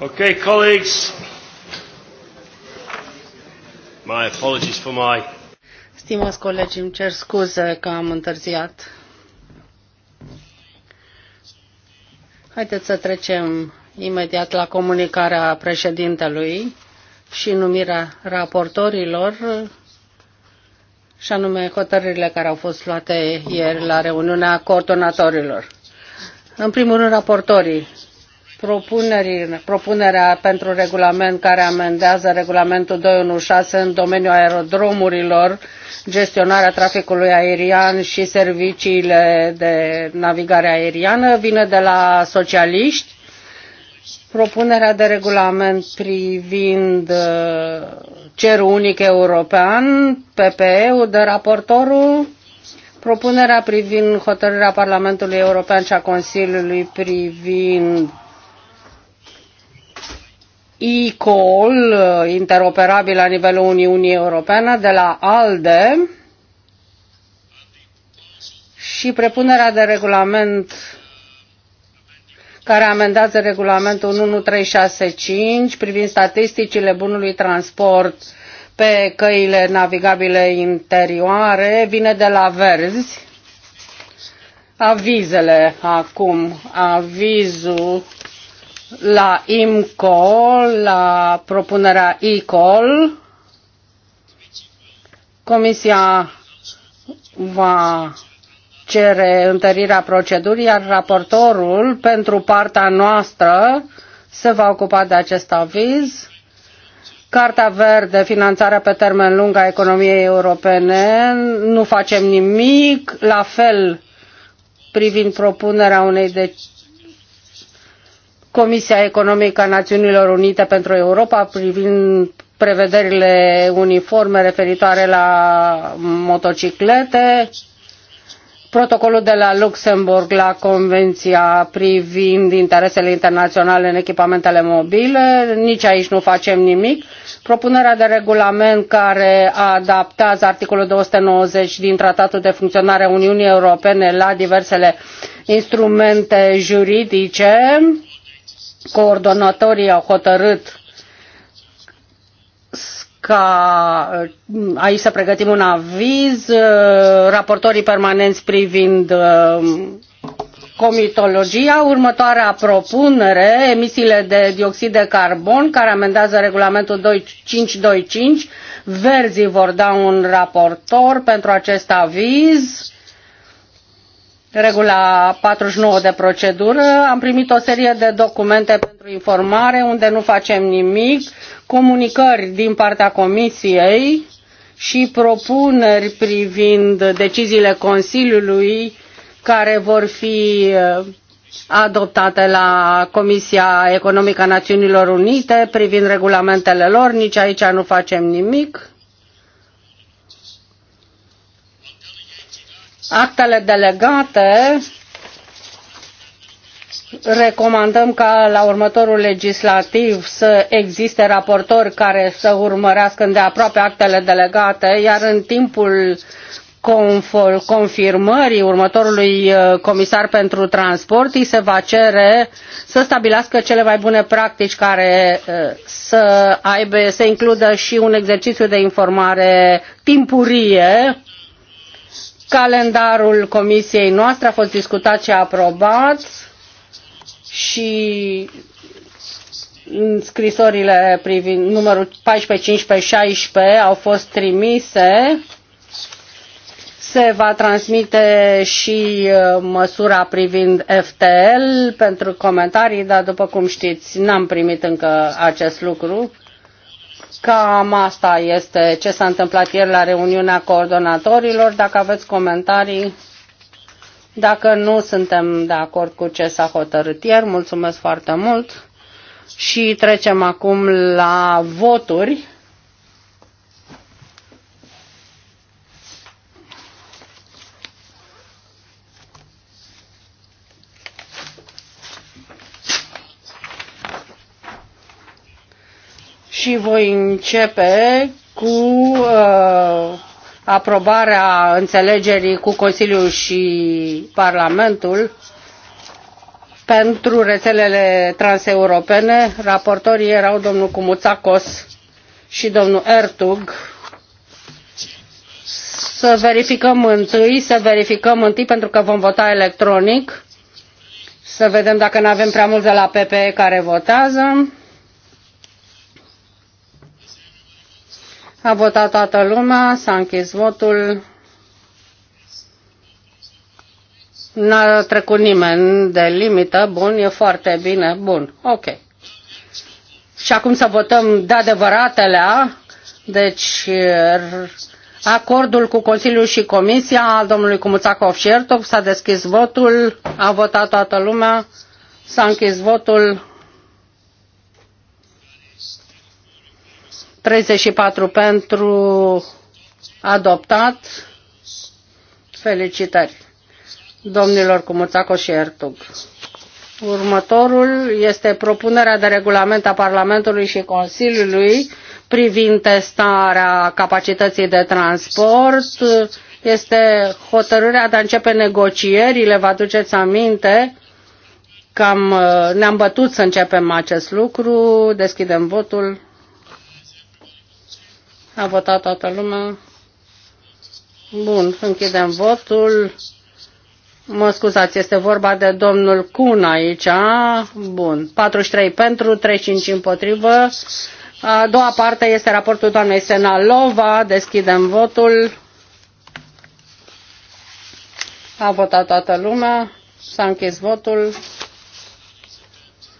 Okay, colleagues. My apologies for my... Stimați colegi, îmi cer scuze că am întârziat. Haideți să trecem imediat la comunicarea președintelui și numirea raportorilor și anume hotărârile care au fost luate ieri la reuniunea coordonatorilor. În primul rând, raportorii propunerea pentru regulament care amendează regulamentul 216 în domeniul aerodromurilor, gestionarea traficului aerian și serviciile de navigare aeriană vine de la socialiști. Propunerea de regulament privind uh, cerul unic european, PPE-ul de raportorul, propunerea privind hotărârea Parlamentului European și a Consiliului privind eCall uh, interoperabil la nivelul Uniunii Europene de la ALDE și prepunerea de regulament care amendează regulamentul 1365 privind statisticile bunului transport pe căile navigabile interioare vine de la Verzi. Avizele acum, avizul la IMCO, la propunerea ICOL. Comisia va cere întărirea procedurii, iar raportorul pentru partea noastră se va ocupa de acest aviz. Carta verde, finanțarea pe termen lung a economiei europene, nu facem nimic, la fel privind propunerea unei de Comisia Economică a Națiunilor Unite pentru Europa privind prevederile uniforme referitoare la motociclete, protocolul de la Luxemburg la Convenția privind interesele internaționale în echipamentele mobile, nici aici nu facem nimic. Propunerea de regulament care adaptează articolul 290 din Tratatul de Funcționare a Uniunii Europene la diversele instrumente juridice, coordonatorii au hotărât ca uh, aici să pregătim un aviz, uh, raportorii permanenți privind uh, comitologia, următoarea propunere, emisiile de dioxid de carbon, care amendează regulamentul 2525, verzii vor da un raportor pentru acest aviz regula 49 de procedură. Am primit o serie de documente pentru informare unde nu facem nimic, comunicări din partea Comisiei și propuneri privind deciziile Consiliului care vor fi uh, adoptate la Comisia Economică a Națiunilor Unite privind regulamentele lor. Nici aici nu facem nimic. Actele delegate recomandăm ca la următorul legislativ să existe raportori care să urmărească îndeaproape actele delegate, iar în timpul confirmării următorului uh, comisar pentru transport îi se va cere să stabilească cele mai bune practici care uh, să aibă să includă și un exercițiu de informare timpurie Calendarul comisiei noastre a fost discutat și aprobat și scrisorile privind numărul 14, 15, 16 au fost trimise. Se va transmite și uh, măsura privind FTL pentru comentarii, dar după cum știți, n-am primit încă acest lucru. Cam asta este ce s-a întâmplat ieri la reuniunea coordonatorilor. Dacă aveți comentarii, dacă nu suntem de acord cu ce s-a hotărât ieri, mulțumesc foarte mult. Și trecem acum la voturi. și voi începe cu uh, aprobarea înțelegerii cu Consiliul și Parlamentul pentru rețelele transeuropene. Raportorii erau domnul Cumuțacos și domnul Ertug. Să verificăm întâi, să verificăm întâi pentru că vom vota electronic. Să vedem dacă nu avem prea mulți de la PPE care votează. A votat toată lumea, s-a închis votul. N-a trecut nimeni de limită, bun, e foarte bine, bun, ok. Și acum să votăm de adevăratelea, deci acordul cu Consiliul și Comisia al domnului Cumuțacov și Ertov, s-a deschis votul, a votat toată lumea, s-a închis votul. 34 pentru adoptat. Felicitări domnilor Cumuțaco și Ertug. Următorul este propunerea de regulament a Parlamentului și Consiliului privind testarea capacității de transport. Este hotărârea de a începe negocierile, vă aduceți aminte, cam ne-am bătut să începem acest lucru. Deschidem votul. A votat toată lumea. Bun, închidem votul. Mă scuzați, este vorba de domnul Cun aici. a. Bun, 43 pentru, 35 împotrivă. A doua parte este raportul doamnei Senalova. Deschidem votul. A votat toată lumea. S-a închis votul.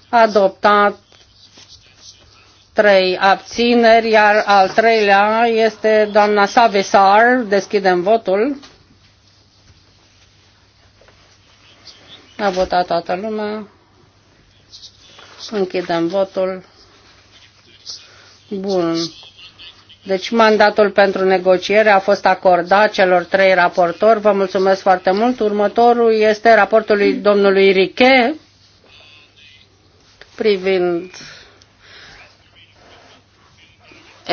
Adoptat trei abțineri, iar al treilea este doamna Savisar. Deschidem votul. A votat toată lumea. Închidem votul. Bun. Deci mandatul pentru negociere a fost acordat celor trei raportori. Vă mulțumesc foarte mult. Următorul este raportul lui domnului Riche privind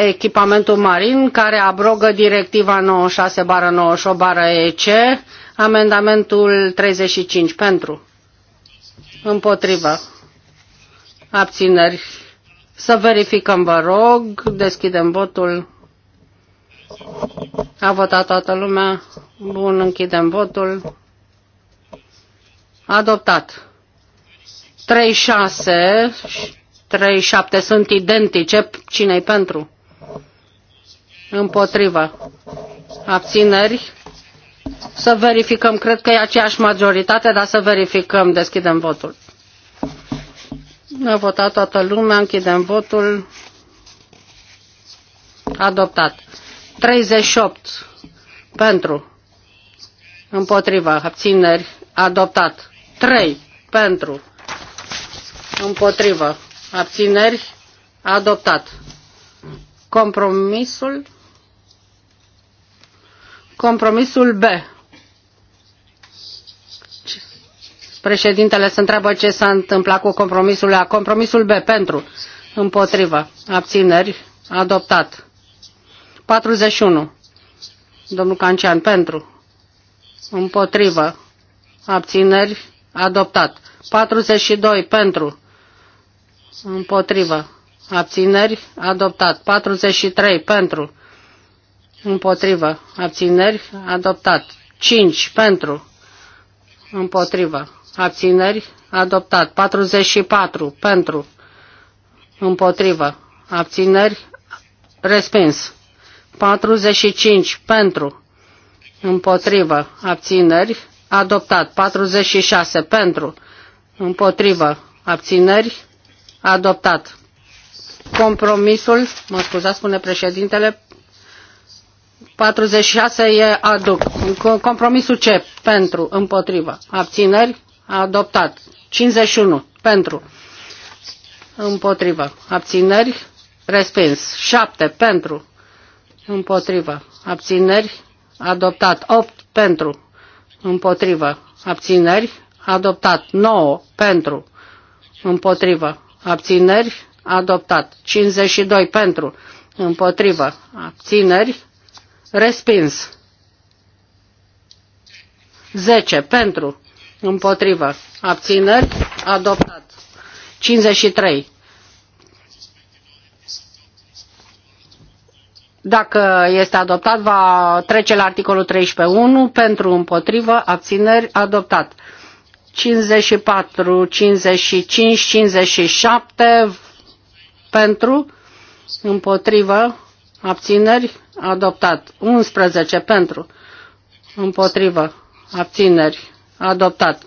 echipamentul marin care abrogă directiva 96-98-EC, amendamentul 35 pentru, împotrivă, abțineri. Să verificăm, vă rog, deschidem votul. A votat toată lumea. Bun, închidem votul. Adoptat. 36 37 sunt identice. Cine-i pentru? Împotrivă. Abțineri. Să verificăm, cred că e aceeași majoritate, dar să verificăm, deschidem votul. A votat toată lumea, închidem votul. Adoptat. 38 pentru. Împotriva. Abțineri. Adoptat. 3 pentru. Împotrivă. Abțineri. Adoptat. Compromisul Compromisul B. Președintele se întreabă ce s-a întâmplat cu compromisul A. Compromisul B pentru, împotrivă, abțineri, adoptat. 41. Domnul Cancian, pentru, împotrivă, abțineri, adoptat. 42, pentru, împotrivă, abțineri, adoptat. 43, pentru, împotrivă, abțineri, adoptat. 5 pentru, împotrivă, abțineri, adoptat. 44 pentru, împotrivă, abțineri, respins. 45 pentru, împotrivă, abțineri, adoptat. 46 pentru, împotrivă, abțineri, adoptat. Compromisul, mă scuzați, spune președintele, 46 e aduc. Compromisul C pentru, împotriva Abțineri, adoptat. 51 pentru, împotriva Abțineri, respins. 7 pentru, împotriva Abțineri, adoptat. 8 pentru, împotriva Abțineri, adoptat. 9 pentru, împotriva Abțineri, adoptat. 52 pentru, împotriva Abțineri, Respins. 10. Pentru. Împotrivă. Abțineri. Adoptat. 53. Dacă este adoptat, va trece la articolul 13.1. Pentru. Împotrivă. Abțineri. Adoptat. 54, 55, 57. Pentru. Împotrivă. Abțineri adoptat. 11 pentru, împotrivă, abțineri, adoptat.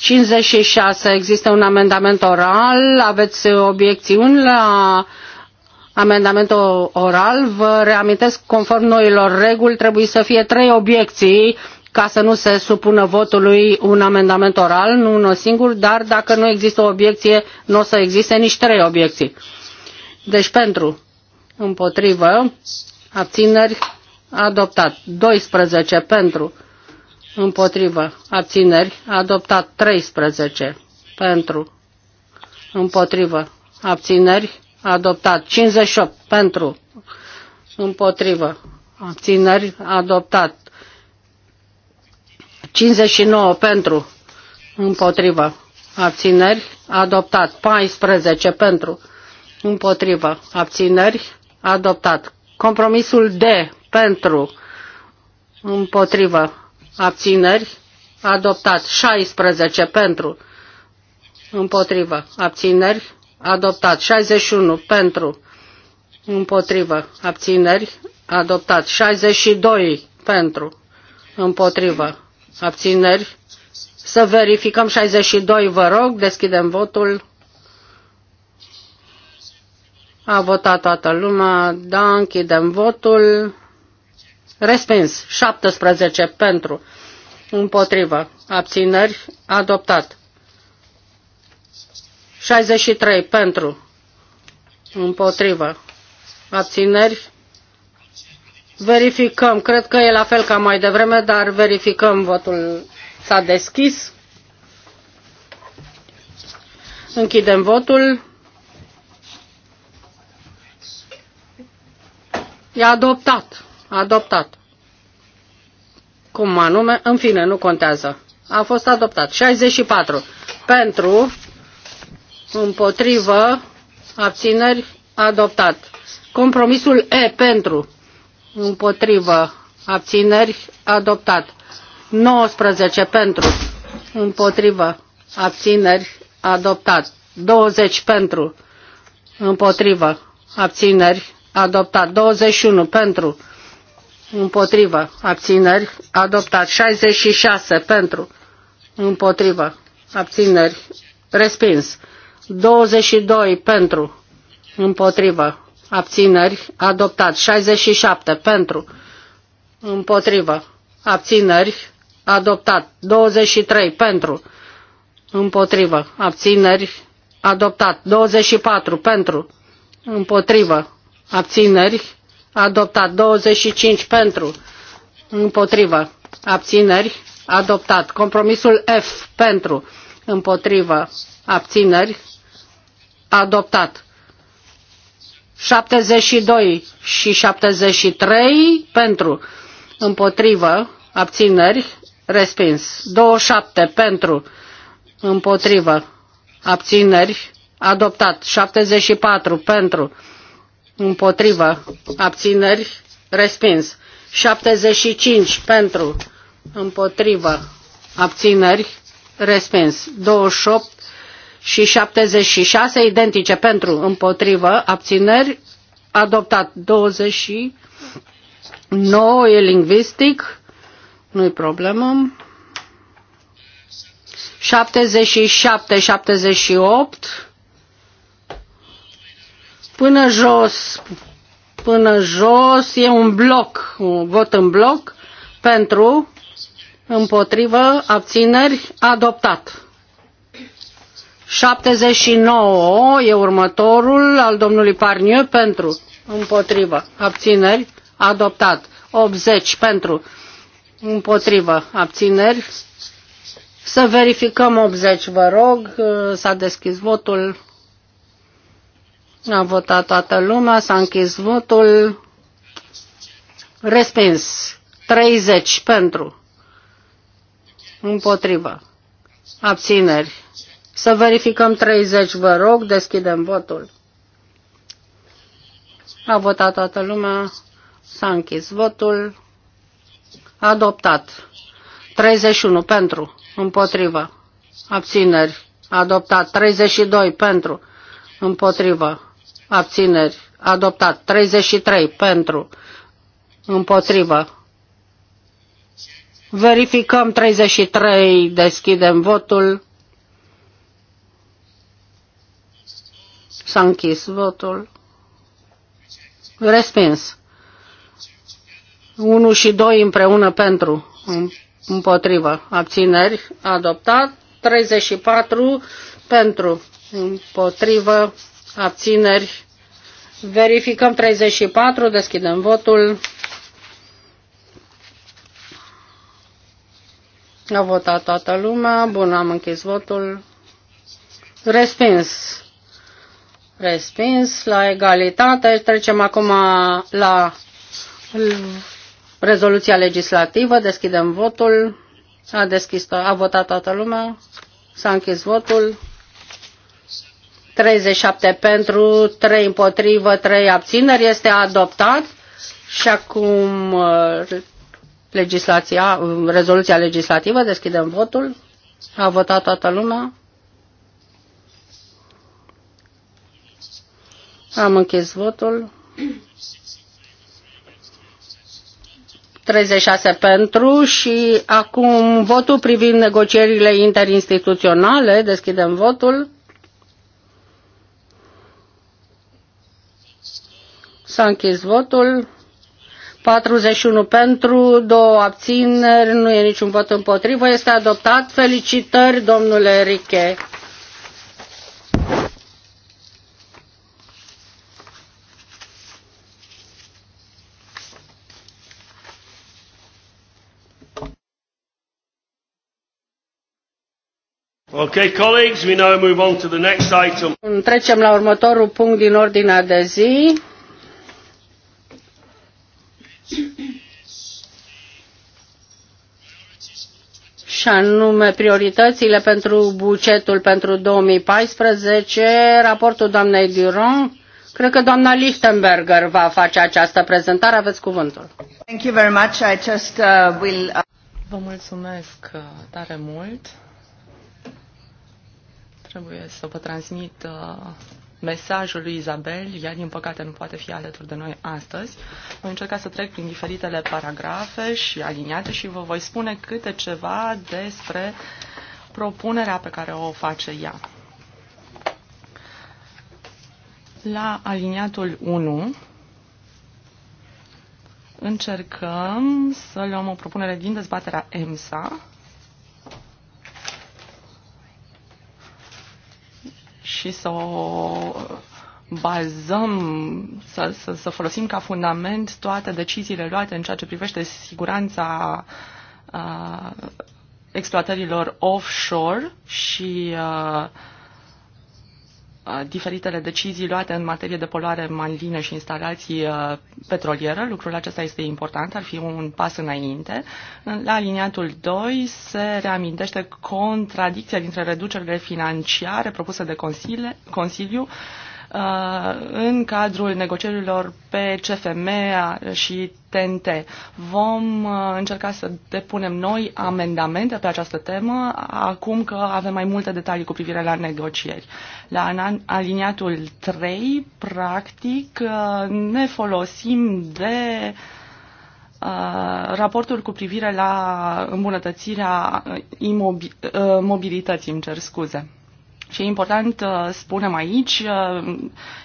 56 există un amendament oral, aveți obiecțiuni la amendamentul oral. Vă reamintesc, conform noilor reguli, trebuie să fie trei obiecții ca să nu se supună votului un amendament oral, nu unul singur, dar dacă nu există o obiecție, nu o să existe nici trei obiecții. Deci pentru, împotrivă, abțineri, adoptat. 12 pentru, împotrivă, abțineri, adoptat. 13 pentru, împotrivă, abțineri, adoptat. 58 pentru, împotrivă, abțineri, adoptat. 59 pentru, împotrivă, abțineri, adoptat. 14 pentru, împotrivă, abțineri, adoptat. Compromisul D pentru împotrivă abțineri adoptat 16 pentru împotrivă abțineri adoptat 61 pentru împotrivă abțineri adoptat 62 pentru împotrivă abțineri să verificăm 62 vă rog deschidem votul a votat toată lumea. Da, închidem votul. Respins. 17 pentru. Împotrivă. Abțineri. Adoptat. 63 pentru. Împotrivă. Abțineri. Verificăm. Cred că e la fel ca mai devreme, dar verificăm. Votul s-a deschis. Închidem votul. E adoptat. Adoptat. Cum anume? În fine, nu contează. A fost adoptat. 64. Pentru, împotrivă, abțineri, adoptat. Compromisul E pentru, împotrivă, abțineri, adoptat. 19 pentru, împotrivă, abțineri, adoptat. 20 pentru, împotrivă, abțineri, adoptat 21 pentru, împotrivă, abțineri, adoptat 66 pentru, împotrivă, abțineri, respins 22 pentru, împotrivă, abțineri, adoptat 67 pentru, împotrivă, abțineri, adoptat 23 pentru, împotrivă, abțineri, adoptat 24 pentru, împotrivă, abțineri, adoptat 25 pentru, împotrivă, abțineri, adoptat. Compromisul F pentru, împotrivă, abțineri, adoptat. 72 și 73 pentru, împotrivă, abțineri, respins. 27 pentru, împotrivă, abțineri, adoptat. 74 pentru, împotrivă, abțineri, respins. 75 pentru, împotrivă, abțineri, respins. 28 și 76 identice pentru, împotrivă, abțineri, adoptat. 29 e lingvistic, nu-i problemă. 77, 78, până jos, până jos e un bloc, un vot în bloc pentru, împotrivă, abțineri, adoptat. 79 e următorul al domnului Parniu pentru, împotrivă, abțineri, adoptat. 80 pentru, împotrivă, abțineri. Să verificăm 80, vă rog, s-a deschis votul. A votat toată lumea, s-a închis votul. Respins. 30 pentru. Împotrivă. Abțineri. Să verificăm 30, vă rog, deschidem votul. A votat toată lumea, s-a închis votul. Adoptat. 31 pentru, împotrivă. Abțineri. Adoptat. 32 pentru, împotrivă abțineri, adoptat. 33 pentru, împotrivă. Verificăm 33, deschidem votul. S-a închis votul. Respins. 1 și 2 împreună pentru, împotrivă, abțineri, adoptat. 34 pentru, împotrivă, abțineri. Verificăm 34, deschidem votul. A votat toată lumea. Bun, am închis votul. Respins. Respins la egalitate. Trecem acum la rezoluția legislativă. Deschidem votul. A, deschis, a votat toată lumea. S-a închis votul. 37 pentru, 3 împotrivă, 3 abțineri. Este adoptat și acum uh, legislația, uh, rezoluția legislativă, deschidem votul. A votat toată lumea. Am închis votul. 36 pentru și acum votul privind negocierile interinstituționale. Deschidem votul. S-a închis votul. 41 pentru, 2 abțineri, nu e niciun vot împotrivă. Este adoptat. Felicitări, domnule Riche. Okay, colleagues, we now move on to the next item. Trecem la următorul punct din ordinea de zi și anume prioritățile pentru bugetul pentru 2014, raportul doamnei Duron. Cred că doamna Lichtenberger va face această prezentare. Aveți cuvântul. Thank you very much. I just, uh, will, uh... Vă mulțumesc uh, tare mult. Trebuie să vă transmit uh, mesajul lui Isabel. Ea, din păcate, nu poate fi alături de noi astăzi. Voi încerca să trec prin diferitele paragrafe și aliniate și vă voi spune câte ceva despre propunerea pe care o face ea. La aliniatul 1 încercăm să luăm o propunere din dezbaterea EMSA și să o uh, bazăm, să, să, să folosim ca fundament toate deciziile luate în ceea ce privește siguranța uh, exploatărilor offshore și uh, Uh, diferitele decizii luate în materie de poluare marină și instalații uh, petroliere. Lucrul acesta este important, ar fi un pas înainte. La aliniatul 2 se reamintește contradicția dintre reducerile financiare propuse de Consiliu Uh, în cadrul negocierilor pe CFM și TNT. Vom uh, încerca să depunem noi amendamente pe această temă acum că avem mai multe detalii cu privire la negocieri. La aliniatul 3, practic, uh, ne folosim de raportul cu privire la îmbunătățirea mobilității, îmi cer scuze. Și e important, uh, spunem aici, uh,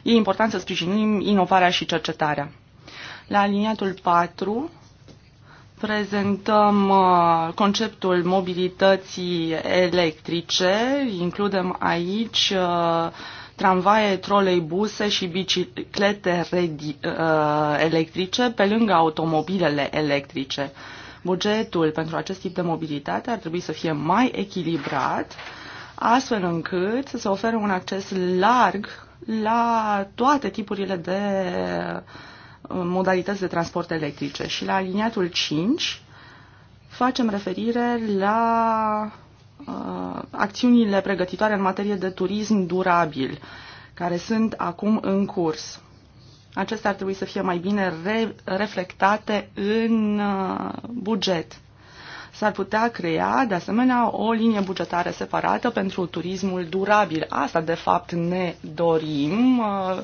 e important să sprijinim inovarea și cercetarea. La aliniatul 4 prezentăm uh, conceptul mobilității electrice, includem aici tramvaie, trolei, buse și biciclete electrice pe lângă automobilele electrice. Bugetul pentru acest tip de mobilitate ar trebui să fie mai echilibrat astfel încât să se ofere un acces larg la toate tipurile de uh, modalități de transport electrice. Și la aliniatul 5 facem referire la uh, acțiunile pregătitoare în materie de turism durabil, care sunt acum în curs. Acestea ar trebui să fie mai bine re- reflectate în uh, buget. S-ar putea crea, de asemenea, o linie bugetară separată pentru turismul durabil. Asta, de fapt, ne dorim, uh,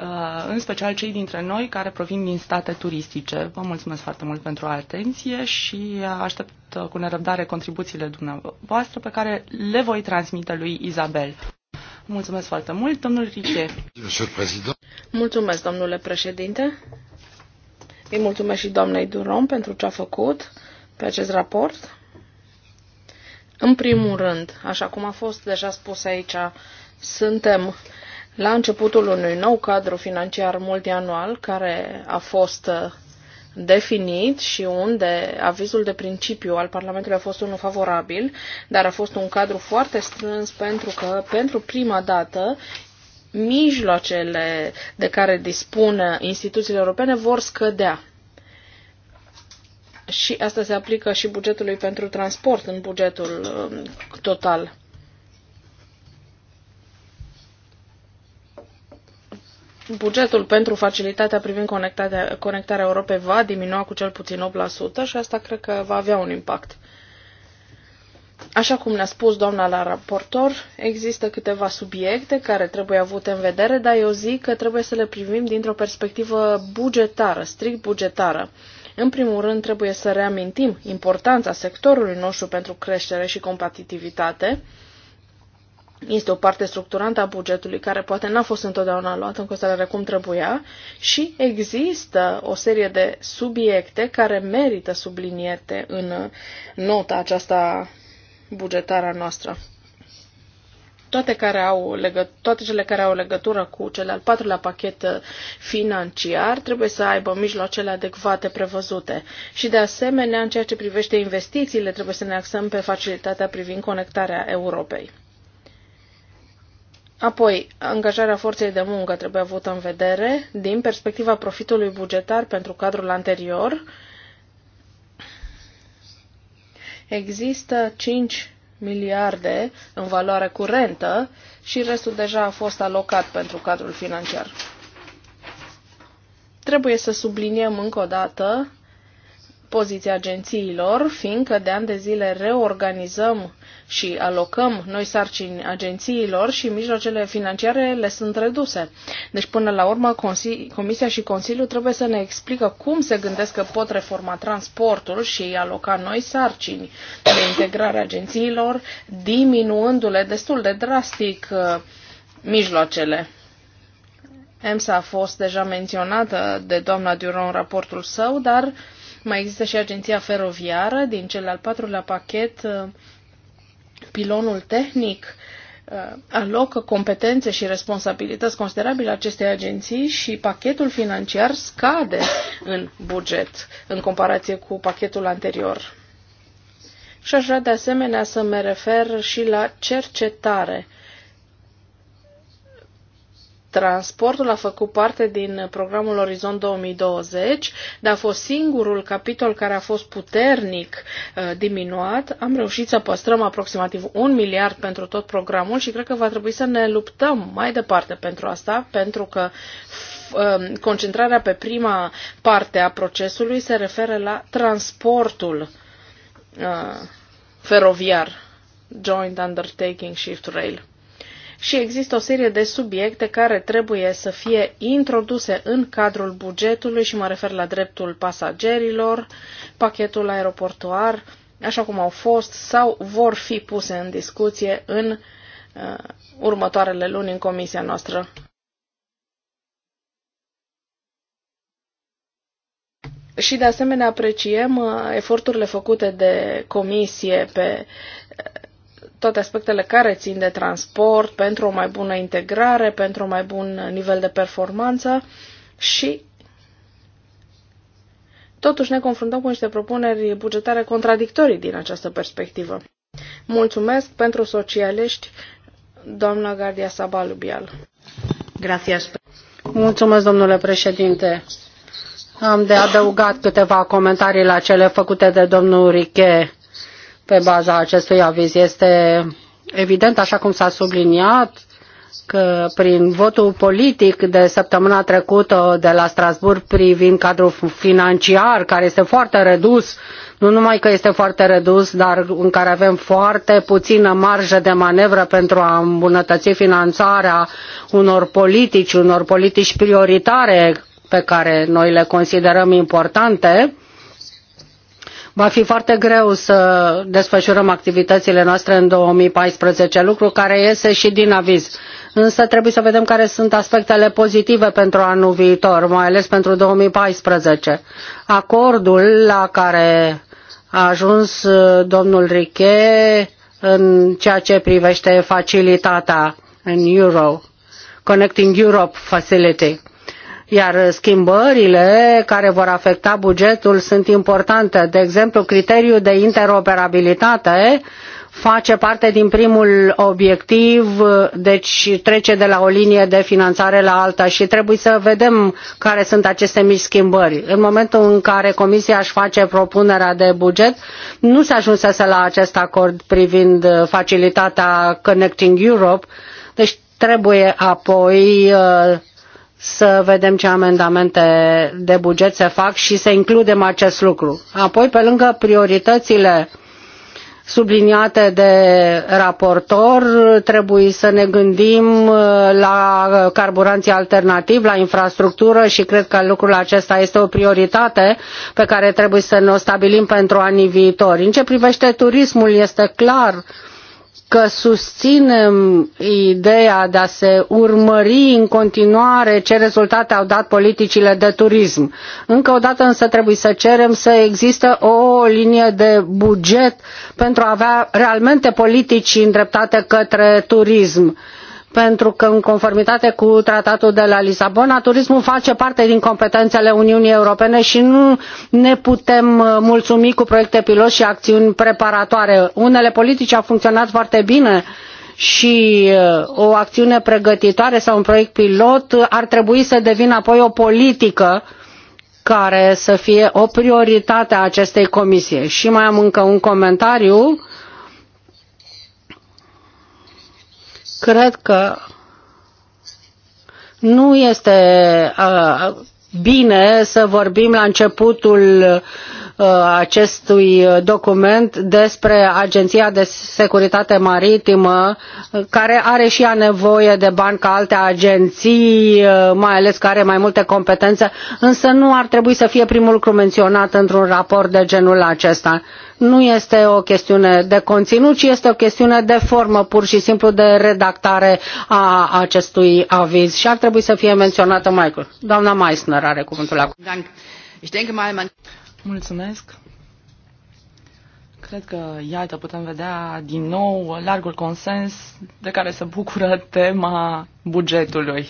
uh, în special cei dintre noi care provin din state turistice. Vă mulțumesc foarte mult pentru atenție și aștept uh, cu nerăbdare contribuțiile dumneavoastră pe care le voi transmite lui Izabel. Mulțumesc foarte mult, domnul Riche. Mulțumesc, domnule președinte. Îi mulțumesc și doamnei Duron pentru ce a făcut pe acest raport. În primul rând, așa cum a fost deja spus aici, suntem la începutul unui nou cadru financiar multianual care a fost uh, definit și unde avizul de principiu al Parlamentului a fost unul favorabil, dar a fost un cadru foarte strâns pentru că pentru prima dată mijloacele de care dispun instituțiile europene vor scădea și asta se aplică și bugetului pentru transport în bugetul um, total. Bugetul pentru facilitatea privind conectarea, Europei va diminua cu cel puțin 8% și asta cred că va avea un impact. Așa cum ne-a spus doamna la raportor, există câteva subiecte care trebuie avute în vedere, dar eu zic că trebuie să le privim dintr-o perspectivă bugetară, strict bugetară. Uh, în primul rând, trebuie să reamintim importanța sectorului nostru pentru creștere și competitivitate. Este o parte structurantă a bugetului care poate n-a fost întotdeauna luată în considerare cum trebuia și există o serie de subiecte care merită subliniate în nota aceasta bugetară noastră toate, care au legă, toate cele care au legătură cu cel al patrulea pachet uh, financiar trebuie să aibă mijloacele adecvate prevăzute. Și de asemenea, în ceea ce privește investițiile, trebuie să ne axăm pe facilitatea privind conectarea Europei. Apoi, angajarea forței de muncă trebuie avută în vedere din perspectiva profitului bugetar pentru cadrul anterior. Există cinci miliarde în valoare curentă și restul deja a fost alocat pentru cadrul financiar. Trebuie să subliniem încă o dată poziția agențiilor, fiindcă de ani de zile reorganizăm și alocăm noi sarcini agențiilor și mijloacele financiare le sunt reduse. Deci, până la urmă, Comisia și Consiliul trebuie să ne explică cum se gândesc că pot reforma transportul și aloca noi sarcini de integrare agențiilor, diminuându-le destul de drastic uh, mijloacele. EMSA a fost deja menționată de doamna Duron în raportul său, dar mai există și agenția feroviară din cel al patrulea pachet uh, pilonul tehnic uh, alocă competențe și responsabilități considerabile acestei agenții și pachetul financiar scade în buget în comparație cu pachetul anterior. Și aș vrea de asemenea să mă refer și la cercetare. Transportul a făcut parte din programul Orizont 2020, dar a fost singurul capitol care a fost puternic uh, diminuat. Am reușit să păstrăm aproximativ un miliard pentru tot programul și cred că va trebui să ne luptăm mai departe pentru asta, pentru că um, concentrarea pe prima parte a procesului se referă la transportul uh, feroviar, joint undertaking shift rail și există o serie de subiecte care trebuie să fie introduse în cadrul bugetului și mă refer la dreptul pasagerilor, pachetul aeroportuar, așa cum au fost sau vor fi puse în discuție în uh, următoarele luni în comisia noastră. Și de asemenea apreciem uh, eforturile făcute de comisie pe toate aspectele care țin de transport, pentru o mai bună integrare, pentru un mai bun nivel de performanță și totuși ne confruntăm cu niște propuneri bugetare contradictorii din această perspectivă. Mulțumesc pentru socialiști, doamna Gardia Sabalubial. Gracias. Mulțumesc, domnule președinte. Am de adăugat câteva comentarii la cele făcute de domnul Riche pe baza acestui aviz. Este evident, așa cum s-a subliniat, că prin votul politic de săptămâna trecută de la Strasburg privind cadrul financiar, care este foarte redus, nu numai că este foarte redus, dar în care avem foarte puțină marjă de manevră pentru a îmbunătăți finanțarea unor politici, unor politici prioritare pe care noi le considerăm importante, va fi foarte greu să desfășurăm activitățile noastre în 2014, lucru care iese și din aviz. Însă trebuie să vedem care sunt aspectele pozitive pentru anul viitor, mai ales pentru 2014. Acordul la care a ajuns uh, domnul Riche în ceea ce privește facilitatea în euro, Connecting Europe Facility iar schimbările care vor afecta bugetul sunt importante. De exemplu, criteriul de interoperabilitate face parte din primul obiectiv, deci trece de la o linie de finanțare la alta și trebuie să vedem care sunt aceste mici schimbări. În momentul în care Comisia își face propunerea de buget, nu se ajunsese la acest acord privind facilitatea Connecting Europe, deci trebuie apoi uh, să vedem ce amendamente de buget se fac și să includem acest lucru. Apoi, pe lângă prioritățile subliniate de raportor, trebuie să ne gândim uh, la carburanții alternativi, la infrastructură și cred că lucrul acesta este o prioritate pe care trebuie să ne o stabilim pentru anii viitori. În ce privește turismul, este clar uh, că susținem ideea de a se urmări în continuare ce rezultate au dat politicile de turism. Încă o dată însă trebuie să cerem să există o linie de buget pentru a avea realmente politici îndreptate către turism pentru că în conformitate cu tratatul de la Lisabona, turismul face parte din competențele Uniunii Europene și nu ne putem uh, mulțumi cu proiecte pilot și acțiuni preparatoare. Unele politici au funcționat foarte bine și uh, o acțiune pregătitoare sau un proiect pilot ar trebui să devină apoi o politică care să fie o prioritate a acestei comisii. Și mai am încă un comentariu Cred că nu este bine să vorbim la începutul Uh, acestui uh, document despre Agenția de Securitate Maritimă, uh, care are și ea nevoie de bani ca alte agenții, mai ales că are mai multe competențe, însă nu ar trebui să fie primul lucru menționat într-un raport de genul acesta. Nu este o chestiune de conținut, ci este o chestiune de formă, pur și simplu de redactare a acestui aviz și ar trebui să fie menționată mai Doamna Meissner are cuvântul acum. Mulțumesc. Cred că, iată, putem vedea din nou largul consens de care se bucură tema bugetului.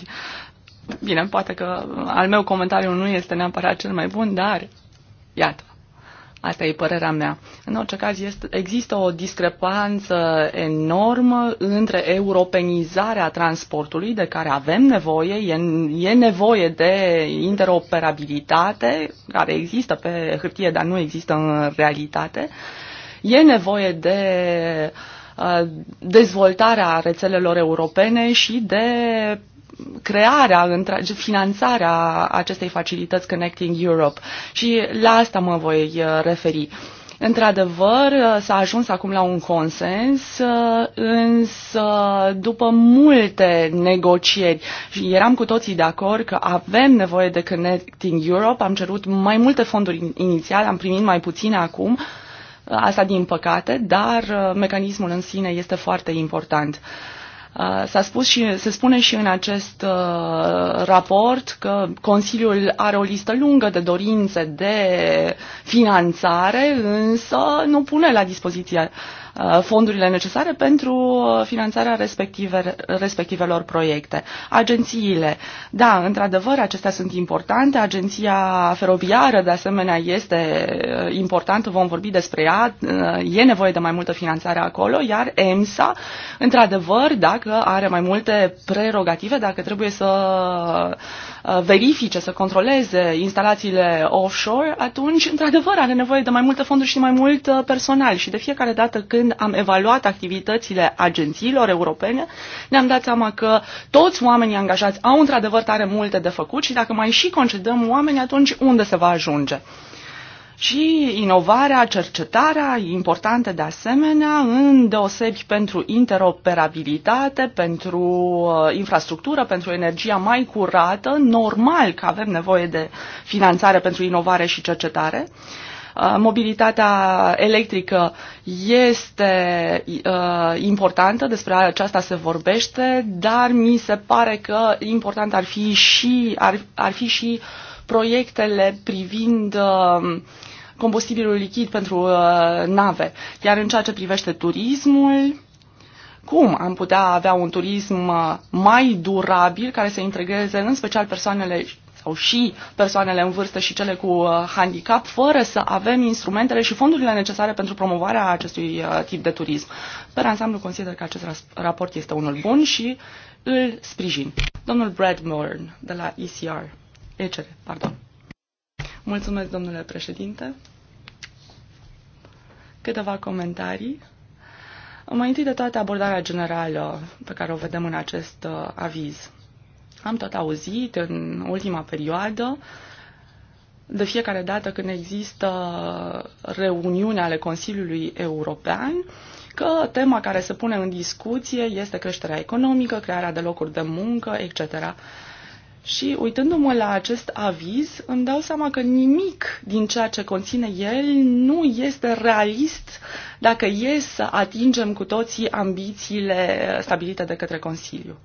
Bine, poate că al meu comentariu nu este neapărat cel mai bun, dar iată, Asta e părerea mea. În orice caz, este, există o discrepanță enormă între europenizarea transportului, de care avem nevoie, e, e nevoie de interoperabilitate, care există pe hârtie, dar nu există în realitate, e nevoie de uh, dezvoltarea rețelelor europene și de crearea, finanțarea acestei facilități Connecting Europe. Și la asta mă voi uh, referi. Într-adevăr, uh, s-a ajuns acum la un consens, uh, însă după multe negocieri și eram cu toții de acord că avem nevoie de Connecting Europe, am cerut mai multe fonduri inițiale, am primit mai puține acum, asta din păcate, dar mecanismul în sine este foarte important. Uh, Uh, s-a spus și se spune și în acest uh, raport că Consiliul are o listă lungă de dorințe de finanțare, însă nu pune la dispoziție Uh, fondurile necesare pentru uh, finanțarea respective, respectivelor proiecte. Agențiile. Da, într-adevăr, acestea sunt importante. Agenția feroviară, de asemenea, este uh, importantă. Vom vorbi despre ea. E nevoie de mai multă finanțare acolo, iar EMSA, într-adevăr, dacă are mai multe prerogative, dacă trebuie să verifice, să controleze instalațiile offshore, atunci, într-adevăr, are nevoie de mai multe fonduri și mai mult personal. Și de fiecare dată când când am evaluat activitățile agențiilor europene, ne-am dat seama că toți oamenii angajați au într-adevăr tare multe de făcut și dacă mai și concedăm oameni, atunci unde se va ajunge? Și inovarea, cercetarea, importante de asemenea, în deosebi pentru interoperabilitate, pentru uh, infrastructură, pentru energia mai curată, normal că avem nevoie de finanțare pentru inovare și cercetare mobilitatea electrică este importantă, despre aceasta se vorbește, dar mi se pare că important ar fi și, ar, ar fi și proiectele privind uh, combustibilul lichid pentru uh, nave. Iar în ceea ce privește turismul, cum am putea avea un turism mai durabil care să integreze în special persoanele sau și persoanele în vârstă și cele cu uh, handicap, fără să avem instrumentele și fondurile necesare pentru promovarea acestui uh, tip de turism. Pe ansamblu consider că acest raport este unul bun și îl sprijin. Domnul Morn, de la ECR, ECR, pardon. Mulțumesc, domnule președinte. Câteva comentarii. Mai întâi de toate abordarea generală pe care o vedem în acest uh, aviz. Am tot auzit în ultima perioadă de fiecare dată când există reuniune ale Consiliului European, că tema care se pune în discuție este creșterea economică, crearea de locuri de muncă, etc. Și uitându-mă la acest aviz, îmi dau seama că nimic din ceea ce conține el nu este realist dacă e să atingem cu toții ambițiile stabilite de către Consiliu.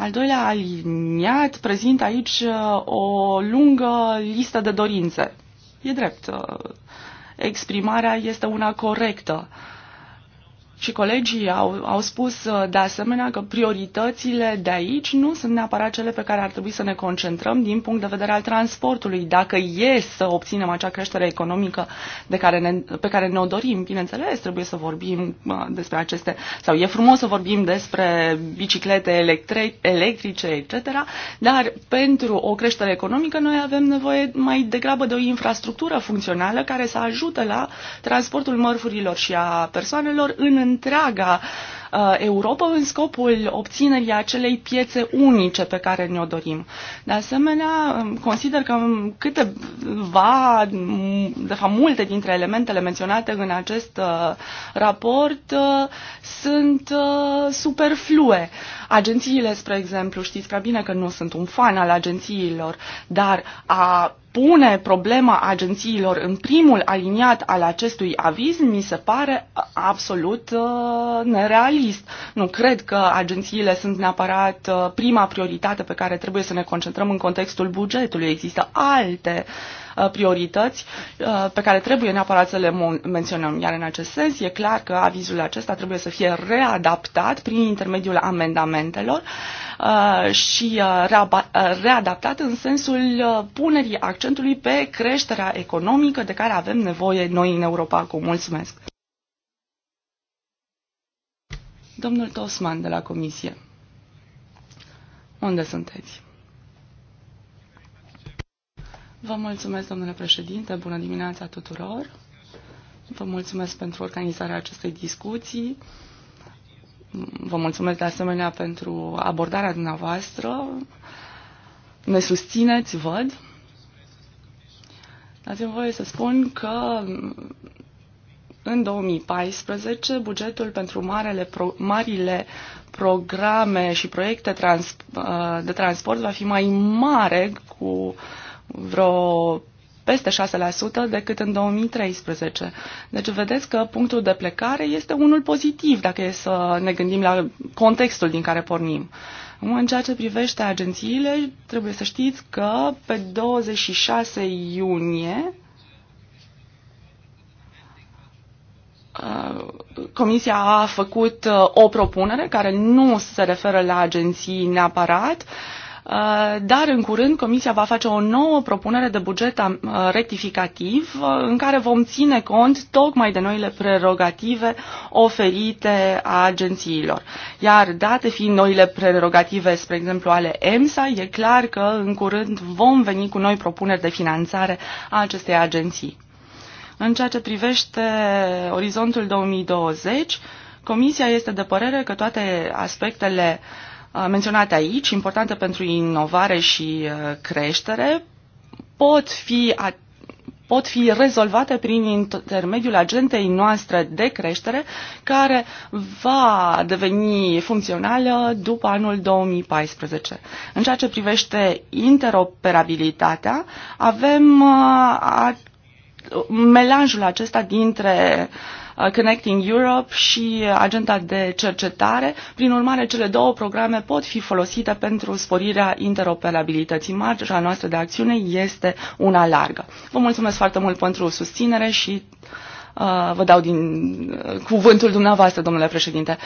Al doilea aliniat prezintă aici uh, o lungă listă de dorințe. E drept, uh, exprimarea este una corectă. Uh, și colegii au, au spus uh, de asemenea că prioritățile de aici nu sunt neapărat cele pe care ar trebui să ne concentrăm din punct de vedere al transportului, dacă e să obținem acea creștere economică de care ne, pe care ne-o dorim. Bineînțeles, trebuie să vorbim uh, despre aceste, sau e frumos să vorbim despre biciclete electre, electrice, etc., dar pentru o creștere economică noi avem nevoie mai degrabă de o infrastructură funcțională care să ajute la transportul mărfurilor și a persoanelor în întreaga uh, Europa în scopul obținerii acelei piețe unice pe care ne-o dorim. De asemenea, um, consider că um, câteva, de fapt multe dintre elementele menționate în acest uh, raport uh, sunt superflue. Agențiile, spre exemplu, știți ca bine că nu sunt un fan al agențiilor, dar a pune problema agențiilor în primul aliniat al acestui aviz mi se pare uh, absolut uh, nerealist. Nu cred că agențiile sunt neapărat uh, prima prioritate pe care trebuie să ne concentrăm în contextul bugetului. Există alte priorități pe care trebuie neapărat să le menționăm. Iar în acest sens e clar că avizul acesta trebuie să fie readaptat prin intermediul amendamentelor Uh, și uh, uh, readaptat în sensul punerii accentului pe creșterea economică de care avem nevoie noi în Europa acum. Mulțumesc! Domnul Tosman de la Comisie. Unde sunteți? Vă mulțumesc, domnule președinte. Bună dimineața tuturor. Vă mulțumesc pentru organizarea acestei discuții. Vă mulțumesc de asemenea pentru abordarea dumneavoastră. Ne susțineți, văd. Dați-mi voie să spun că în 2014 bugetul pentru marele pro, marile programe și proiecte trans, de transport va fi mai mare cu vreo peste 6% decât în 2013. Deci vedeți că punctul de plecare este unul pozitiv dacă e să ne gândim la contextul din care pornim. În ceea ce privește agențiile, trebuie să știți că pe 26 iunie uh, Comisia a făcut uh, o propunere care nu se referă la agenții neapărat, Uh, dar în curând Comisia va face o nouă propunere de buget uh, rectificativ uh, în care vom ține cont tocmai de noile prerogative oferite a agențiilor. Iar date fiind noile prerogative, spre exemplu, ale EMSA, e clar că în curând vom veni cu noi propuneri de finanțare a acestei agenții. În ceea ce privește orizontul 2020, Comisia este de părere că toate aspectele uh, Uh, menționate aici, importante pentru inovare și uh, creștere, pot fi pot fi rezolvate prin intermediul agentei noastre de creștere, care va deveni funcțională după anul 2014. În ceea ce privește interoperabilitatea, avem uh, melanjul acesta dintre uh, Uh, Connecting Europe și agenda de cercetare. Prin urmare, cele două programe pot fi folosite pentru sporirea interoperabilității. Marja noastră de acțiune este una largă. Vă mulțumesc foarte mult pentru susținere și uh, vă dau din uh, cuvântul dumneavoastră, domnule președinte.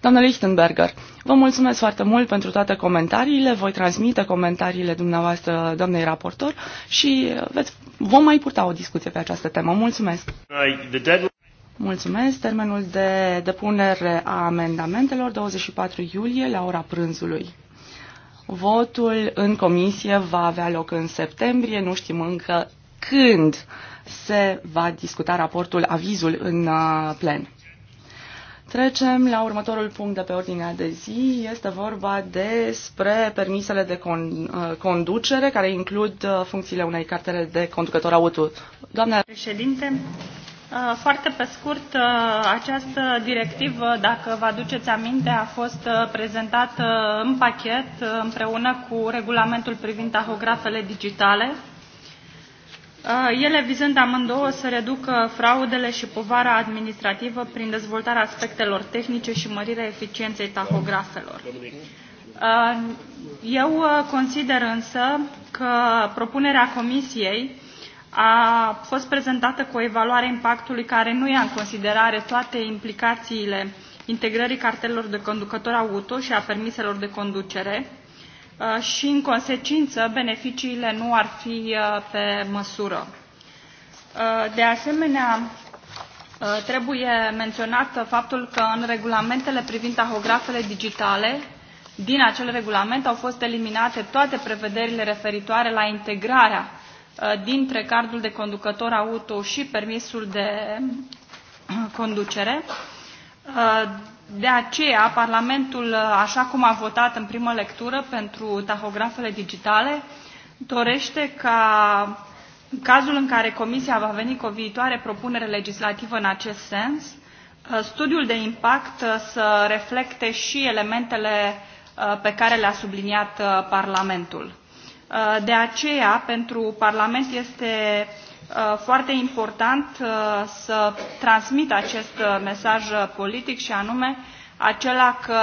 Doamnă Lichtenberger, vă mulțumesc foarte mult pentru toate comentariile, voi transmite comentariile dumneavoastră, doamnei raportor, și uh, veți, vom mai purta o discuție pe această temă. Mulțumesc! Mulțumesc. Termenul de depunere a amendamentelor 24 iulie la ora prânzului. Votul în comisie va avea loc în septembrie, nu știm încă când se va discuta raportul, avizul în uh, plen. Trecem la următorul punct de pe ordinea de zi. Este vorba despre permisele de con- uh, conducere, care includ uh, funcțiile unei cartele de conducător auto. Doamna președinte, Uh, foarte pe scurt, uh, această directivă, dacă vă aduceți aminte, a fost uh, prezentată în pachet împreună cu regulamentul privind tahografele digitale, ele vizând amândouă să reducă fraudele și povara administrativă prin dezvoltarea aspectelor tehnice și mărirea eficienței tahografelor. Eu consider însă că propunerea Comisiei a fost prezentată cu o evaluare impactului care nu ia în considerare toate implicațiile integrării cartelor de conducător auto și a permiselor de conducere uh, și, în consecință, beneficiile nu ar fi uh, pe măsură. Uh, de asemenea, trebuie menționat faptul că în regulamentele privind tahografele digitale, din acel regulament au fost eliminate toate prevederile referitoare la integrarea Uh, dintre cardul de conducător auto și permisul de conducere. Uh, de aceea, Parlamentul, uh, așa cum a votat în primă lectură pentru tahografele digitale, dorește ca în cazul în care Comisia va veni cu o viitoare propunere legislativă în acest sens, studiul de impact să reflecte și elementele pe care le-a subliniat Parlamentul. Uh, de aceea, pentru Parlament este uh, foarte important uh, să transmită acest mesaj politic și anume acela că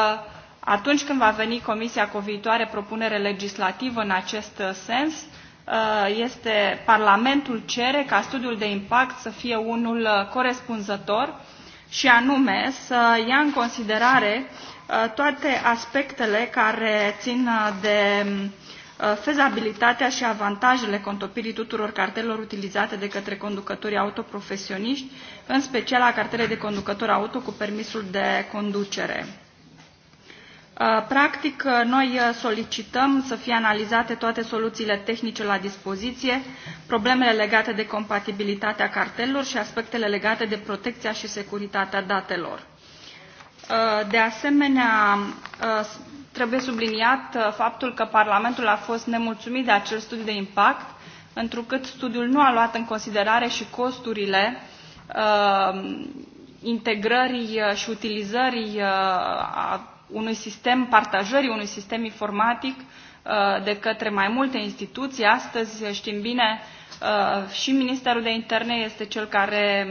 atunci când va veni Comisia cu o viitoare propunere legislativă în acest sens, este Parlamentul cere ca studiul de impact să fie unul corespunzător și anume să ia în considerare toate aspectele care țin de Uh, fezabilitatea și avantajele contopirii tuturor cartelor utilizate de către conducătorii autoprofesioniști, în special a cartelei de conducător auto cu permisul de conducere. Uh, practic, uh, noi solicităm să fie analizate toate soluțiile tehnice la dispoziție, problemele legate de compatibilitatea cartelor și aspectele legate de protecția și securitatea datelor. De asemenea, trebuie subliniat uh, faptul că Parlamentul a fost nemulțumit de acel studiu de impact, întrucât studiul nu a luat în considerare și costurile uh, integrării uh, și utilizării a unui sistem, partajării unui sistem informatic de către mai multe instituții. Astăzi știm bine și Ministerul de Interne este cel care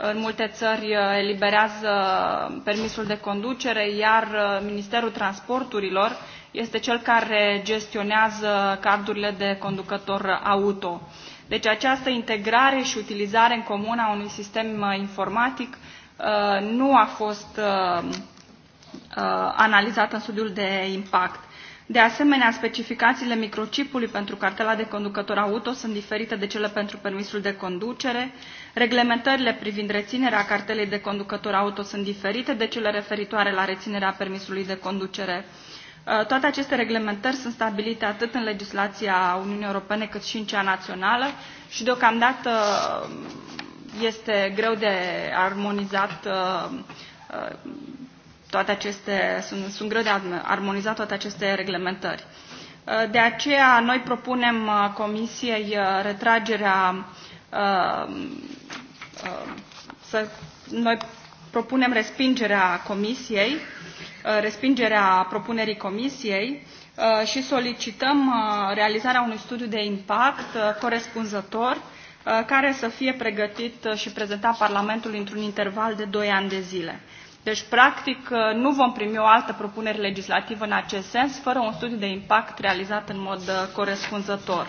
în multe țări uh, eliberează uh, permisul de conducere, iar uh, Ministerul Transporturilor este cel care gestionează cardurile de conducător auto. Deci această integrare și utilizare în comun a unui sistem informatic nu a fost analizată în studiul de impact. De asemenea, specificațiile microchipului pentru cartela de conducător auto sunt diferite de cele pentru permisul de conducere, reglementările privind reținerea cartelei de conducător auto sunt diferite de cele referitoare la reținerea permisului de conducere. Uh, toate aceste reglementări sunt stabilite atât în legislația Uniunii Europene cât și în cea națională și deocamdată um, este greu de armonizat uh, uh, toate aceste, sunt, sunt greu de armonizat toate aceste reglementări. Uh, de aceea noi propunem uh, Comisiei uh, retragerea, să, noi propunem respingerea Comisiei, respingerea propunerii Comisiei și solicităm realizarea unui studiu de impact corespunzător care să fie pregătit și prezentat Parlamentului într-un interval de 2 ani de zile. Deci, practic, uh, nu vom primi o altă propunere legislativă în acest sens, fără un studiu de impact realizat în mod uh, corespunzător.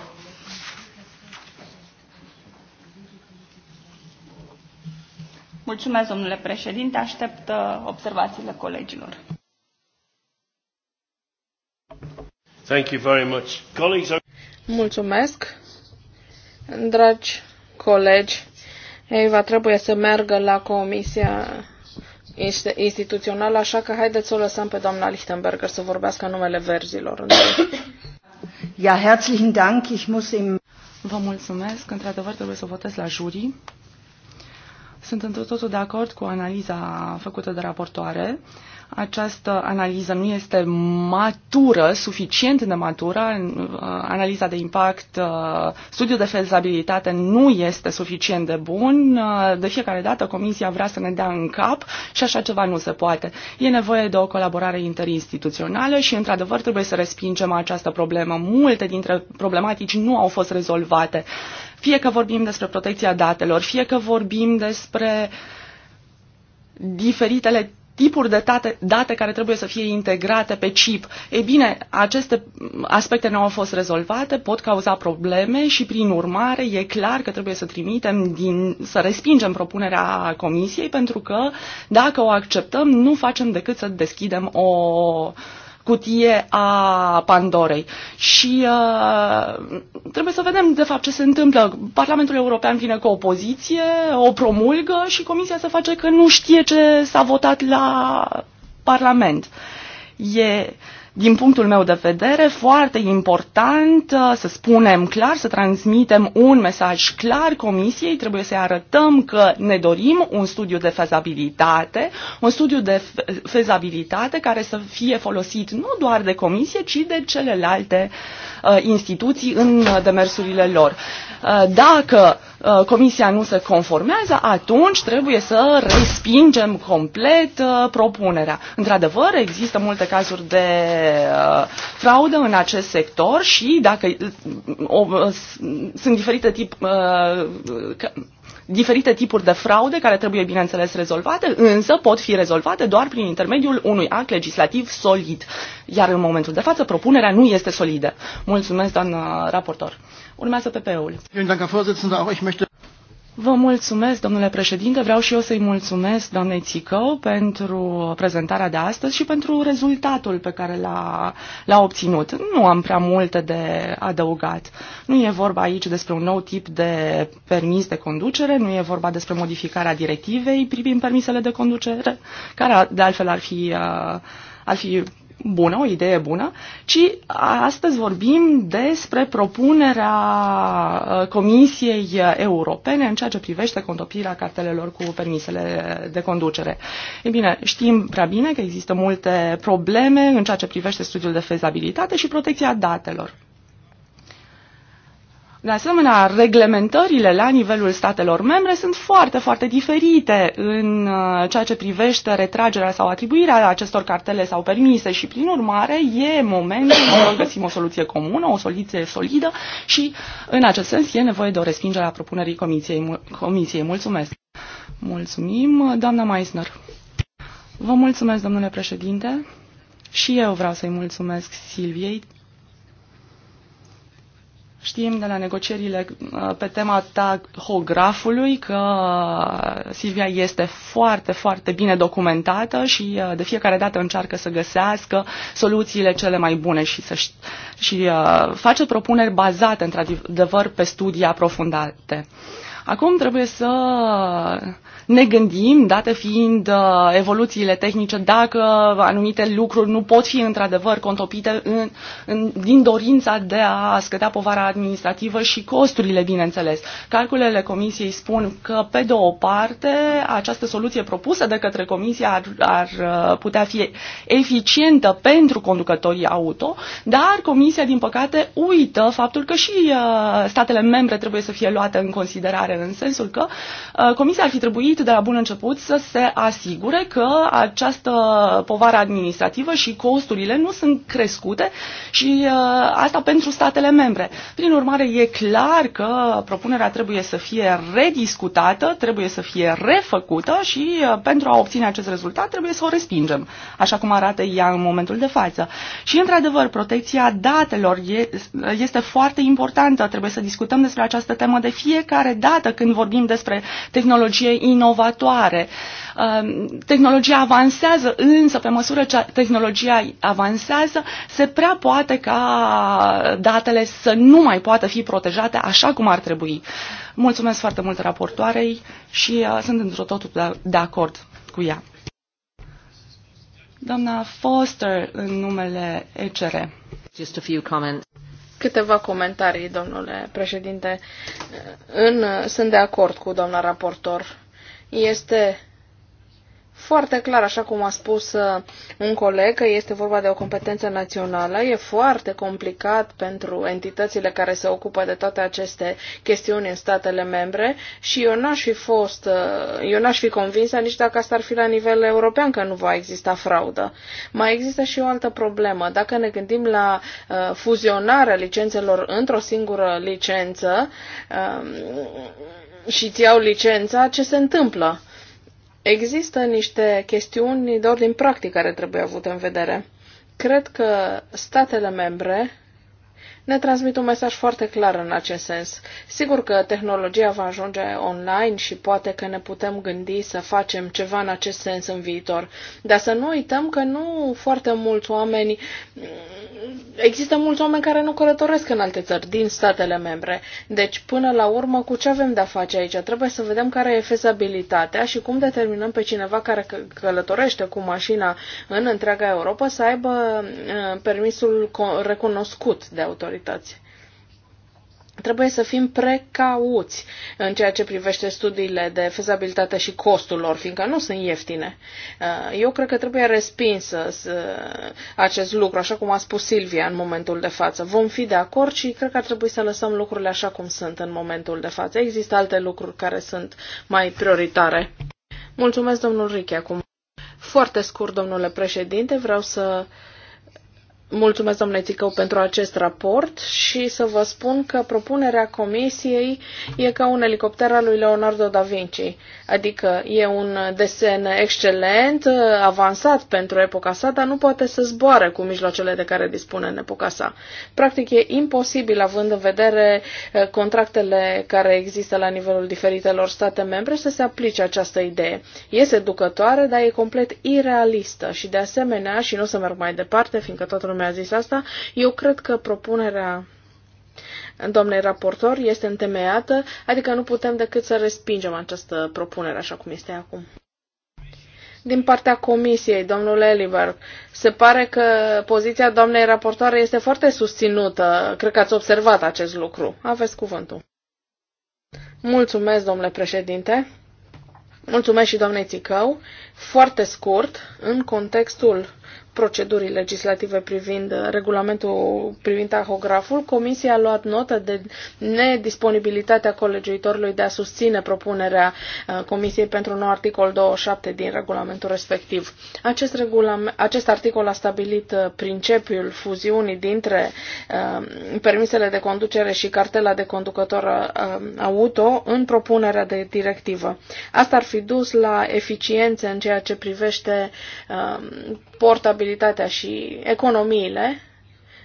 Mulțumesc, domnule președinte. Aștept uh, observațiile colegilor. Thank you very much. Colleagues are... Mulțumesc, dragi colegi. Ei va trebuie să meargă la comisia instituțional, așa că haideți să o lăsăm pe doamna Lichtenberger să vorbească în numele verzilor. Ja, herzlichen Dank. Ich muss im... Vă mulțumesc. Într-adevăr, trebuie să votez la jurii. Sunt într totul de acord cu analiza făcută de raportoare. Această analiză nu este matură, suficient de matură. Uh, analiza de impact, uh, studiul de fezabilitate nu este suficient de bun. Uh, de fiecare dată Comisia vrea să ne dea în cap și așa ceva nu se poate. E nevoie de o colaborare interinstituțională și, într-adevăr, trebuie să respingem această problemă. Multe dintre problematici nu au fost rezolvate. Fie că vorbim despre protecția datelor, fie că vorbim despre diferitele tipuri de date, date care trebuie să fie integrate pe chip. Ei bine, aceste aspecte nu au fost rezolvate, pot cauza probleme și, prin urmare, e clar că trebuie să trimitem din, să respingem propunerea Comisiei, pentru că, dacă o acceptăm, nu facem decât să deschidem o, cutie a Pandorei. Și uh, trebuie să vedem, de fapt, ce se întâmplă. Parlamentul European vine cu o poziție, o promulgă și Comisia se face că nu știe ce s-a votat la Parlament. E... Yeah din punctul meu de vedere, foarte important uh, să spunem clar, să transmitem un mesaj clar Comisiei. Trebuie să arătăm că ne dorim un studiu de fezabilitate, un studiu de fezabilitate care să fie folosit nu doar de Comisie, ci de celelalte uh, instituții în demersurile lor. Uh, dacă Comisia nu se conformează, atunci trebuie să respingem complet propunerea. Într-adevăr, există multe cazuri de fraudă în acest sector și dacă o, sunt diferite tip, uh, diferite tipuri de fraude care trebuie, bineînțeles, rezolvate, însă pot fi rezolvate doar prin intermediul unui act legislativ solid. Iar în momentul de față, propunerea nu este solidă. Mulțumesc, doamnă raportor. Urmează PP-ul. Vă mulțumesc, domnule președinte. Vreau și eu să-i mulțumesc doamnei Țicău pentru prezentarea de astăzi și pentru rezultatul pe care l-a, l-a obținut. Nu am prea multe de adăugat. Nu e vorba aici despre un nou tip de permis de conducere, nu e vorba despre modificarea directivei privind permisele de conducere, care de altfel ar fi, uh, ar fi bună, o idee bună, ci astăzi vorbim despre propunerea uh, Comisiei Europene în ceea ce privește contopirea cartelelor cu permisele de conducere. Ei bine, știm prea bine că există multe probleme în ceea ce privește studiul de fezabilitate și protecția datelor. De asemenea, reglementările la nivelul statelor membre sunt foarte, foarte diferite în uh, ceea ce privește retragerea sau atribuirea acestor cartele sau permise și, prin urmare, e momentul să găsim o soluție comună, o soluție solidă și, în acest sens, e nevoie de o respingere a propunerii comisiei. comisiei. Mulțumesc! Mulțumim, doamna Meisner! Vă mulțumesc, domnule președinte! Și eu vreau să-i mulțumesc Silviei Știm de la negocierile uh, pe tema tahografului că uh, Silvia este foarte, foarte bine documentată și uh, de fiecare dată încearcă să găsească soluțiile cele mai bune și, să, și face propuneri bazate, într-adevăr, pe studii aprofundate. Uh, Acum trebuie să ne gândim, date fiind uh, evoluțiile tehnice, dacă anumite lucruri nu pot fi într-adevăr contopite în, în, din dorința de a scădea povara administrativă și costurile, bineînțeles. Calculele Comisiei spun că, pe de o parte, această soluție propusă de către Comisie ar, ar uh, putea fi eficientă pentru conducătorii auto, dar Comisia, din păcate, uită faptul că și uh, statele membre trebuie să fie luate în considerare întrebare, în sensul că uh, Comisia ar fi trebuit de la bun început să se asigure că această povară administrativă și costurile nu sunt crescute și uh, asta pentru statele membre. Prin urmare, e clar că propunerea trebuie să fie rediscutată, trebuie să fie refăcută și uh, pentru a obține acest rezultat trebuie să o respingem, așa cum arată ea în momentul de față. Și, într-adevăr, protecția datelor este foarte importantă. Trebuie să discutăm despre această temă de fiecare dată adevărată când vorbim despre tehnologie inovatoare. Um, tehnologia avansează, însă pe măsură ce tehnologia avansează, se prea poate ca datele să nu mai poată fi protejate așa cum ar trebui. Mulțumesc foarte mult raportoarei și uh, sunt într-o totul de acord cu ea. Doamna Foster, în numele ECR. Just a few comments. Câteva comentarii, domnule președinte. În, sunt de acord cu doamna raportor. Este foarte clar, așa cum a spus uh, un coleg, că este vorba de o competență națională. E foarte complicat pentru entitățile care se ocupă de toate aceste chestiuni în statele membre și eu n-aș fi fost, uh, eu n-aș fi convinsă nici dacă asta ar fi la nivel european că nu va exista fraudă. Mai există și o altă problemă. Dacă ne gândim la uh, fuzionarea licențelor într-o singură licență, um, și ți iau licența, ce se întâmplă? Există niște chestiuni de ordin practic care trebuie avute în vedere. Cred că statele membre ne transmit un mesaj foarte clar în acest sens. Sigur că tehnologia va ajunge online și poate că ne putem gândi să facem ceva în acest sens în viitor, dar să nu uităm că nu foarte mulți oameni, există mulți oameni care nu călătoresc în alte țări din statele membre. Deci, până la urmă, cu ce avem de-a face aici? Trebuie să vedem care e fezabilitatea și cum determinăm pe cineva care călătorește cu mașina în întreaga Europa să aibă uh, permisul recunoscut de autorități minorități. Trebuie să fim precauți în ceea ce privește studiile de fezabilitate și costul lor, fiindcă nu sunt ieftine. Uh, eu cred că trebuie respins uh, uh, acest lucru, așa cum a spus Silvia în momentul de față. Vom fi de acord și cred că ar trebui să lăsăm lucrurile așa cum sunt în momentul de față. Există alte lucruri care sunt mai prioritare. Mulțumesc, domnul Riche, acum. Foarte scurt, domnule președinte, vreau să Mulțumesc, domnule Țicău, pentru acest raport și să vă spun că propunerea comisiei e ca un elicopter al lui Leonardo da Vinci, adică e un desen excelent, avansat pentru epoca sa, dar nu poate să zboare cu mijloacele de care dispune în epoca sa. Practic e imposibil, având în vedere eh, contractele care există la nivelul diferitelor state membre, să se aplice această idee. E seducătoare, dar e complet irealistă și de asemenea, și nu o să merg mai departe, fiindcă toată lumea mi-a zis asta. Eu cred că propunerea domnului raportor este întemeiată, adică nu putem decât să respingem această propunere așa cum este acum. Din partea comisiei, domnul Eliver, se pare că poziția doamnei raportoare este foarte susținută. Cred că ați observat acest lucru. Aveți cuvântul. Mulțumesc, domnule președinte. Mulțumesc și doamnei Țicău. Foarte scurt, în contextul procedurii legislative privind uh, regulamentul privind tahograful, Comisia a luat notă de nedisponibilitatea colegiuitorului de a susține propunerea uh, Comisiei pentru nou articol 27 din regulamentul respectiv. Acest, regulament, acest articol a stabilit uh, principiul fuziunii dintre permisele de conducere și cartela de conducător auto în propunerea de directivă. Asta ar fi dus la eficiență în ceea ce privește portabilitatea stabilitatea și economiile,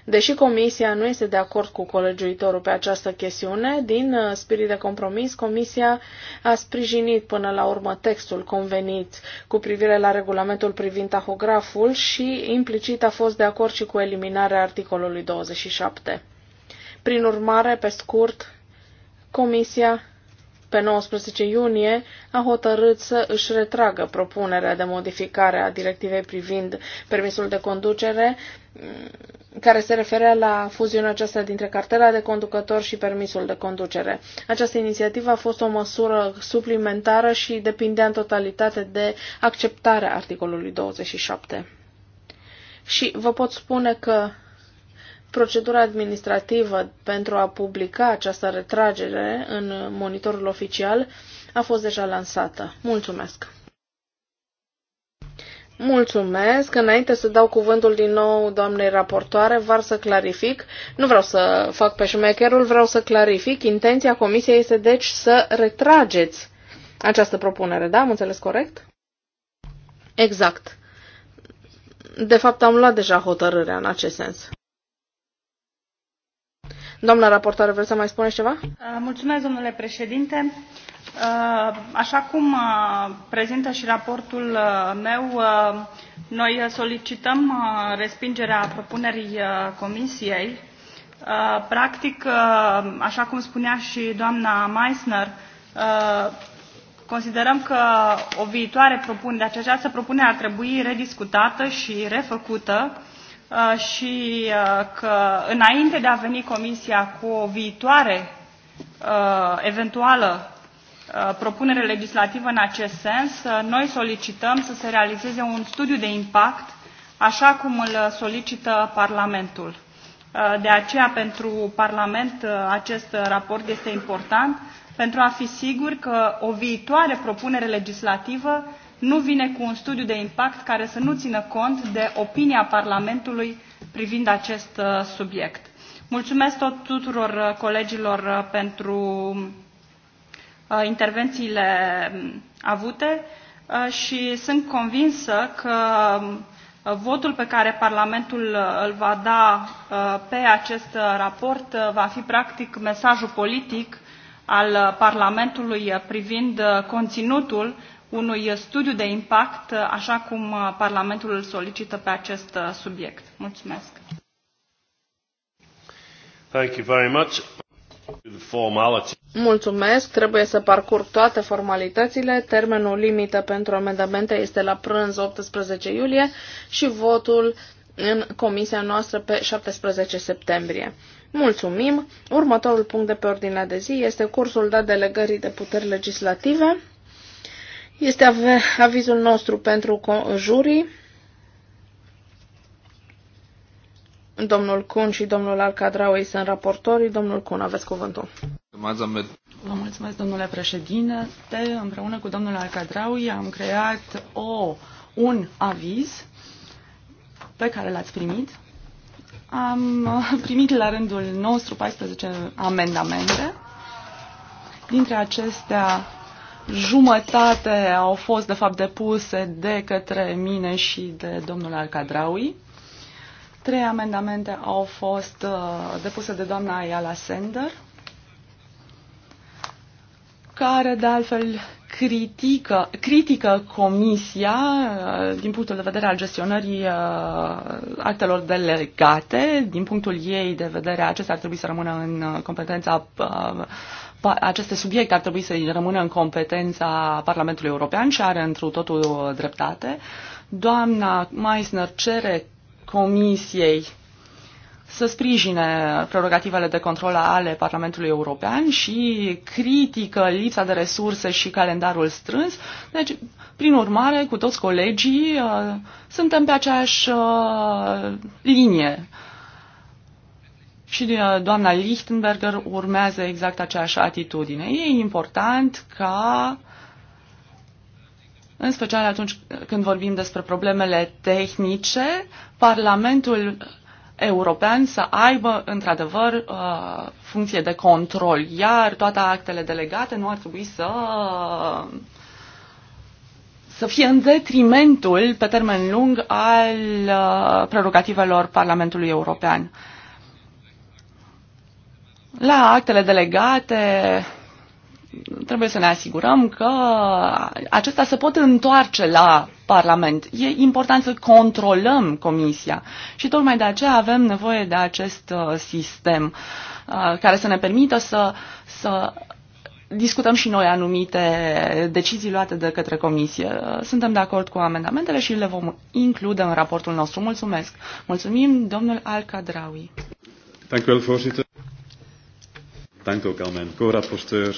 deși Comisia nu este de acord cu colegiuitorul pe această chestiune, din uh, spirit de compromis, Comisia a sprijinit până la urmă textul convenit cu privire la regulamentul privind tahograful și implicit a fost de acord și cu eliminarea articolului 27. Prin urmare, pe scurt, Comisia pe 19 iunie, a hotărât să își retragă propunerea de modificare a directivei privind permisul de conducere, mm, care se referea la fuziunea aceasta dintre cartela de conducător și permisul de conducere. Această inițiativă a fost o măsură suplimentară și depindea în totalitate de acceptarea articolului 27. Și vă pot spune că Procedura administrativă pentru a publica această retragere în monitorul oficial a fost deja lansată. Mulțumesc! Mulțumesc. Înainte să dau cuvântul din nou doamnei raportoare, var să clarific. Nu vreau să fac pe șmecherul, vreau să clarific. Intenția comisiei este deci să retrageți această propunere, da? Am înțeles corect? Exact. De fapt, am luat deja hotărârea în acest sens. Doamna raportoare, vreți să mai spuneți ceva? Uh, mulțumesc, domnule președinte. Uh, așa cum uh, prezintă și raportul meu, noi solicităm respingerea propunerii Comisiei. Practic, așa cum spunea și doamna Meissner, considerăm că o viitoare propunere, această propunere ar trebui rediscutată și refăcută Uh, și uh, că înainte de a veni Comisia cu o viitoare uh, eventuală propunere legislativă în acest sens, noi solicităm să se realizeze un studiu de impact, așa cum îl solicită Parlamentul. De aceea, pentru Parlament, acest raport este important pentru a fi sigur că o viitoare propunere legislativă nu vine cu un studiu de impact care să nu țină cont de opinia Parlamentului privind acest uh, subiect. Mulțumesc tot tuturor uh, colegilor uh, pentru intervențiile um, avute și sunt convinsă că um, votul pe care Parlamentul îl va da pe acest raport va fi practic mesajul politic al Parlamentului privind conținutul unui studiu de impact, așa cum uh, Parlamentul îl solicită pe acest uh, subiect. Mulțumesc. Thank you very much. Mulțumesc, trebuie să parcurg toate formalitățile. Termenul limită pentru amendamente este la prânz 18 iulie și votul în comisia noastră pe 17 septembrie. Mulțumim! Următorul punct de pe ordinea de zi este cursul dat delegării de puteri legislative. Este avizul nostru pentru jurii. Domnul Cun și domnul Alcadraui sunt raportorii. Domnul Cun, aveți cuvântul. Vă mulțumesc, domnule președinte. Împreună cu domnul Alcadraui am creat o, un aviz pe care l-ați primit. Am primit la rândul nostru 14 amendamente. Dintre acestea, jumătate au fost, de fapt, depuse de către mine și de domnul Alcadraui. Trei amendamente au fost uh, depuse de doamna Ayala Sender, care, de altfel, critică, critică Comisia uh, din punctul de vedere al gestionării uh, actelor delegate. Din punctul ei de vedere, acestea ar trebui să rămână în uh, competența aceste subiecte ar trebui să rămână în competența Parlamentului European și are întru totul dreptate. Doamna Meisner cere Comisiei să sprijine prerogativele de control ale Parlamentului European și critică lipsa de resurse și calendarul strâns. Deci, prin urmare, cu toți colegii uh, suntem pe aceeași uh, linie și uh, doamna Lichtenberger urmează exact aceeași atitudine. E important ca în special atunci când vorbim despre problemele tehnice, Parlamentul European să aibă într-adevăr uh, funcție de control, iar toate actele delegate nu ar trebui să să fie în detrimentul pe termen lung al uh, prerogativelor Parlamentului European. La actele delegate trebuie să ne asigurăm că acesta se pot întoarce la Parlament. E important să controlăm Comisia și tocmai de aceea avem nevoie de acest uh, sistem uh, care să ne permită să, să discutăm și noi anumite decizii luate de către Comisie. Uh, suntem de acord cu amendamentele și le vom include în raportul nostru. Mulțumesc! Mulțumim, domnul Alcadraui! Dank u Dank ook aan mijn co-rapporteur,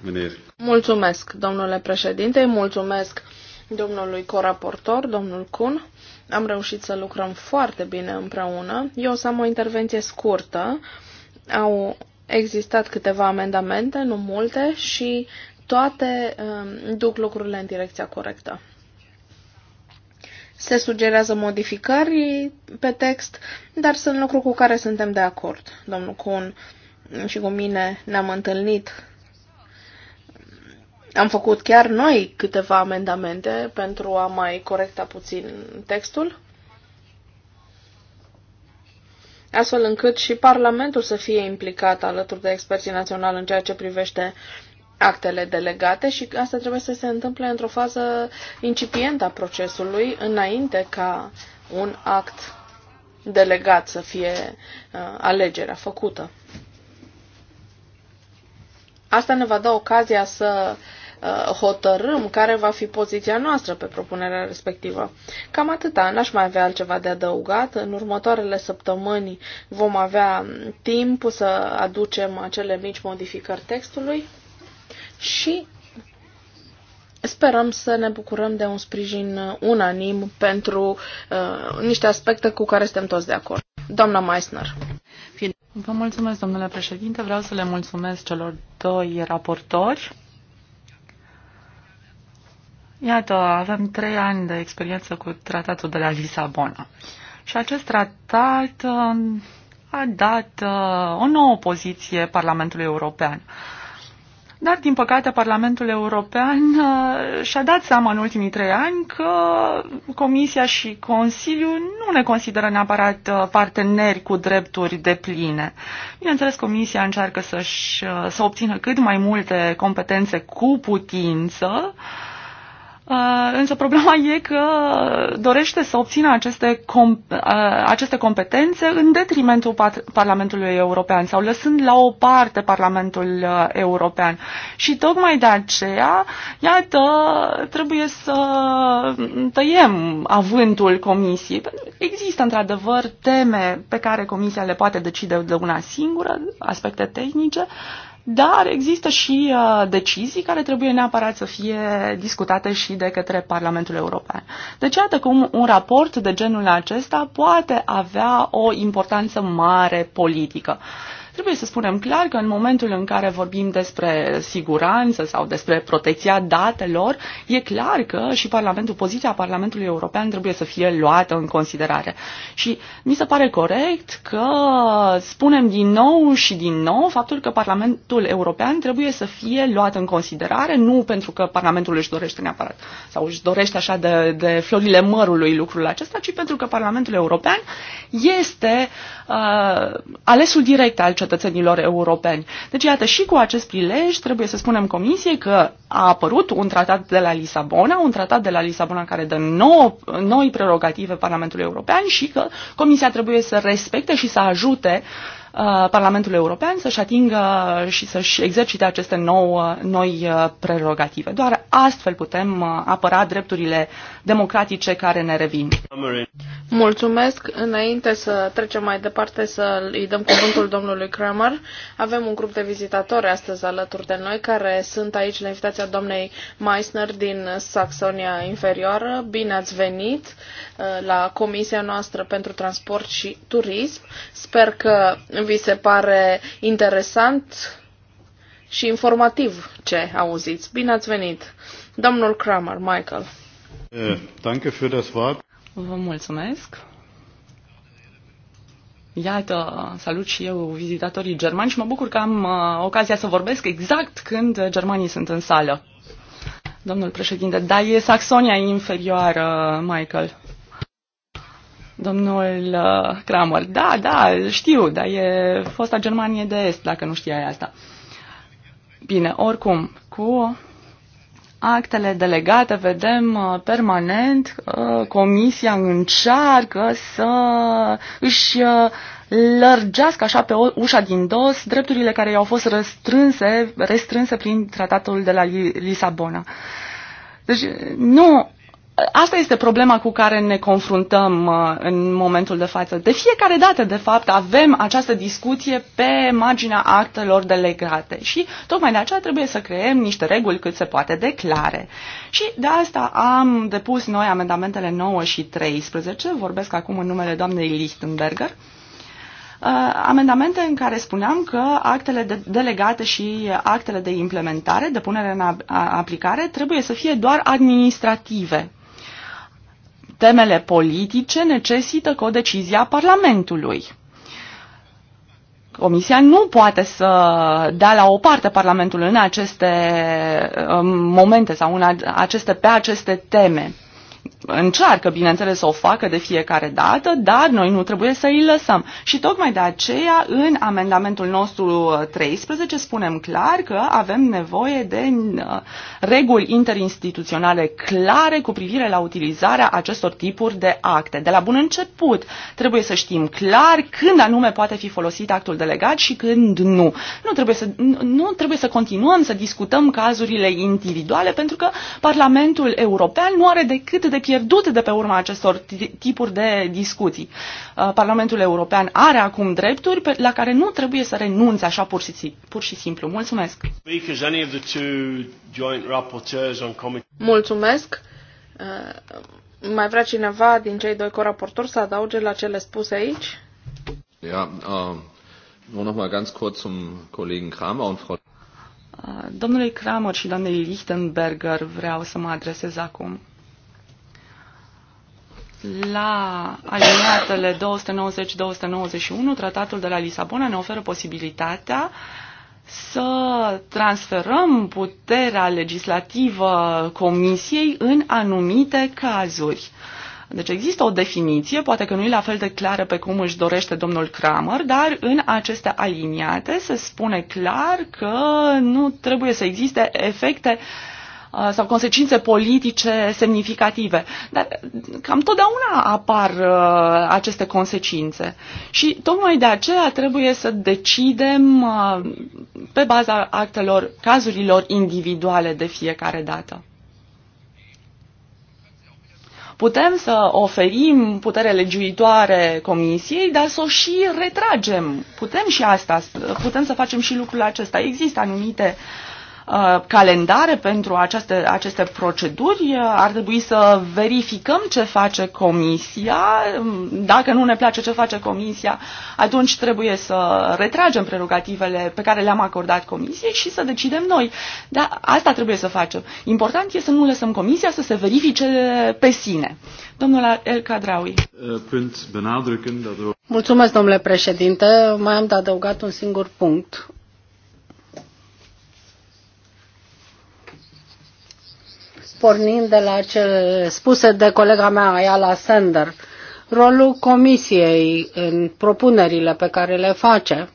meneer. Mulțumesc, domnule președinte, mulțumesc domnului coraportor, domnul Kun. Am reușit să lucrăm foarte bine împreună. Eu o să am o intervenție scurtă. Au existat câteva amendamente, nu multe, și toate um, duc lucrurile în direcția corectă. Se sugerează modificări pe text, dar sunt lucruri cu care suntem de acord. Domnul Kun, și cu mine ne-am întâlnit. Am făcut chiar noi câteva amendamente pentru a mai corecta puțin textul, astfel încât și Parlamentul să fie implicat alături de experții naționali în ceea ce privește actele delegate și asta trebuie să se întâmple într-o fază incipientă a procesului, înainte ca un act delegat să fie uh, alegerea făcută. Asta ne va da ocazia să uh, hotărâm care va fi poziția noastră pe propunerea respectivă. Cam atâta, n-aș mai avea altceva de adăugat. În următoarele săptămâni vom avea mm, timp să aducem acele mici modificări textului și sperăm să ne bucurăm de un sprijin uh, unanim pentru uh, niște aspecte cu care suntem toți de acord. Doamna Meissner. Vă mulțumesc, domnule președinte. Vreau să le mulțumesc celor doi raportori. Iată, avem trei ani de experiență cu tratatul de la Lisabona. Și acest tratat uh, a dat uh, o nouă poziție Parlamentului European. Dar, din păcate, Parlamentul European uh, și-a dat seama în ultimii trei ani că Comisia și Consiliul nu ne consideră neapărat uh, parteneri cu drepturi de pline. Bineînțeles, Comisia încearcă să uh, să obțină cât mai multe competențe cu putință, Uh, însă problema e că dorește să obțină aceste, com, uh, aceste competențe în detrimentul Parlamentului European sau lăsând la o parte Parlamentul uh, European. Și tocmai de aceea, iată, trebuie să tăiem avântul Comisiei. Există într-adevăr teme pe care Comisia le poate decide de una singură, aspecte tehnice, dar există și uh, decizii care trebuie neapărat să fie discutate și de către Parlamentul European. Deci, iată cum un raport de genul acesta poate avea o importanță mare politică. Trebuie să spunem clar că în momentul în care vorbim despre siguranță sau despre protecția datelor, e clar că și Parlamentul, poziția Parlamentului European trebuie să fie luată în considerare. Și mi se pare corect că spunem din nou și din nou faptul că Parlamentul European trebuie să fie luat în considerare, nu pentru că Parlamentul își dorește neapărat sau își dorește așa de, de florile mărului lucrul acesta, ci pentru că Parlamentul European este uh, alesul direct al cetățenilor cetățenilor europeni. Deci, iată, și cu acest prilej trebuie să spunem Comisiei că a apărut un tratat de la Lisabona, un tratat de la Lisabona care dă nou, noi prerogative Parlamentului European și că Comisia trebuie să respecte și să ajute uh, Uh, Parlamentul European să-și atingă și să-și exercite aceste nou, uh, noi uh, prerogative. Doar astfel putem apăra drepturile democratice care ne revin. Mulțumesc. Înainte să trecem mai departe să îi dăm cuvântul domnului Kramer, avem un grup de vizitatori astăzi alături de noi care sunt aici la invitația doamnei Meissner din Saxonia Inferioară. Bine ați venit! la Comisia noastră pentru Transport și Turism. Sper că vi se pare interesant și informativ ce auziți. Bine ați venit! Domnul Kramer, Michael. Eh, danke für das Wort. Vă mulțumesc. Iată, salut și eu vizitatorii germani și mă bucur că am uh, ocazia să vorbesc exact când germanii sunt în sală. Domnul președinte, da, e Saxonia inferioară, Michael. Domnul uh, Kramer, da, da, știu, dar e fosta Germanie de Est, dacă nu știai asta. Bine, oricum, cu actele delegate vedem uh, permanent uh, comisia încearcă să își lărgească așa pe ușa din dos drepturile care i-au fost restrânse, restrânse prin tratatul de la Lisabona. Deci nu Asta este problema cu care ne confruntăm uh, în momentul de față. De fiecare dată, de fapt, avem această discuție pe marginea actelor delegate și tocmai de aceea trebuie să creăm niște reguli cât se poate de clare. Și de asta am depus noi amendamentele 9 și 13, vorbesc acum în numele doamnei Lichtenberger, uh, amendamente în care spuneam că actele de delegate și actele de implementare, de punere în aplicare, trebuie să fie doar administrative temele politice necesită o decizie a Parlamentului. Comisia nu poate să dea la o parte Parlamentul în aceste momente sau în aceste, pe aceste teme încearcă, bineînțeles, să o facă de fiecare dată, dar noi nu trebuie să îi lăsăm. Și tocmai de aceea, în amendamentul nostru 13, spunem clar că avem nevoie de uh, reguli interinstituționale clare cu privire la utilizarea acestor tipuri de acte. De la bun început trebuie să știm clar când anume poate fi folosit actul delegat și când nu. Nu trebuie să, nu trebuie să continuăm să discutăm cazurile individuale pentru că Parlamentul European nu are decât de pierdut pierdut de pe urma acestor tipuri de discuții. Uh, Parlamentul European are acum drepturi pe, la care nu trebuie să renunțe așa pur și, pur și simplu. Mulțumesc! Mulțumesc! Uh, mai vrea cineva din cei doi coraportori să adauge la cele spuse aici? Ja, uh, nur noch mal ganz kurz zum Kollegen Kramer und Frau uh, Domnului Kramer și doamnei Lichtenberger vreau să mă adresez acum la aliniatele 290-291, tratatul de la Lisabona ne oferă posibilitatea să transferăm puterea legislativă Comisiei în anumite cazuri. Deci există o definiție, poate că nu e la fel de clară pe cum își dorește domnul Kramer, dar în aceste aliniate se spune clar că nu trebuie să existe efecte uh, Uh, sau consecințe politice semnificative. Dar uh, cam totdeauna apar uh, aceste consecințe. Și tocmai de aceea trebuie să decidem pe baza actelor, cazurilor individuale de fiecare dată putem să oferim putere legiuitoare comisiei, dar să o și retragem. Putem și asta, putem să facem și lucrul acesta. Există anumite Uh, calendare pentru aceste, aceste proceduri. Uh, ar trebui să verificăm ce face Comisia. Um, dacă nu ne place ce face Comisia, atunci trebuie să retragem prerogativele pe care le-am acordat Comisiei și să decidem noi. Da, asta trebuie să facem. Important este să nu lăsăm Comisia să se verifice pe sine. Domnul El Cadraui. Uh, Mulțumesc, domnule președinte. Mai am de adăugat un singur punct pornind de la ce spuse de colega mea, Ayala Sender, rolul comisiei în propunerile pe care le face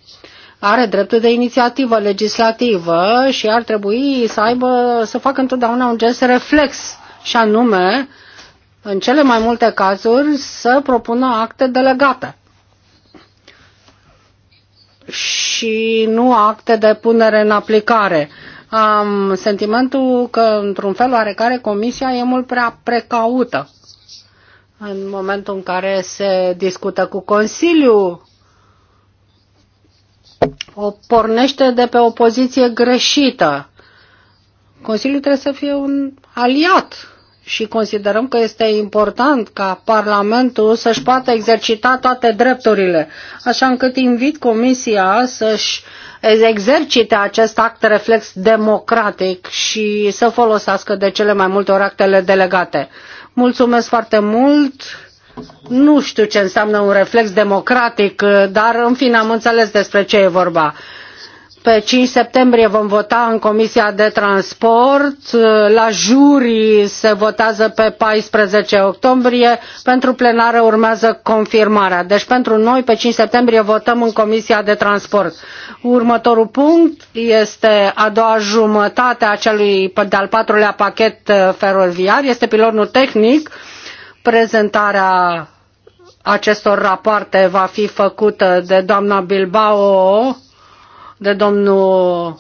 are dreptul de inițiativă legislativă și ar trebui să aibă, să facă întotdeauna un gest reflex și anume, în cele mai multe cazuri, să propună acte delegate și nu acte de punere în aplicare am sentimentul că, într-un fel oarecare, Comisia e mult prea precaută în momentul în care se discută cu Consiliul. O pornește de pe o poziție greșită. Consiliul trebuie să fie un aliat și considerăm că este important ca Parlamentul să-și poată exercita toate drepturile, așa încât invit Comisia să-și exercite acest act reflex democratic și să folosească de cele mai multe ori actele delegate. Mulțumesc foarte mult! Nu știu ce înseamnă un reflex democratic, dar în fine am înțeles despre ce e vorba. Pe 5 septembrie vom vota în Comisia de Transport, la juri se votează pe 14 octombrie, pentru plenară urmează confirmarea. Deci pentru noi pe 5 septembrie votăm în Comisia de Transport. Următorul punct este a doua jumătate a celui de-al patrulea pachet uh, feroviar, este pilonul tehnic, prezentarea acestor rapoarte va fi făcută de doamna Bilbao de domnul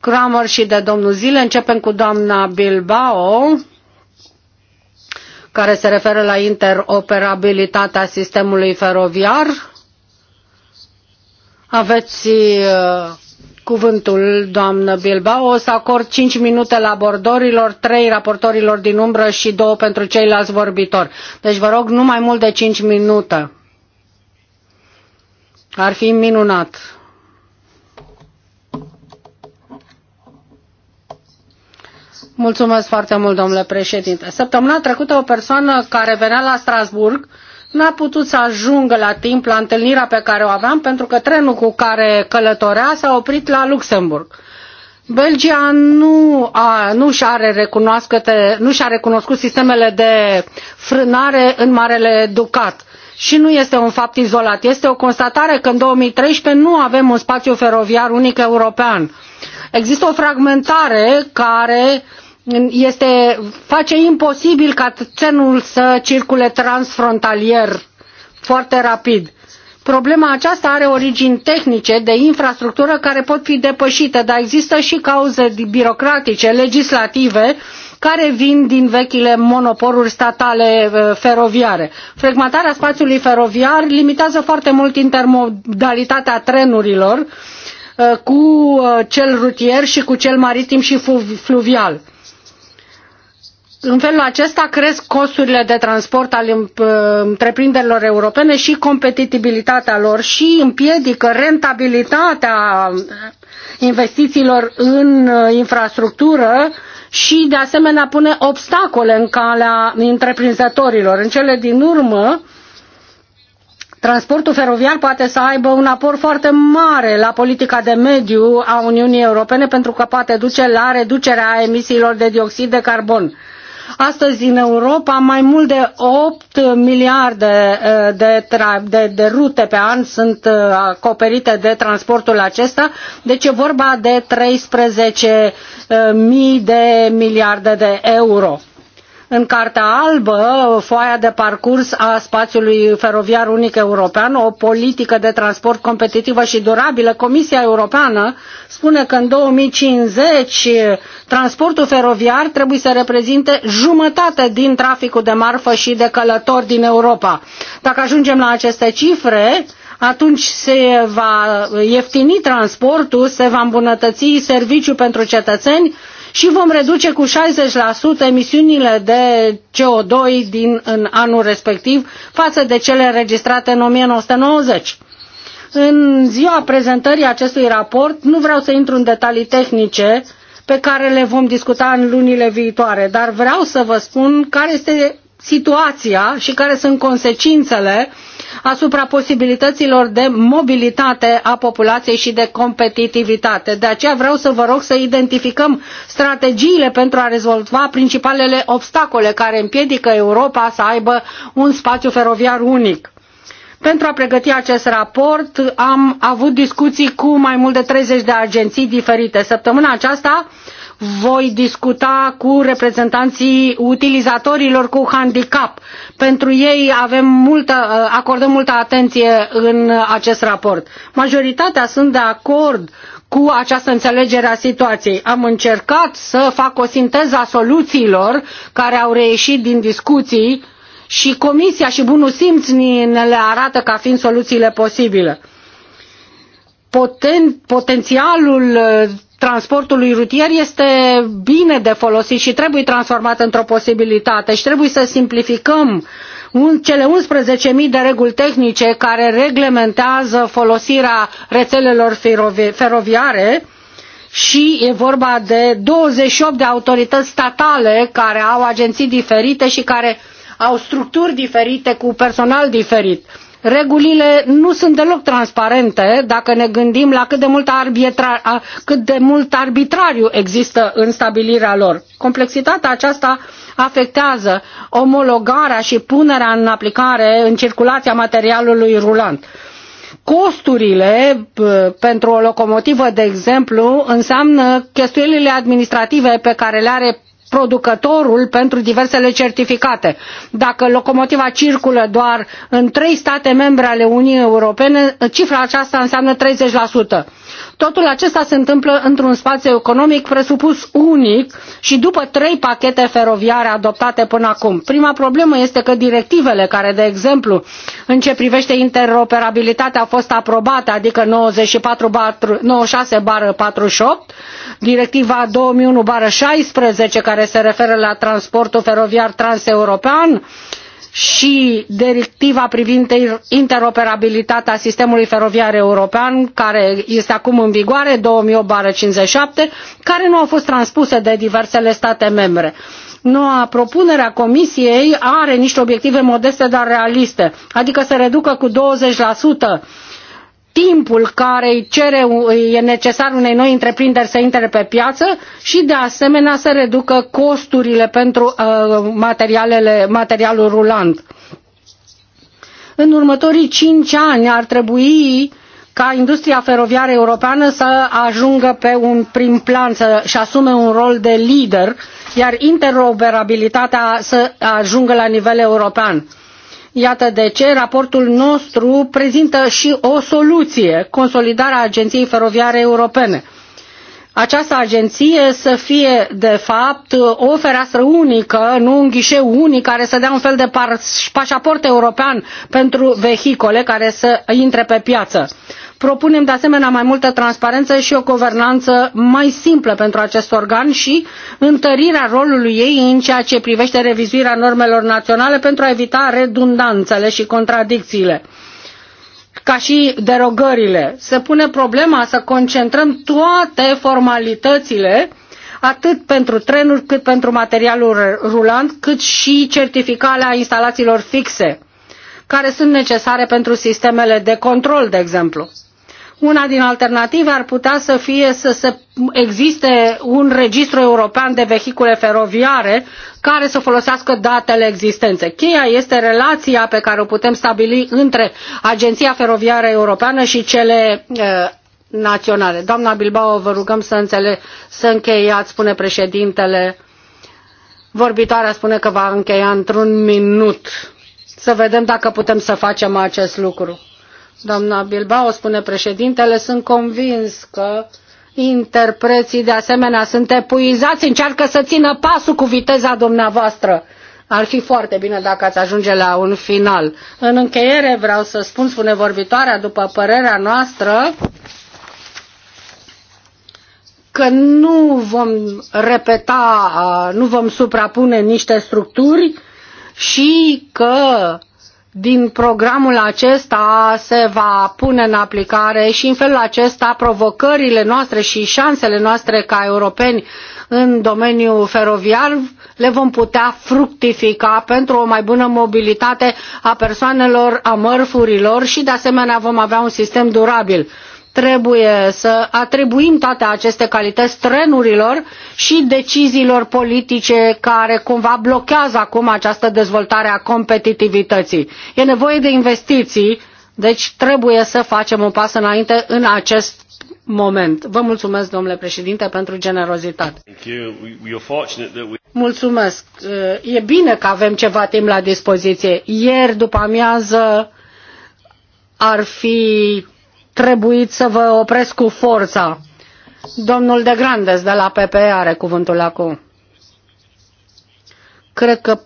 Kramer și de domnul Zile. Începem cu doamna Bilbao, care se referă la interoperabilitatea sistemului feroviar. Aveți uh, cuvântul, doamnă Bilbao. O să acord cinci minute la bordorilor, trei raportorilor din umbră și două pentru ceilalți vorbitori. Deci vă rog, nu mai mult de cinci minute. Ar fi minunat. Mulțumesc foarte mult, domnule președinte. Săptămâna trecută o persoană care venea la Strasbourg n-a putut să ajungă la timp la întâlnirea pe care o aveam pentru că trenul cu care călătorea s-a oprit la Luxemburg. Belgia nu, a, nu și are nu și-a recunoscut sistemele de frânare în Marele Ducat și nu este un fapt izolat. Este o constatare că în 2013 nu avem un spațiu feroviar unic european. Există o fragmentare care uh, este, face imposibil ca trenul să circule transfrontalier foarte rapid. Problema aceasta are origini tehnice de infrastructură care pot fi depășite, dar există și cauze birocratice, legislative, care vin din vechile monopoluri statale eh, feroviare. Frecventarea spațiului feroviar limitează foarte mult intermodalitatea trenurilor eh, cu eh, cel rutier și cu cel maritim și fluvial în felul acesta cresc costurile de transport ale uh, întreprinderilor europene și competitivitatea lor și împiedică rentabilitatea investițiilor în uh, infrastructură și de asemenea pune obstacole în calea întreprinzătorilor. În cele din urmă, Transportul feroviar poate să aibă un aport foarte mare la politica de mediu a Uniunii Europene pentru că poate duce la reducerea emisiilor de dioxid de carbon Astăzi, în Europa, mai mult de 8 miliarde eh, de, de, de rute pe an sunt eh, acoperite de transportul acesta, deci e vorba de 13.000 eh, de miliarde de euro în Cartea Albă, foaia de parcurs a spațiului feroviar unic european, o politică de transport competitivă și durabilă, Comisia Europeană spune că în 2050 transportul feroviar trebuie să reprezinte jumătate din traficul de marfă și de călători din Europa. Dacă ajungem la aceste cifre, atunci se va ieftini transportul, se va îmbunătăți serviciul pentru cetățeni și vom reduce cu 60% emisiunile de CO2 din, în anul respectiv față de cele înregistrate în 1990. În ziua prezentării acestui raport nu vreau să intru în detalii tehnice pe care le vom discuta în lunile viitoare, dar vreau să vă spun care este situația și care sunt consecințele asupra posibilităților de mobilitate a populației și de competitivitate. De aceea vreau să vă rog să identificăm strategiile pentru a rezolva principalele obstacole care împiedică Europa să aibă un spațiu feroviar unic. Pentru a pregăti acest raport am avut discuții cu mai mult de 30 de agenții diferite. Săptămâna aceasta voi discuta cu reprezentanții utilizatorilor cu handicap. Pentru ei avem multă, uh, acordăm multă atenție în acest raport. Majoritatea sunt de acord cu această înțelegere a situației. Am încercat să fac o sinteză a soluțiilor care au reieșit din discuții și Comisia și Bunul Simț ne le arată ca fiind soluțiile posibile. Poten, potențialul uh, transportului rutier este bine de folosit și trebuie transformat într-o posibilitate și trebuie să simplificăm cele 11.000 de reguli tehnice care reglementează folosirea rețelelor feroviare și e vorba de 28 de autorități statale care au agenții diferite și care au structuri diferite cu personal diferit regulile nu sunt deloc transparente dacă ne gândim la cât de mult, arbitra, cât de mult arbitrariu există în stabilirea lor. Complexitatea aceasta afectează omologarea și punerea în aplicare în circulația materialului rulant. Costurile pentru o locomotivă, de exemplu, înseamnă chestiunile administrative pe care le are producătorul pentru diversele certificate. Dacă locomotiva circulă doar în trei state membre ale Uniunii Europene, cifra aceasta înseamnă 30%. Totul acesta se întâmplă într-un spațiu economic presupus unic și după trei pachete feroviare adoptate până acum. Prima problemă este că directivele care, de exemplu, în ce privește interoperabilitatea au fost aprobate, adică 94 96 bară 48, directiva 2001 bară 16 care se referă la transportul feroviar transeuropean, și directiva privind interoperabilitatea sistemului feroviar european, care este acum în vigoare, 2008-57, care nu au fost transpuse de diversele state membre. Noua propunere a Comisiei are niște obiective modeste, dar realiste, adică să reducă cu 20% timpul care cere, e necesar unei noi întreprinderi să intre pe piață și de asemenea să reducă costurile pentru uh, materialele, materialul rulant. În următorii cinci ani ar trebui ca industria feroviară europeană să ajungă pe un prim plan, să-și asume un rol de lider, iar interoperabilitatea să ajungă la nivel european Iată de ce raportul nostru prezintă și o soluție, consolidarea Agenției Feroviare Europene această agenție să fie, de fapt, o fereastră unică, nu un ghișeu unic care să dea un fel de pașaport european pentru vehicole care să intre pe piață. Propunem de asemenea mai multă transparență și o guvernanță mai simplă pentru acest organ și întărirea rolului ei în ceea ce privește revizuirea normelor naționale pentru a evita redundanțele și contradicțiile ca și derogările. Se pune problema să concentrăm toate formalitățile atât pentru trenuri, cât pentru materialul rulant, cât și certificarea instalațiilor fixe, care sunt necesare pentru sistemele de control, de exemplu. Una din alternative ar putea să fie să, existe un registru european de vehicule feroviare care să folosească datele existente. Cheia este relația pe care o putem stabili între Agenția Feroviară Europeană și cele uh, naționale. Doamna Bilbao, vă rugăm să, înțele- să încheiați, spune președintele. Vorbitoarea spune că va încheia într-un minut. Să vedem dacă putem să facem acest lucru. Doamna Bilbao, spune președintele, sunt convins că interpreții de asemenea sunt epuizați, încearcă să țină pasul cu viteza dumneavoastră. Ar fi foarte bine dacă ați ajunge la un final. În încheiere vreau să spun, spune vorbitoarea, după părerea noastră, că nu vom repeta, nu vom suprapune niște structuri și că din programul acesta se va pune în aplicare și în felul acesta provocările noastre și șansele noastre ca europeni în domeniul feroviar le vom putea fructifica pentru o mai bună mobilitate a persoanelor, a mărfurilor și de asemenea vom avea un sistem durabil Trebuie să atribuim toate aceste calități trenurilor și deciziilor politice care cumva blochează acum această dezvoltare a competitivității. E nevoie de investiții, deci trebuie să facem un pas înainte în acest moment. Vă mulțumesc, domnule președinte, pentru generozitate. Mulțumesc. E bine că avem ceva timp la dispoziție. Ieri, după amiază, ar fi trebuit să vă opresc cu forța. Domnul de Grandes de la PPE are cuvântul acum. Cred că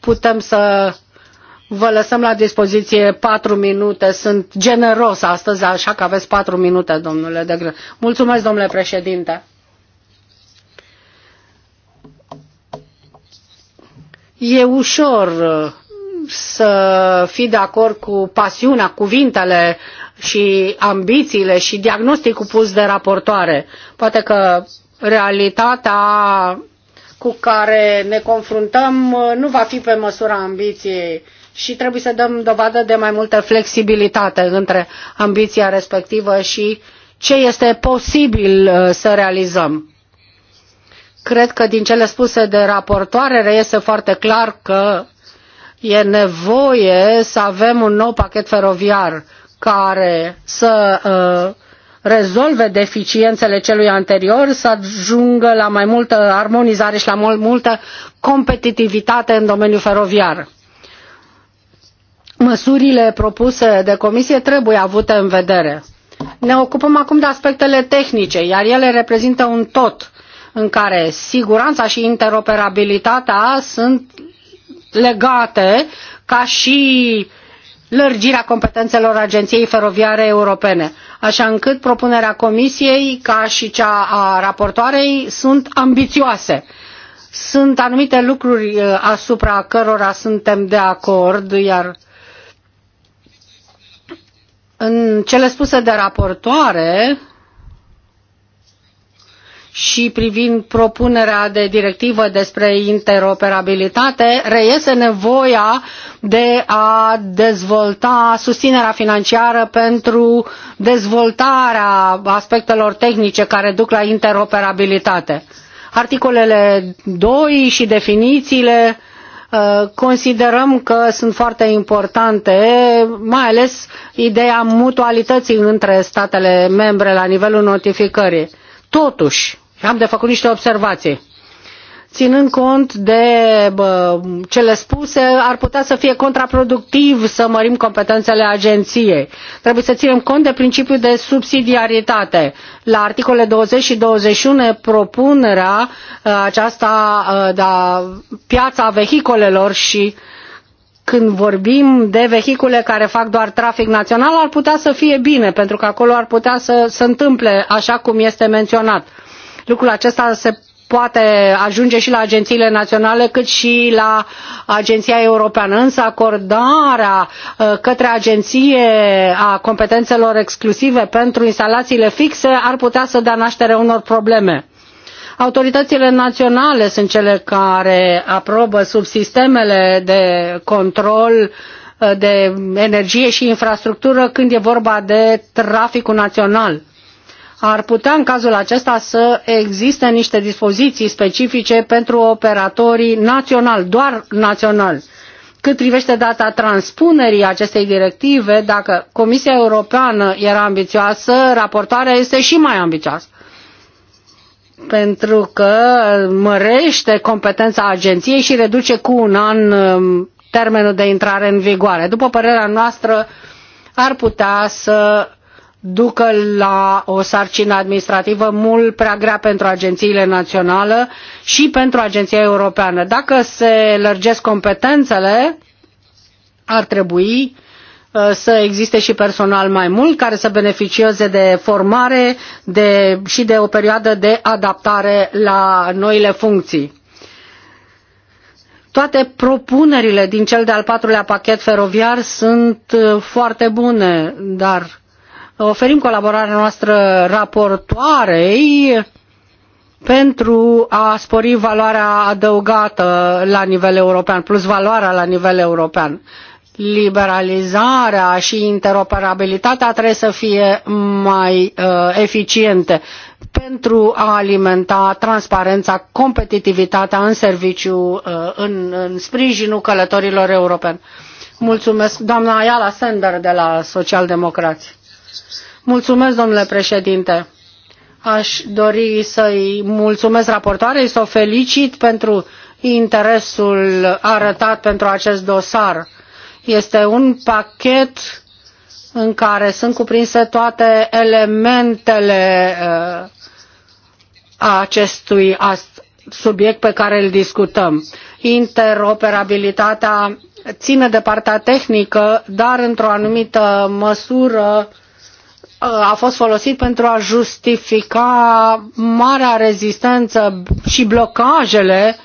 putem să vă lăsăm la dispoziție patru minute. Sunt generos astăzi, așa că aveți patru minute, domnule de Grandes. Mulțumesc, domnule președinte. E ușor să fii de acord cu pasiunea, cuvintele și ambițiile și diagnosticul pus de raportoare. Poate că realitatea cu care ne confruntăm uh, nu va fi pe măsura ambiției și trebuie să dăm dovadă de mai multă flexibilitate între ambiția respectivă și ce este posibil uh, să realizăm. Cred că din cele spuse de raportoare reiese foarte clar că e nevoie să avem un nou pachet feroviar care să uh, rezolve deficiențele celui anterior, să ajungă la mai multă armonizare și la mai multă competitivitate în domeniul feroviar. Măsurile propuse de comisie trebuie avute în vedere. Ne ocupăm acum de aspectele tehnice, iar ele reprezintă un tot în care siguranța și interoperabilitatea sunt legate ca și uh, lărgirea competențelor Agenției Feroviare Europene, așa încât propunerea Comisiei, ca și cea a raportoarei, sunt ambițioase. Sunt anumite lucruri uh, asupra cărora suntem de acord, iar în cele spuse de raportoare, și privind propunerea de directivă despre interoperabilitate, reiese nevoia de a dezvolta susținerea financiară pentru dezvoltarea aspectelor tehnice care duc la interoperabilitate. Articolele 2 și definițiile uh, considerăm că sunt foarte importante, mai ales ideea mutualității între statele membre la nivelul notificării Totuși, am de făcut niște observații. Ținând cont de bă, cele spuse, ar putea să fie contraproductiv să mărim competențele agenției. Trebuie să ținem cont de principiul de subsidiaritate. La articole 20 și 21 propunerea ă, aceasta ă, da, piața vehicolelor și uh, când vorbim de vehicule care fac doar trafic național, ar putea să fie bine, pentru că acolo ar putea să se întâmple așa cum este menționat. Lucrul acesta se poate ajunge și la agențiile naționale, cât și la Agenția Europeană. Însă acordarea uh, către agenție a competențelor exclusive pentru instalațiile fixe ar putea să dea naștere unor probleme Autoritățile naționale sunt cele care aprobă subsistemele de control uh, de energie și infrastructură când e vorba de traficul național. Ar putea în cazul acesta să existe niște dispoziții specifice pentru operatorii naționali, doar naționali. Cât privește data transpunerii acestei directive, dacă Comisia Europeană era ambițioasă, raportarea este și mai ambițioasă pentru că mărește competența agenției și reduce cu un an um, termenul de intrare în vigoare. După părerea noastră, ar putea să ducă la o sarcină administrativă mult prea grea pentru agențiile naționale și pentru agenția europeană. Dacă se lărgesc competențele, ar trebui Uh, să existe și personal mai mult care să beneficieze de formare de, și de o perioadă de adaptare la noile funcții. Toate propunerile din cel de-al patrulea pachet feroviar sunt uh, foarte bune, dar oferim colaborarea noastră raportoarei pentru a spori valoarea adăugată la nivel european, plus valoarea la nivel european liberalizarea și interoperabilitatea trebuie să fie mai uh, eficiente pentru a alimenta transparența, competitivitatea în serviciu, uh, în, în sprijinul călătorilor europeni. Mulțumesc, doamna Ayala Sender de la Socialdemocrați. Mulțumesc, domnule președinte. Aș dori să-i mulțumesc raportoarei, să o felicit pentru interesul arătat pentru acest dosar este un pachet în care sunt cuprinse toate elementele uh, acestui subiect pe care îl discutăm. Interoperabilitatea ține de partea tehnică, dar într-o anumită măsură uh, a fost folosit pentru a justifica marea rezistență și blocajele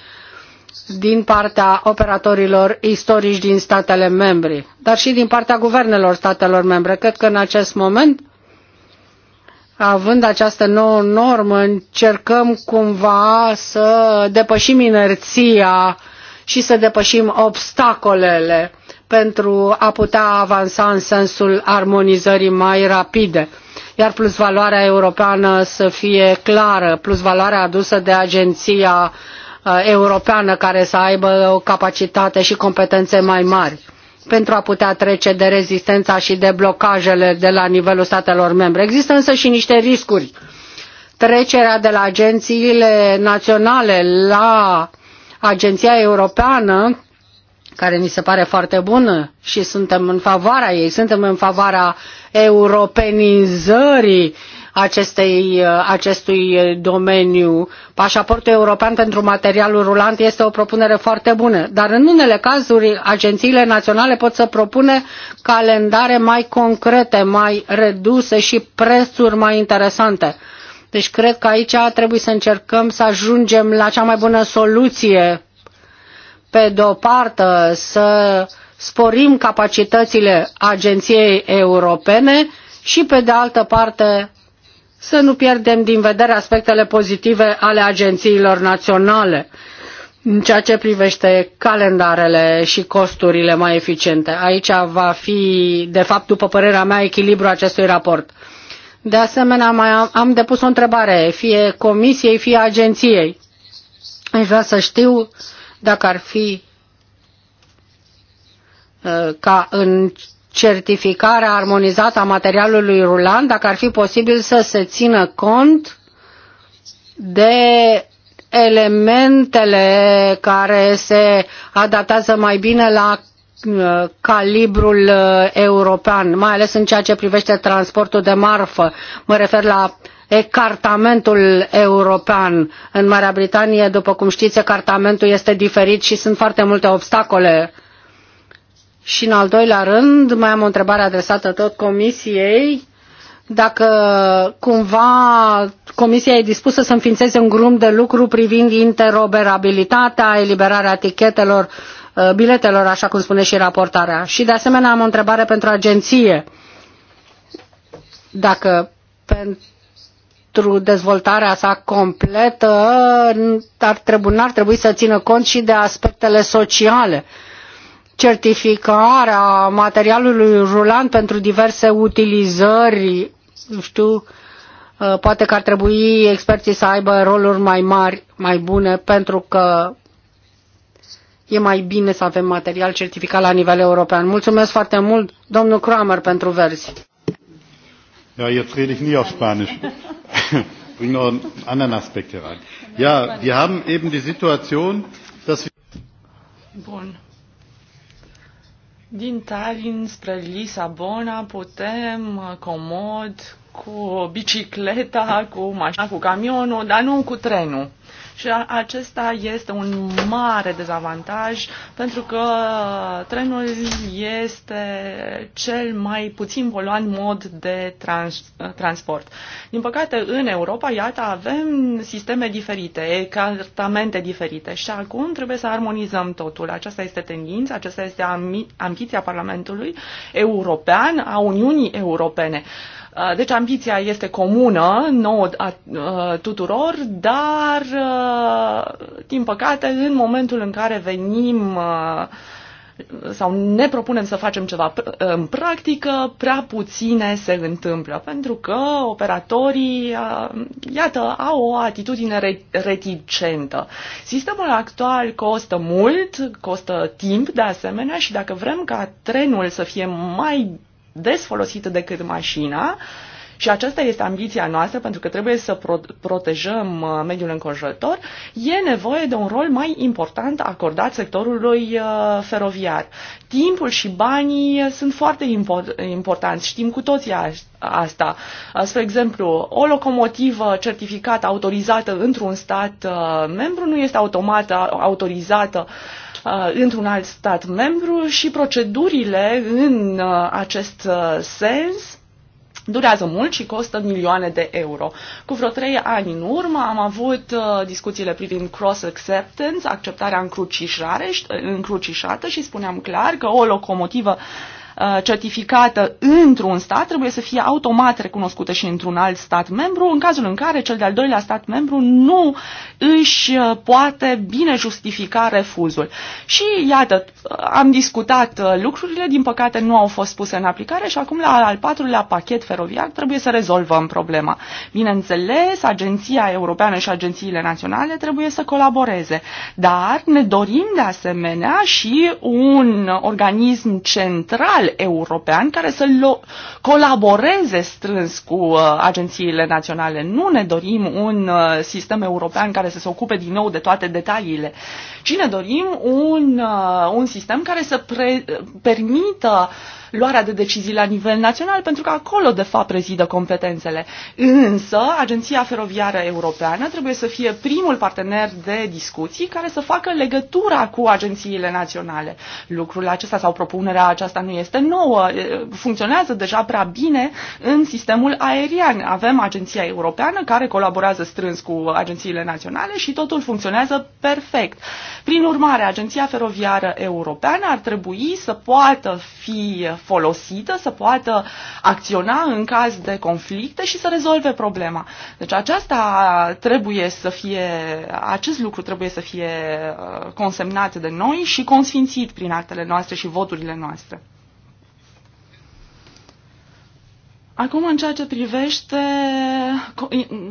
din partea operatorilor istorici din statele membre, dar și din partea guvernelor statelor membre. Cred că în acest moment, având această nouă normă, încercăm cumva să depășim inerția și să depășim obstacolele pentru a putea avansa în sensul armonizării mai rapide iar plusvaloarea europeană să fie clară plusvaloarea adusă de agenția Uh, europeană care să aibă o capacitate și competențe mai mari pentru a putea trece de rezistența și de blocajele de la nivelul statelor membre. Există însă și niște riscuri. Trecerea de la agențiile naționale la Agenția Europeană, care mi se pare foarte bună și suntem în favoarea ei, suntem în favoarea europenizării uh, acestei, acestui domeniu. Pașaportul european pentru materialul rulant este o propunere foarte bună, dar în unele cazuri agențiile naționale pot să propune calendare mai concrete, mai reduse și prețuri mai interesante. Deci cred că aici trebuie să încercăm să ajungem la cea mai bună soluție. Pe de o parte, să sporim capacitățile agenției europene și pe de altă parte să nu pierdem din vedere aspectele pozitive ale agențiilor naționale în ceea ce privește calendarele și costurile mai eficiente. Aici va fi, de fapt, după părerea mea, echilibru acestui raport. De asemenea, mai am, am depus o întrebare, fie comisiei, fie agenției. Aș vrea să știu dacă ar fi uh, ca în certificarea armonizată a materialului rulant, dacă ar fi posibil să se țină cont de elementele care se adaptează mai bine la uh, calibrul uh, european, mai ales în ceea ce privește transportul de marfă. Mă refer la ecartamentul european. În Marea Britanie, după cum știți, ecartamentul este diferit și sunt foarte multe obstacole și în al doilea rând, mai am o întrebare adresată tot comisiei, dacă cumva comisia e dispusă să înființeze un grup de lucru privind interoperabilitatea, eliberarea etichetelor, uh, biletelor, așa cum spune și raportarea. Și de asemenea am o întrebare pentru agenție. Dacă pentru dezvoltarea sa completă ar trebui, n-ar trebui să țină cont și de aspectele sociale. Uh, certificarea materialului rulant pentru diverse utilizări, știu, uh, poate că ar trebui experții să aibă roluri mai mari, mai bune, pentru că e mai bine să avem material certificat la nivel european. Mulțumesc foarte mult, domnul Kramer, pentru verzi. Ja, jetzt rede ich nie auf Spanisch. Bring noch einen anderen Aspekt herein. Ja, wir haben eben die Situation, dass wir... Bun. Din Tallinn spre Lisabona putem comod cu bicicleta, cu mașina, cu camionul, dar nu cu trenul. Și acesta este un mare dezavantaj pentru că trenul este cel mai puțin poluant mod de trans- transport. Din păcate, în Europa, iată, avem sisteme diferite, cartamente diferite și acum trebuie să armonizăm totul. Aceasta este tendința, aceasta este ambiția Parlamentului European, a Uniunii Europene. Uh, Uh, deci ambiția este comună, nouă a, uh, tuturor, dar uh, din păcate în momentul în care venim sau ne propunem să facem ceva în practică, prea puține se întâmplă, pentru că operatorii, iată, au o atitudine reticentă. Sistemul actual costă mult, costă timp de asemenea și dacă vrem ca trenul să fie mai des folosită decât mașina. Și aceasta este ambiția noastră, pentru că trebuie să pro- protejăm uh, mediul înconjurător. E nevoie de un rol mai important acordat sectorului uh, feroviar. Timpul și banii uh, sunt foarte import- importanți. Știm cu toții asta. Spre exemplu, o locomotivă certificată, autorizată într-un stat membru nu este automat autorizată Uh, într-un alt stat membru și procedurile în uh, acest uh, sens Durează mult și costă milioane de euro. Cu vreo trei ani în urmă am avut discuțiile privind cross-acceptance, acceptarea încrucișată și spuneam clar că o locomotivă Uh, certificată într-un stat trebuie să fie automat recunoscută și într-un alt stat membru, în cazul în care cel de-al doilea stat membru nu își uh, poate bine justifica refuzul. Și iată, uh, am discutat lucrurile, din păcate nu au fost puse în aplicare și acum la al patrulea pachet feroviar trebuie să rezolvăm problema. Bineînțeles, Agenția Europeană și agențiile naționale trebuie să colaboreze, dar ne dorim de asemenea și un organism central nivel european care să colaboreze strâns cu uh, agențiile naționale. Nu ne dorim un uh, sistem european care să se ocupe din nou de toate detaliile, ci ne dorim un, uh, un sistem care să pre- permită uh, luarea de decizii la nivel național, pentru că acolo, de fapt, rezidă competențele. Însă, Agenția Feroviară Europeană trebuie să fie primul partener de discuții care să facă legătura cu agențiile naționale. Lucrul acesta sau propunerea aceasta nu este nouă, funcționează deja prea bine în sistemul aerian. Avem Agenția Europeană care colaborează strâns cu agențiile naționale și totul funcționează perfect. Prin urmare, Agenția Feroviară Europeană ar trebui să poată fi folosită, să poată acționa în caz de conflicte și să rezolve problema. Deci aceasta trebuie să fie, acest lucru trebuie să fie uh, consemnat de noi și consfințit prin actele noastre și voturile noastre. Acum, în ceea ce privește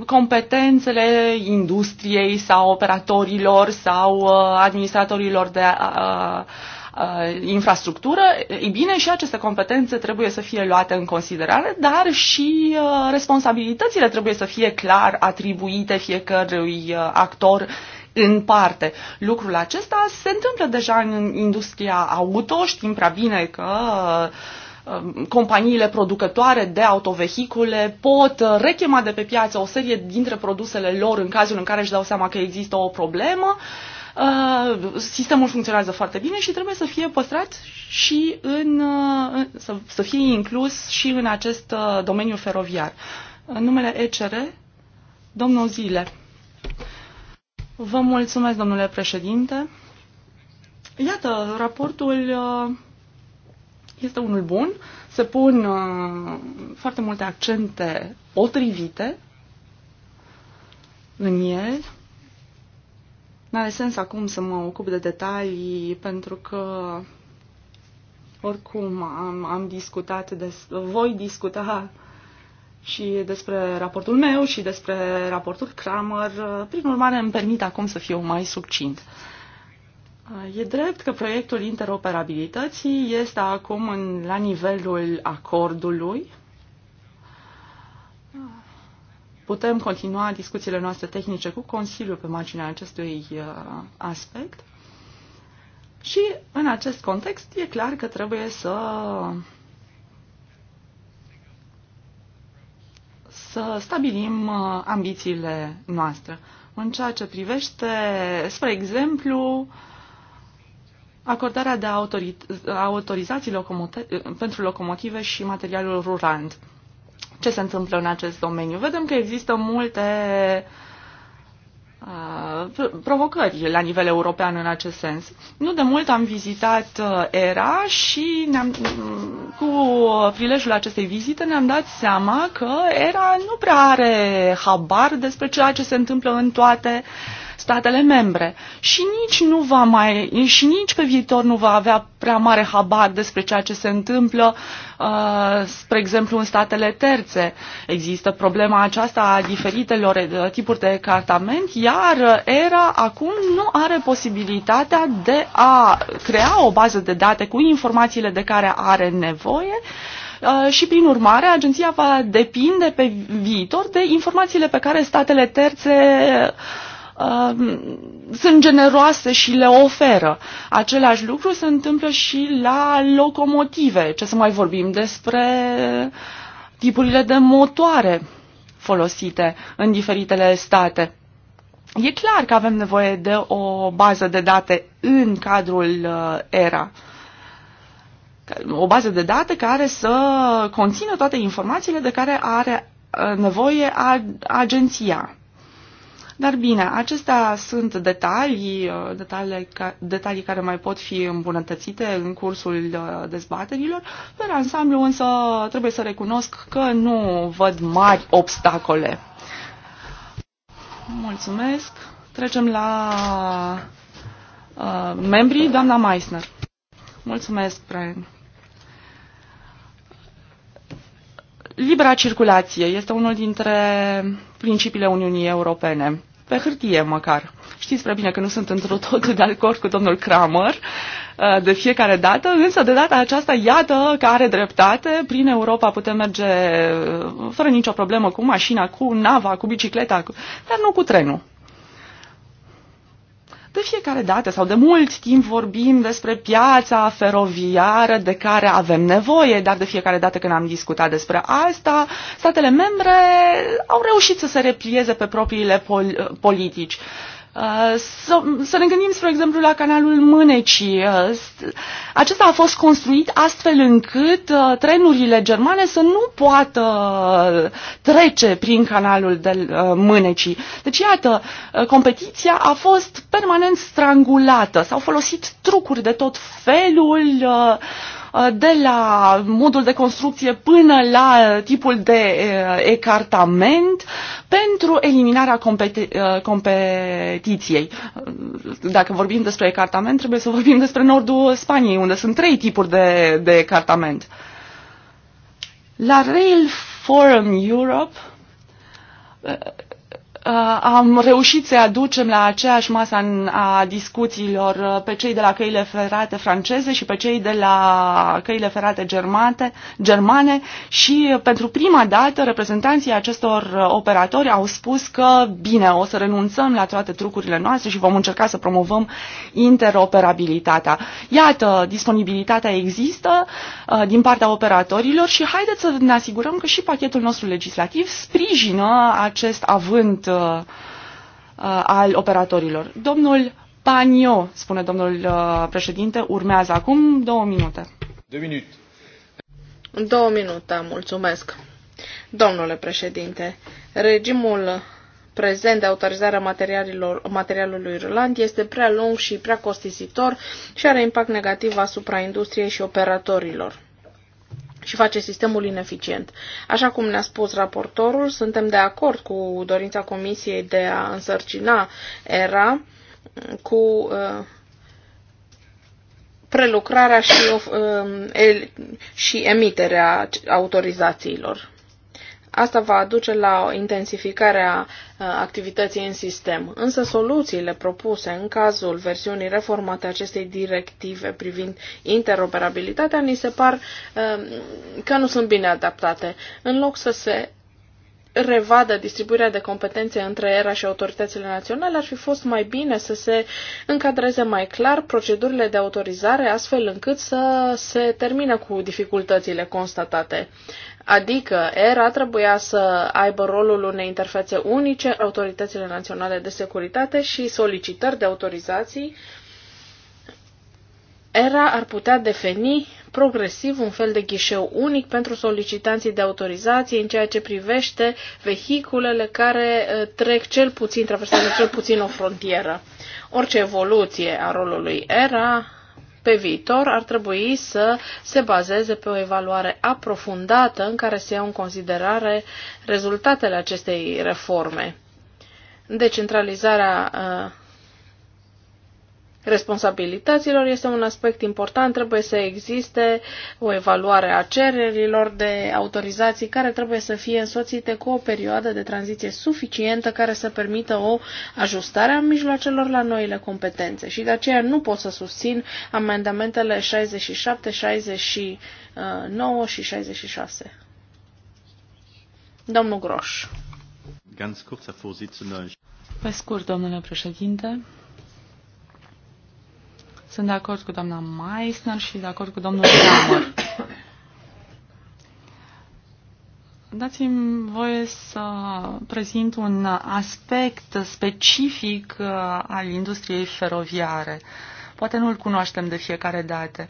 competențele industriei sau operatorilor sau uh, administratorilor de uh, Uh, infrastructură, e bine, și aceste competențe trebuie să fie luate în considerare, dar și uh, responsabilitățile trebuie să fie clar atribuite fiecărui uh, actor în parte. Lucrul acesta se întâmplă deja în industria auto, știm prea bine că um, companiile producătoare de autovehicule pot rechema de pe piață o serie dintre produsele lor în cazul în care își dau seama că există o problemă uh, Uh, sistemul funcționează foarte bine și trebuie să fie păstrat și în, uh, să, să fie inclus și în acest uh, domeniu feroviar. În numele ECR, domnul Zile. Vă mulțumesc, domnule președinte. Iată, raportul este unul bun. Se pun foarte multe accente potrivite în el N-are sens acum să mă ocup de detalii pentru că oricum am, am discutat, des, voi discuta și despre raportul meu și despre raportul Kramer. Prin urmare, îmi permit acum să fiu mai succint. E drept că proiectul interoperabilității este acum în, la nivelul acordului putem continua discuțiile noastre tehnice cu Consiliul pe marginea acestui uh, aspect. Și în acest context e clar că trebuie să să stabilim uh, ambițiile noastre. În ceea ce privește, spre exemplu, acordarea de autorizații locomotive, pentru locomotive și materialul rurant ce se întâmplă în acest domeniu. Vedem că există multe uh, provocări la nivel european în acest sens. Nu de mult am vizitat uh, ERA și ne-am, mm, cu prilejul acestei vizite ne-am dat seama că ERA nu prea are habar despre ceea ce se întâmplă în toate uh, statele membre și nici nu va mai și nici pe viitor nu va avea prea mare habar despre ceea ce se întâmplă uh, spre exemplu în statele terțe. Există problema aceasta a diferitelor uh, tipuri de cartament, iar era acum nu are posibilitatea de a crea o bază de date cu informațiile de care are nevoie uh, și, prin urmare, agenția va depinde pe viitor de informațiile pe care statele terțe Uh, sunt generoase și le oferă. Același lucru se întâmplă și la locomotive, ce să mai vorbim despre tipurile de motoare folosite în diferitele state. E clar că avem nevoie de o bază de date în cadrul uh, ERA. O bază de date care să conțină toate informațiile de care are uh, nevoie agenția. Dar bine, acestea sunt detalii, uh, detalii, detalii care mai pot fi îmbunătățite în cursul uh, dezbaterilor. Pe ansamblu însă trebuie să recunosc că nu văd mari obstacole. Mulțumesc. Trecem la uh, membrii, doamna Meissner. Mulțumesc, Brian. Libera circulație este unul dintre principiile Uniunii Europene. Pe hârtie, măcar. Știți prea bine că nu sunt într-o totul de acord cu domnul Kramer uh, de fiecare dată, însă de data aceasta, iată că are dreptate. Prin Europa putem merge uh, fără nicio problemă cu mașina, cu nava, cu bicicleta, dar nu cu trenul. De fiecare dată sau de mult timp vorbim despre piața feroviară de care avem nevoie, dar de fiecare dată când am discutat despre asta, statele membre au reușit să se replieze pe propriile pol- politici. Uh, să, să ne gândim, spre exemplu, la canalul Mânecii. Uh, acesta a fost construit astfel încât uh, trenurile germane să nu poată trece prin canalul de Mânecii. Deci, iată, competiția a fost permanent strangulată. S-au folosit trucuri de tot felul. Uh, Uh, de la modul de construcție până la uh, tipul de uh, ecartament pentru eliminarea competi competiției. Dacă vorbim despre ecartament, trebuie să vorbim despre nordul Spaniei, unde sunt trei tipuri de, de ecartament. La Rail Forum Europe Uh, am reușit să-i aducem la aceeași masă a discuțiilor uh, pe cei de la căile ferate franceze și pe cei de la căile ferate germate, germane și uh, pentru prima dată reprezentanții acestor operatori au spus că bine, o să renunțăm la toate trucurile noastre și vom încerca să promovăm interoperabilitatea. Iată, disponibilitatea există din partea operatorilor și haideți să ne asigurăm că și pachetul nostru legislativ sprijină acest avânt Uh, uh, al operatorilor. Domnul Panio, spune domnul uh, președinte, urmează acum două minute. Două minute. Două minute, mulțumesc. Domnule președinte, regimul prezent de autorizarea materialului Irland este prea lung și prea costisitor și are impact negativ asupra industriei și operatorilor și face sistemul ineficient. Așa cum ne-a spus raportorul, suntem de acord cu dorința Comisiei de a însărcina ERA cu uh, prelucrarea și, uh, el, și emiterea autorizațiilor. Asta va aduce la o intensificare a activității în sistem. Însă soluțiile propuse în cazul versiunii reformate acestei directive privind interoperabilitatea ni se par că nu sunt bine adaptate. În loc să se revadă distribuirea de competențe între ERA și autoritățile naționale, ar fi fost mai bine să se încadreze mai clar procedurile de autorizare, astfel încât să se termină cu dificultățile constatate. Adică ERA trebuia să aibă rolul unei interfețe unice, autoritățile naționale de securitate și solicitări de autorizații. ERA ar putea defini progresiv un fel de ghișeu unic pentru solicitanții de autorizație în ceea ce privește vehiculele care trec cel puțin, traversează cel puțin o frontieră. Orice evoluție a rolului ERA pe viitor ar trebui să se bazeze pe o evaluare aprofundată în care se iau în considerare rezultatele acestei reforme. Decentralizarea uh, responsabilităților este un aspect important. Trebuie să existe o evaluare a cererilor de autorizații care trebuie să fie însoțite cu o perioadă de tranziție suficientă care să permită o ajustare a mijloacelor la noile competențe. Și de aceea nu pot să susțin amendamentele 67, 69 și 66. Domnul Groș. Pe scurt, domnule președinte, sunt de acord cu doamna Meissner și de acord cu domnul Kramer. Dați-mi voie să prezint un aspect specific uh, al industriei feroviare. Poate nu-l cunoaștem de fiecare dată.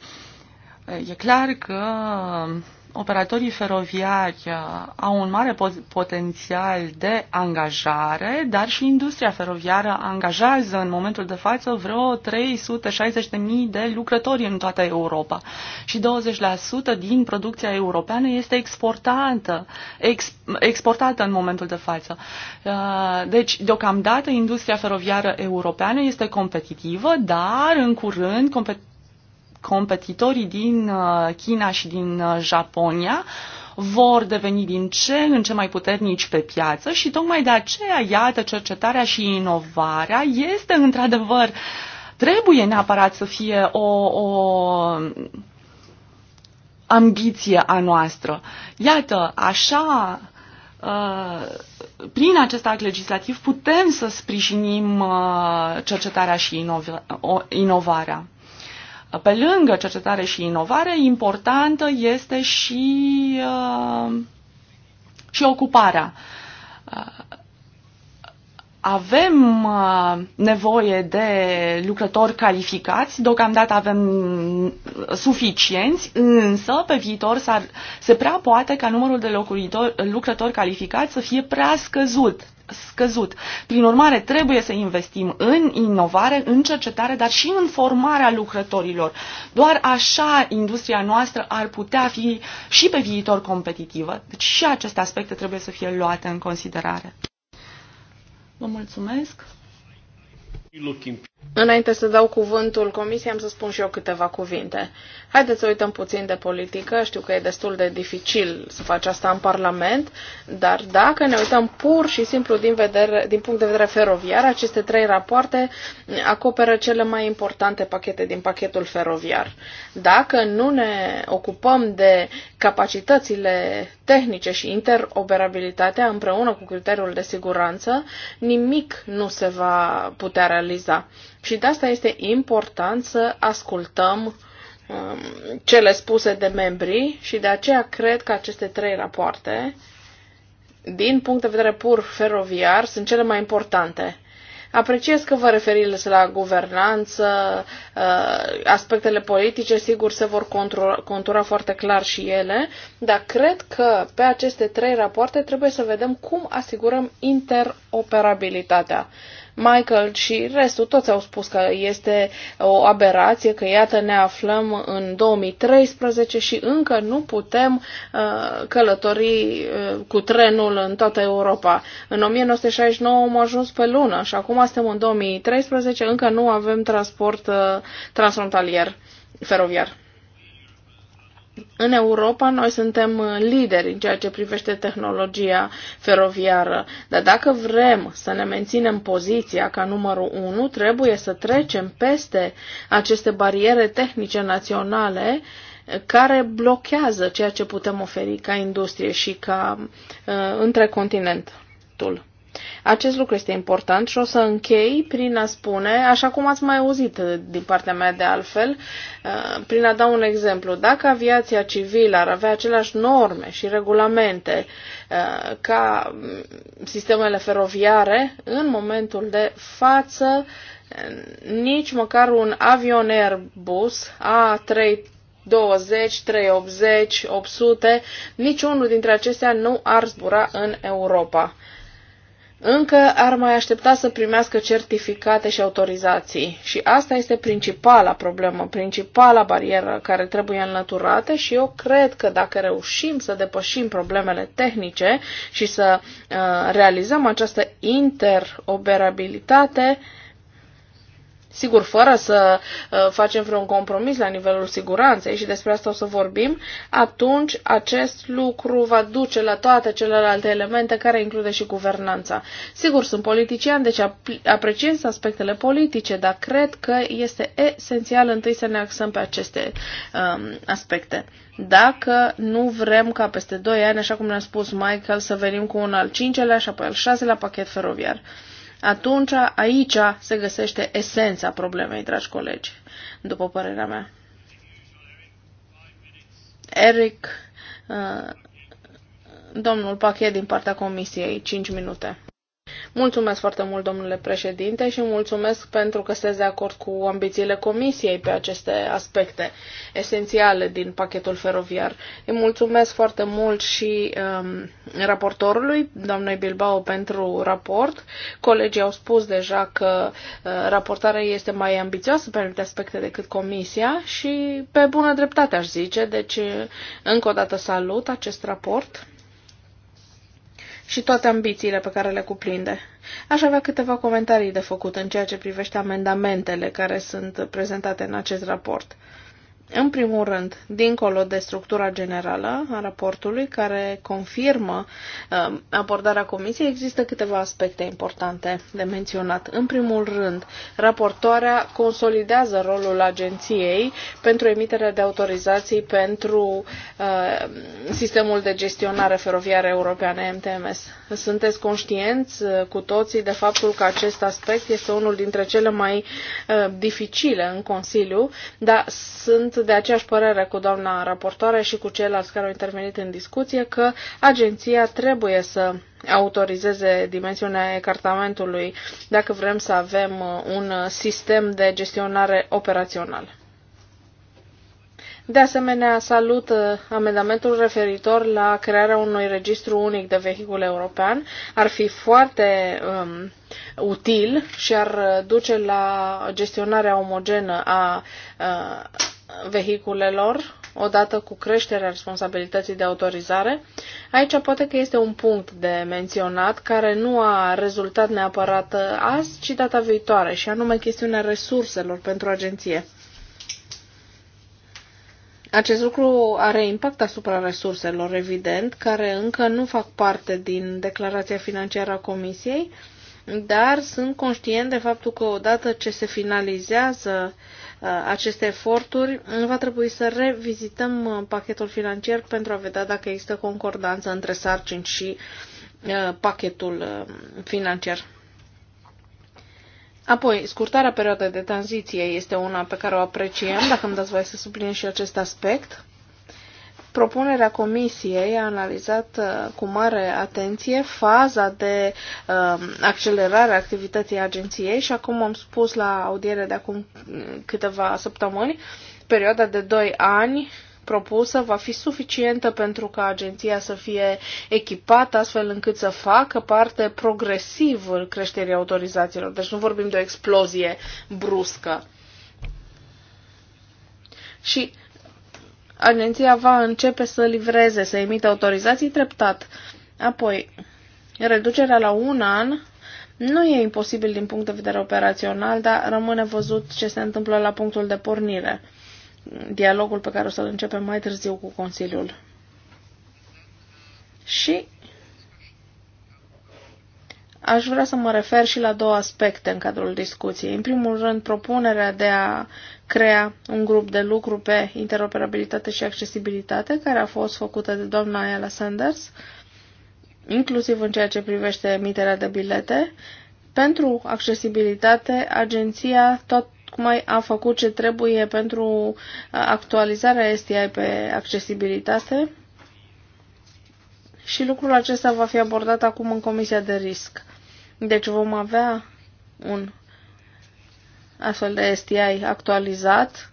E clar că operatorii feroviari uh, au un mare potențial de angajare, dar și industria feroviară angajează în momentul de față vreo 360.000 de lucrători în toată Europa și 20% din producția europeană este exportată, ex, exportată în momentul de față. Uh, deci, deocamdată, industria feroviară europeană este competitivă, dar în curând competitivă competitorii din uh, China și din uh, Japonia vor deveni din ce în ce mai puternici pe piață și tocmai de aceea, iată, cercetarea și inovarea este într-adevăr, trebuie neapărat să fie o, o ambiție a noastră. Iată, așa uh, prin acest act legislativ putem să sprijinim cercetarea și inovarea pe lângă cercetare și inovare, importantă este și, uh, și ocuparea. Uh, avem uh, nevoie de lucrători calificați, deocamdată avem suficienți, însă pe viitor se prea poate ca numărul de lucrători calificați să fie prea scăzut scăzut. Prin urmare, trebuie să investim în inovare, în cercetare, dar și în formarea lucrătorilor. Doar așa industria noastră ar putea fi și pe viitor competitivă. Deci și aceste aspecte trebuie să fie luate în considerare. Vă mulțumesc! Înainte să dau cuvântul comisiei, am să spun și eu câteva cuvinte. Haideți să uităm puțin de politică, știu că e destul de dificil să faci asta în Parlament, dar dacă ne uităm pur și simplu din, vedere, din punct de vedere feroviar, aceste trei rapoarte acoperă cele mai importante pachete din pachetul feroviar. Dacă nu ne ocupăm de capacitățile tehnice și interoperabilitatea împreună cu criteriul de siguranță, nimic nu se va putea realiza. Și de asta este important să ascultăm um, cele spuse de membrii și de aceea cred că aceste trei rapoarte, din punct de vedere pur feroviar, sunt cele mai importante. Apreciez că vă referiți la guvernanță, uh, aspectele politice, sigur, se vor contura, contura foarte clar și ele, dar cred că pe aceste trei rapoarte trebuie să vedem cum asigurăm interoperabilitatea. Michael și restul, toți au spus că este o aberație, că iată ne aflăm în 2013 și încă nu putem uh, călători uh, cu trenul în toată Europa. În 1969 am ajuns pe lună și acum suntem în 2013, încă nu avem transport uh, transfrontalier feroviar în Europa noi suntem uh, lideri în ceea ce privește tehnologia feroviară, dar dacă vrem să ne menținem poziția ca numărul 1, trebuie să trecem peste aceste bariere tehnice naționale uh, care blochează ceea ce putem oferi ca industrie și ca uh, între continentul. Acest lucru este important și o să închei prin a spune, așa cum ați mai auzit din partea mea de altfel, uh, prin a da un exemplu. Dacă aviația civilă ar avea aceleași norme și regulamente uh, ca mm, sistemele feroviare, în momentul de față, nici măcar un avion Airbus A3 20, 380, 800, niciunul dintre acestea nu ar zbura în Europa încă ar mai aștepta să primească certificate și autorizații. Și asta este principala problemă, principala barieră care trebuie înlăturată și eu cred că dacă reușim să depășim problemele tehnice și să uh, realizăm această interoperabilitate, uh, Sigur, fără să uh, facem vreun compromis la nivelul siguranței, și despre asta o să vorbim, atunci acest lucru va duce la toate celelalte elemente care include și guvernanța. Sigur, sunt politician, deci apreciez aspectele politice, dar cred că este esențial întâi să ne axăm pe aceste um, aspecte. Dacă nu vrem ca peste 2 ani, așa cum ne-a spus Michael, să venim cu un al cincelea și apoi al șaselea pachet feroviar. Uh, atunci aici se găsește esența problemei, dragi colegi, după părerea mea. Eric, uh, domnul Pachet din partea Comisiei, 5 minute. Mulțumesc foarte mult, domnule președinte, și mulțumesc pentru că sunteți de acord cu ambițiile Comisiei pe aceste aspecte esențiale din pachetul feroviar. Îi mulțumesc foarte mult și um, raportorului, doamnei Bilbao, pentru raport. Colegii au spus deja că uh, raportarea este mai ambițioasă pe anumite aspecte decât Comisia și pe bună dreptate, aș zice. Deci, încă o dată salut acest raport și toate ambițiile pe care le cuprinde. Aș avea câteva comentarii de făcut în ceea ce privește amendamentele care sunt prezentate în acest raport. În primul rând, dincolo de structura generală a raportului, care confirmă um, abordarea comisiei, există câteva aspecte importante de menționat. În primul rând, raportoarea consolidează rolul agenției pentru emiterea de autorizații pentru uh, sistemul de gestionare feroviară europeană MTMS. Sunteți conștienți uh, cu toții de faptul că acest aspect este unul dintre cele mai uh, dificile în Consiliu, dar sunt de aceeași părere cu doamna raportoare și cu ceilalți care au intervenit în discuție că agenția trebuie să autorizeze dimensiunea ecartamentului dacă vrem să avem uh, un sistem de gestionare operațional. De asemenea, salut uh, amendamentul referitor la crearea unui registru unic de vehicule european. Ar fi foarte um, util și ar uh, duce la gestionarea omogenă a uh, vehiculelor odată cu creșterea responsabilității de autorizare. Aici poate că este un punct de menționat care nu a rezultat neapărat azi, ci data viitoare, și anume chestiunea resurselor pentru agenție. Acest lucru are impact asupra resurselor, evident, care încă nu fac parte din declarația financiară a Comisiei, dar sunt conștient de faptul că odată ce se finalizează uh, Uh, aceste eforturi, uh, va trebui să revizităm uh, pachetul financiar pentru a vedea dacă există concordanță între sarcini și pachetul financiar. Apoi, scurtarea perioadei de tranziție este una pe care o apreciem, dacă îmi dați voie să subliniez și acest aspect. Propunerea comisiei a analizat uh, cu mare atenție faza de um, accelerare a activității agenției și acum am spus la audiere de acum câteva săptămâni, perioada de 2 ani propusă va fi suficientă pentru ca agenția să fie echipată astfel încât să facă parte progresiv creșterii autorizațiilor. Deci nu vorbim de o explozie bruscă. Și agenția va începe să livreze, să emite autorizații treptat. Apoi, reducerea la un an nu e imposibil din punct de vedere operațional, dar rămâne văzut ce se întâmplă la punctul de pornire. Dialogul pe care o să-l începem mai târziu cu Consiliul. Și Aș vrea să mă refer și la două aspecte în cadrul discuției. În primul rând, propunerea de a crea un grup de lucru pe interoperabilitate și accesibilitate, care a fost făcută de doamna Ayala Sanders, inclusiv în ceea ce privește emiterea de bilete. Pentru accesibilitate, agenția tot mai a făcut ce trebuie pentru actualizarea STI pe accesibilitate și lucrul acesta va fi abordat acum în Comisia de Risc. Deci vom avea un astfel de STI actualizat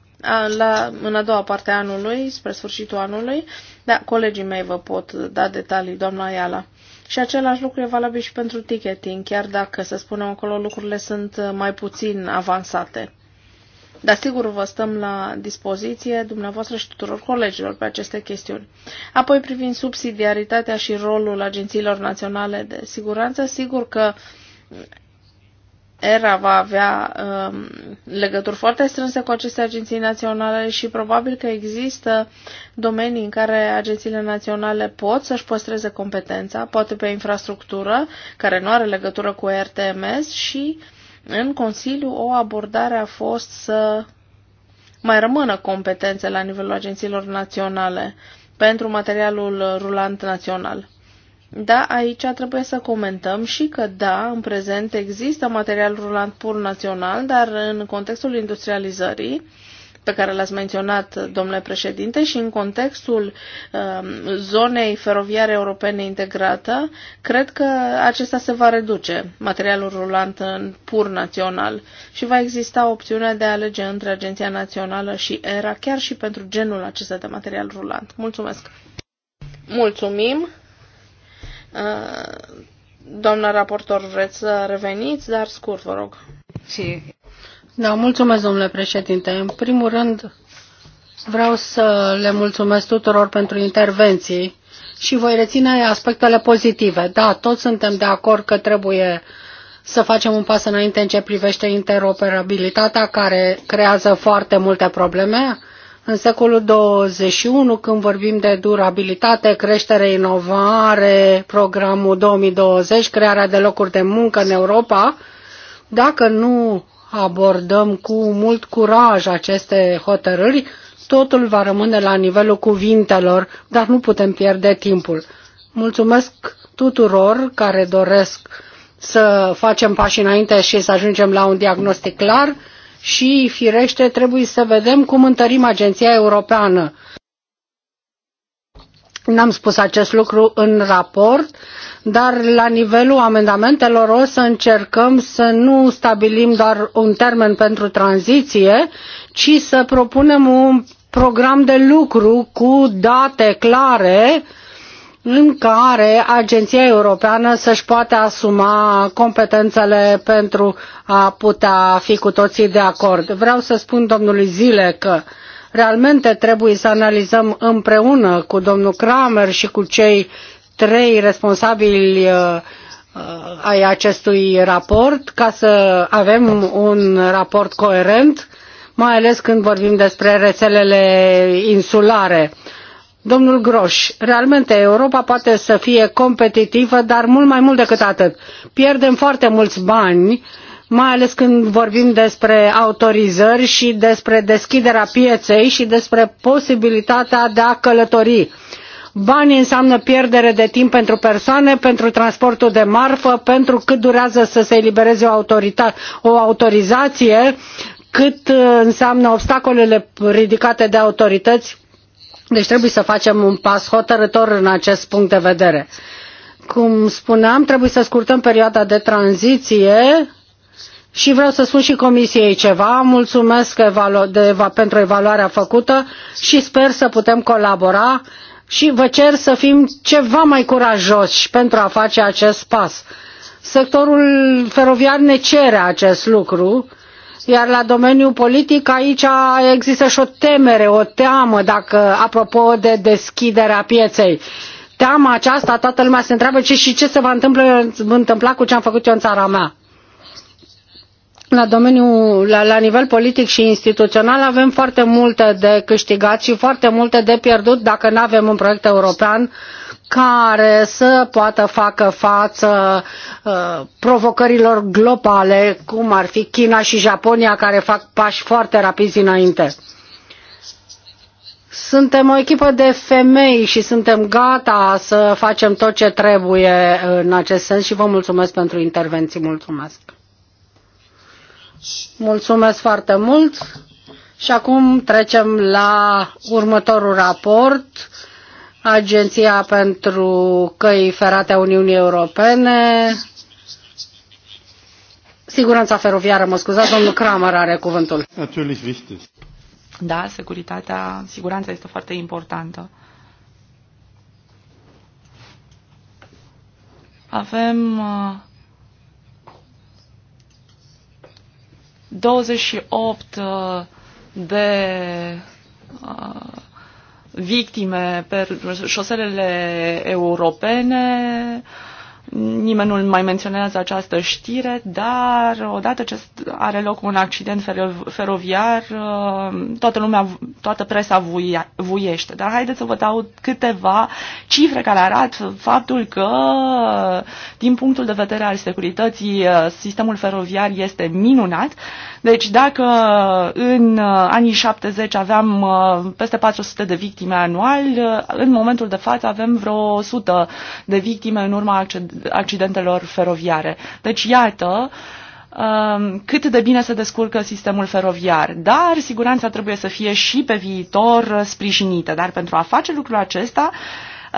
la, în a doua parte a anului, spre sfârșitul anului, da, colegii mei vă pot da detalii, doamna Iala. Și același lucru e valabil și pentru ticketing, chiar dacă, să spunem acolo, lucrurile sunt mai puțin avansate. Dar sigur vă stăm la dispoziție dumneavoastră și tuturor colegilor pe aceste chestiuni. Apoi privind subsidiaritatea și rolul agențiilor naționale de siguranță, sigur că uh, ERA va avea um, legături foarte strânse cu aceste agenții naționale și probabil că există domenii în care agențiile naționale pot să-și păstreze competența, poate pe infrastructură, care nu are legătură cu RTMS și în Consiliu o abordare a fost să mai rămână competențe la nivelul agențiilor naționale pentru materialul rulant național. Da, aici trebuie să comentăm și că, da, în prezent există material rulant pur național, dar în contextul industrializării, pe care l-ați menționat, domnule președinte, și în contextul uh, zonei feroviare europene integrată, cred că acesta se va reduce, materialul rulant în pur național, și va exista opțiunea de a alege între Agenția Națională și ERA, chiar și pentru genul acesta de material rulant. Mulțumesc! Mulțumim! Uh, doamna raportor, vreți să reveniți, dar scurt, vă rog. Si. Da, mulțumesc, domnule președinte. În primul rând, vreau să le mulțumesc tuturor pentru intervenții și voi reține aspectele pozitive. Da, toți suntem de acord că trebuie să facem un pas înainte în ce privește interoperabilitatea, care creează foarte multe probleme. În secolul 21, când vorbim de durabilitate, creștere, inovare, programul 2020, crearea de locuri de muncă în Europa, dacă nu abordăm cu mult curaj aceste hotărâri, totul va rămâne la nivelul cuvintelor, dar nu putem pierde timpul. Mulțumesc tuturor care doresc să facem pași înainte și să ajungem la un diagnostic clar și, firește, trebuie să vedem cum întărim Agenția Europeană. N-am spus acest lucru în raport, dar la nivelul amendamentelor o să încercăm să nu stabilim doar un termen pentru tranziție, ci să propunem un program de lucru cu date clare în care Agenția Europeană să-și poată asuma competențele pentru a putea fi cu toții de acord. Vreau să spun domnului Zile că realmente trebuie să analizăm împreună cu domnul Kramer și cu cei trei responsabili uh, ai acestui raport ca să avem un raport coerent, mai ales când vorbim despre rețelele insulare Domnul Groș, realmente Europa poate să fie competitivă, dar mult mai mult decât atât. Pierdem foarte mulți bani, mai ales când vorbim despre autorizări și despre deschiderea pieței și despre posibilitatea de a călători. Banii înseamnă pierdere de timp pentru persoane, pentru transportul de marfă, pentru cât durează să se elibereze o, o autorizație, cât uh, înseamnă obstacolele ridicate de autorități deci trebuie să facem un pas hotărător în acest punct de vedere. Cum spuneam, trebuie să scurtăm perioada de tranziție și vreau să spun și Comisiei ceva. Mulțumesc de, pentru evaluarea făcută și sper să putem colabora și vă cer să fim ceva mai curajoși pentru a face acest pas. Sectorul feroviar ne cere acest lucru iar la domeniul politic aici există și o temere, o teamă, dacă apropo de deschiderea pieței. Teama aceasta, toată lumea se întreabă ce și ce se va întâmpla, întâmpla cu ce am făcut eu în țara mea. La domeniul, la, la nivel politic și instituțional avem foarte multe de câștigat și foarte multe de pierdut dacă nu avem un proiect european uh, care să poată facă față uh, provocărilor globale, cum ar fi China și Japonia, care fac pași foarte rapizi înainte. Suntem o echipă de femei și suntem gata să facem tot ce trebuie în acest sens și vă mulțumesc pentru intervenții. Mulțumesc! Mulțumesc foarte mult! Și acum trecem la următorul raport Agenția pentru Căi Ferate a Uniunii Europene, Siguranța feroviară, mă scuzați, domnul Kramer are cuvântul. Da, securitatea, siguranța este foarte importantă. Avem 28 uh, uh, de uh, victime pe șoselele europene. Nimeni nu mai menționează această știre, dar odată ce are loc un accident feroviar, uh, toată lumea, toată presa vuia, vuiește. Dar haideți să vă dau câteva cifre care arată faptul că, din punctul de vedere al securității, uh, sistemul feroviar este minunat. Deci dacă în uh, anii 70 aveam uh, peste 400 de victime anual, uh, în momentul de față avem vreo 100 de victime în urma accidentelor feroviare. Deci iată, um, cât de bine se descurcă sistemul feroviar. Dar siguranța trebuie să fie și pe viitor sprijinită. Dar pentru a face lucrul acesta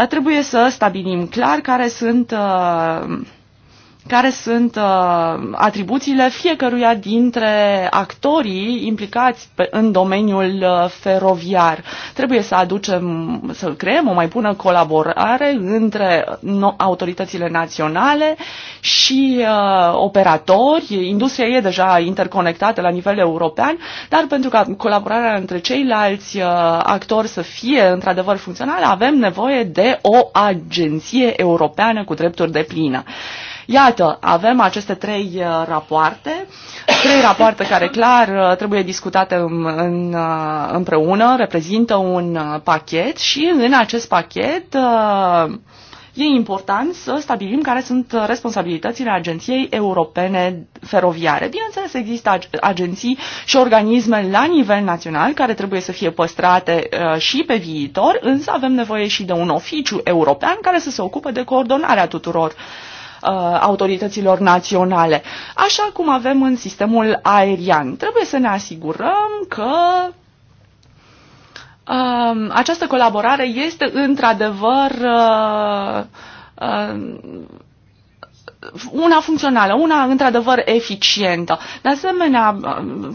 trebuie să stabilim clar care sunt uh, care sunt uh, atribuțiile fiecăruia dintre actorii implicați pe, în domeniul uh, feroviar. Trebuie să aducem, să creăm o mai bună colaborare între uh, no, autoritățile naționale și uh, operatori. Industria e deja interconectată la nivel european, dar pentru ca colaborarea între ceilalți uh, actori să fie într-adevăr funcțională, avem nevoie de o agenție europeană cu drepturi de plină. Iată, avem aceste trei uh, rapoarte, trei rapoarte care clar uh, trebuie discutate în, în, uh, împreună, reprezintă un pachet și în acest pachet e important să stabilim care sunt responsabilitățile Agenției Europene Feroviare. Bineînțeles, există agenții și organisme la nivel național care trebuie să fie păstrate și pe viitor, însă avem nevoie și de un oficiu european care să se ocupe de coordonarea tuturor uh, Uh, autorităților naționale, așa cum avem în sistemul aerian. Trebuie să ne asigurăm că um, această colaborare este într-adevăr uh, uh, una funcțională, una într-adevăr eficientă. De asemenea,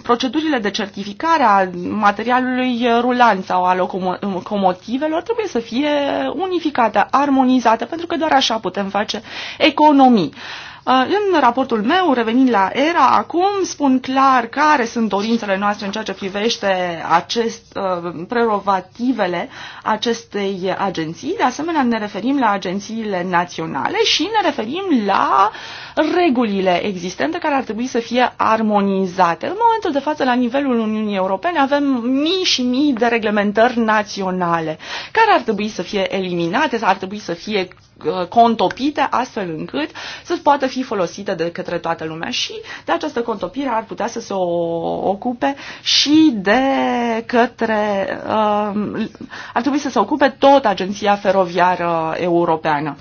procedurile de certificare a materialului rulant sau a locomotivelor trebuie să fie unificate, armonizate, pentru că doar așa putem face economii. Uh, Uh, în raportul meu, revenind la ERA, acum spun clar care sunt dorințele noastre în ceea ce privește acest, uh, prerogativele acestei agenții. De asemenea, ne referim la agențiile naționale și ne referim la regulile existente care ar trebui să fie armonizate. În momentul de față, la nivelul Uniunii Europene, avem mii și mii de reglementări naționale care ar trebui să fie eliminate, ar trebui să fie Uh, contopite astfel încât să poată fi folosite de către toată lumea și de această contopire ar putea să se ocupe și de către uh, ar trebui să se ocupe tot Agenția Feroviară Europeană.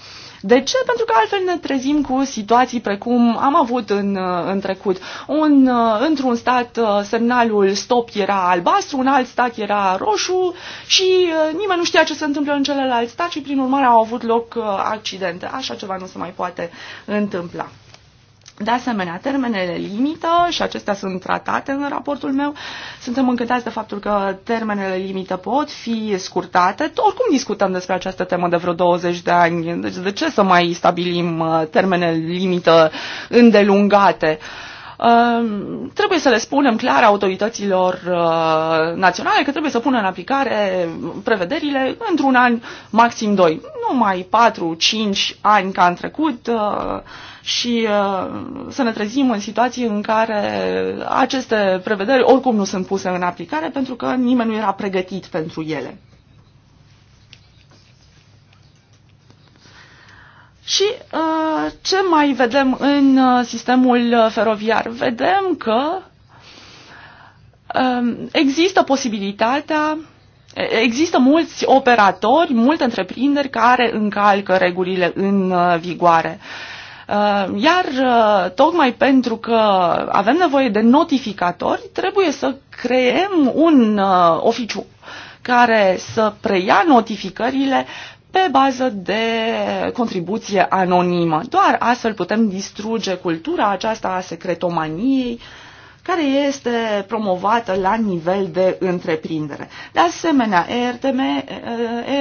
De ce? Pentru că altfel ne trezim cu situații precum am avut în, uh, în trecut. Un, uh, într-un stat uh, semnalul stop era albastru, un alt stat era roșu și nimeni nu știa ce se întâmplă în celălalt stat și prin urmare au avut loc accidente. Așa ceva nu se mai poate întâmpla. De asemenea, termenele limită, și acestea sunt tratate în raportul meu, suntem încântați de faptul că termenele limită pot fi scurtate. Oricum discutăm despre această temă de vreo 20 de ani, deci de ce să mai stabilim uh, termene limită îndelungate? Uh, Ehm, trebuie să le spunem clar autorităților uh, naționale că trebuie să pună în aplicare prevederile într-un an, maxim doi. Nu mai 4-5 ani ca în trecut uh, și uh, să ne trezim în situații în care aceste prevederi oricum nu sunt puse în aplicare pentru că nimeni nu era pregătit pentru ele. Și uh, ce mai vedem în uh, sistemul feroviar? Vedem că um, există posibilitatea, există mulți operatori, multe întreprinderi care încalcă regulile în uh, vigoare. Iar tocmai pentru că avem nevoie de notificatori, trebuie să creăm un oficiu care să preia notificările pe bază de contribuție anonimă. Doar astfel putem distruge cultura aceasta a secretomaniei care este promovată la nivel de întreprindere. De asemenea, ERTM,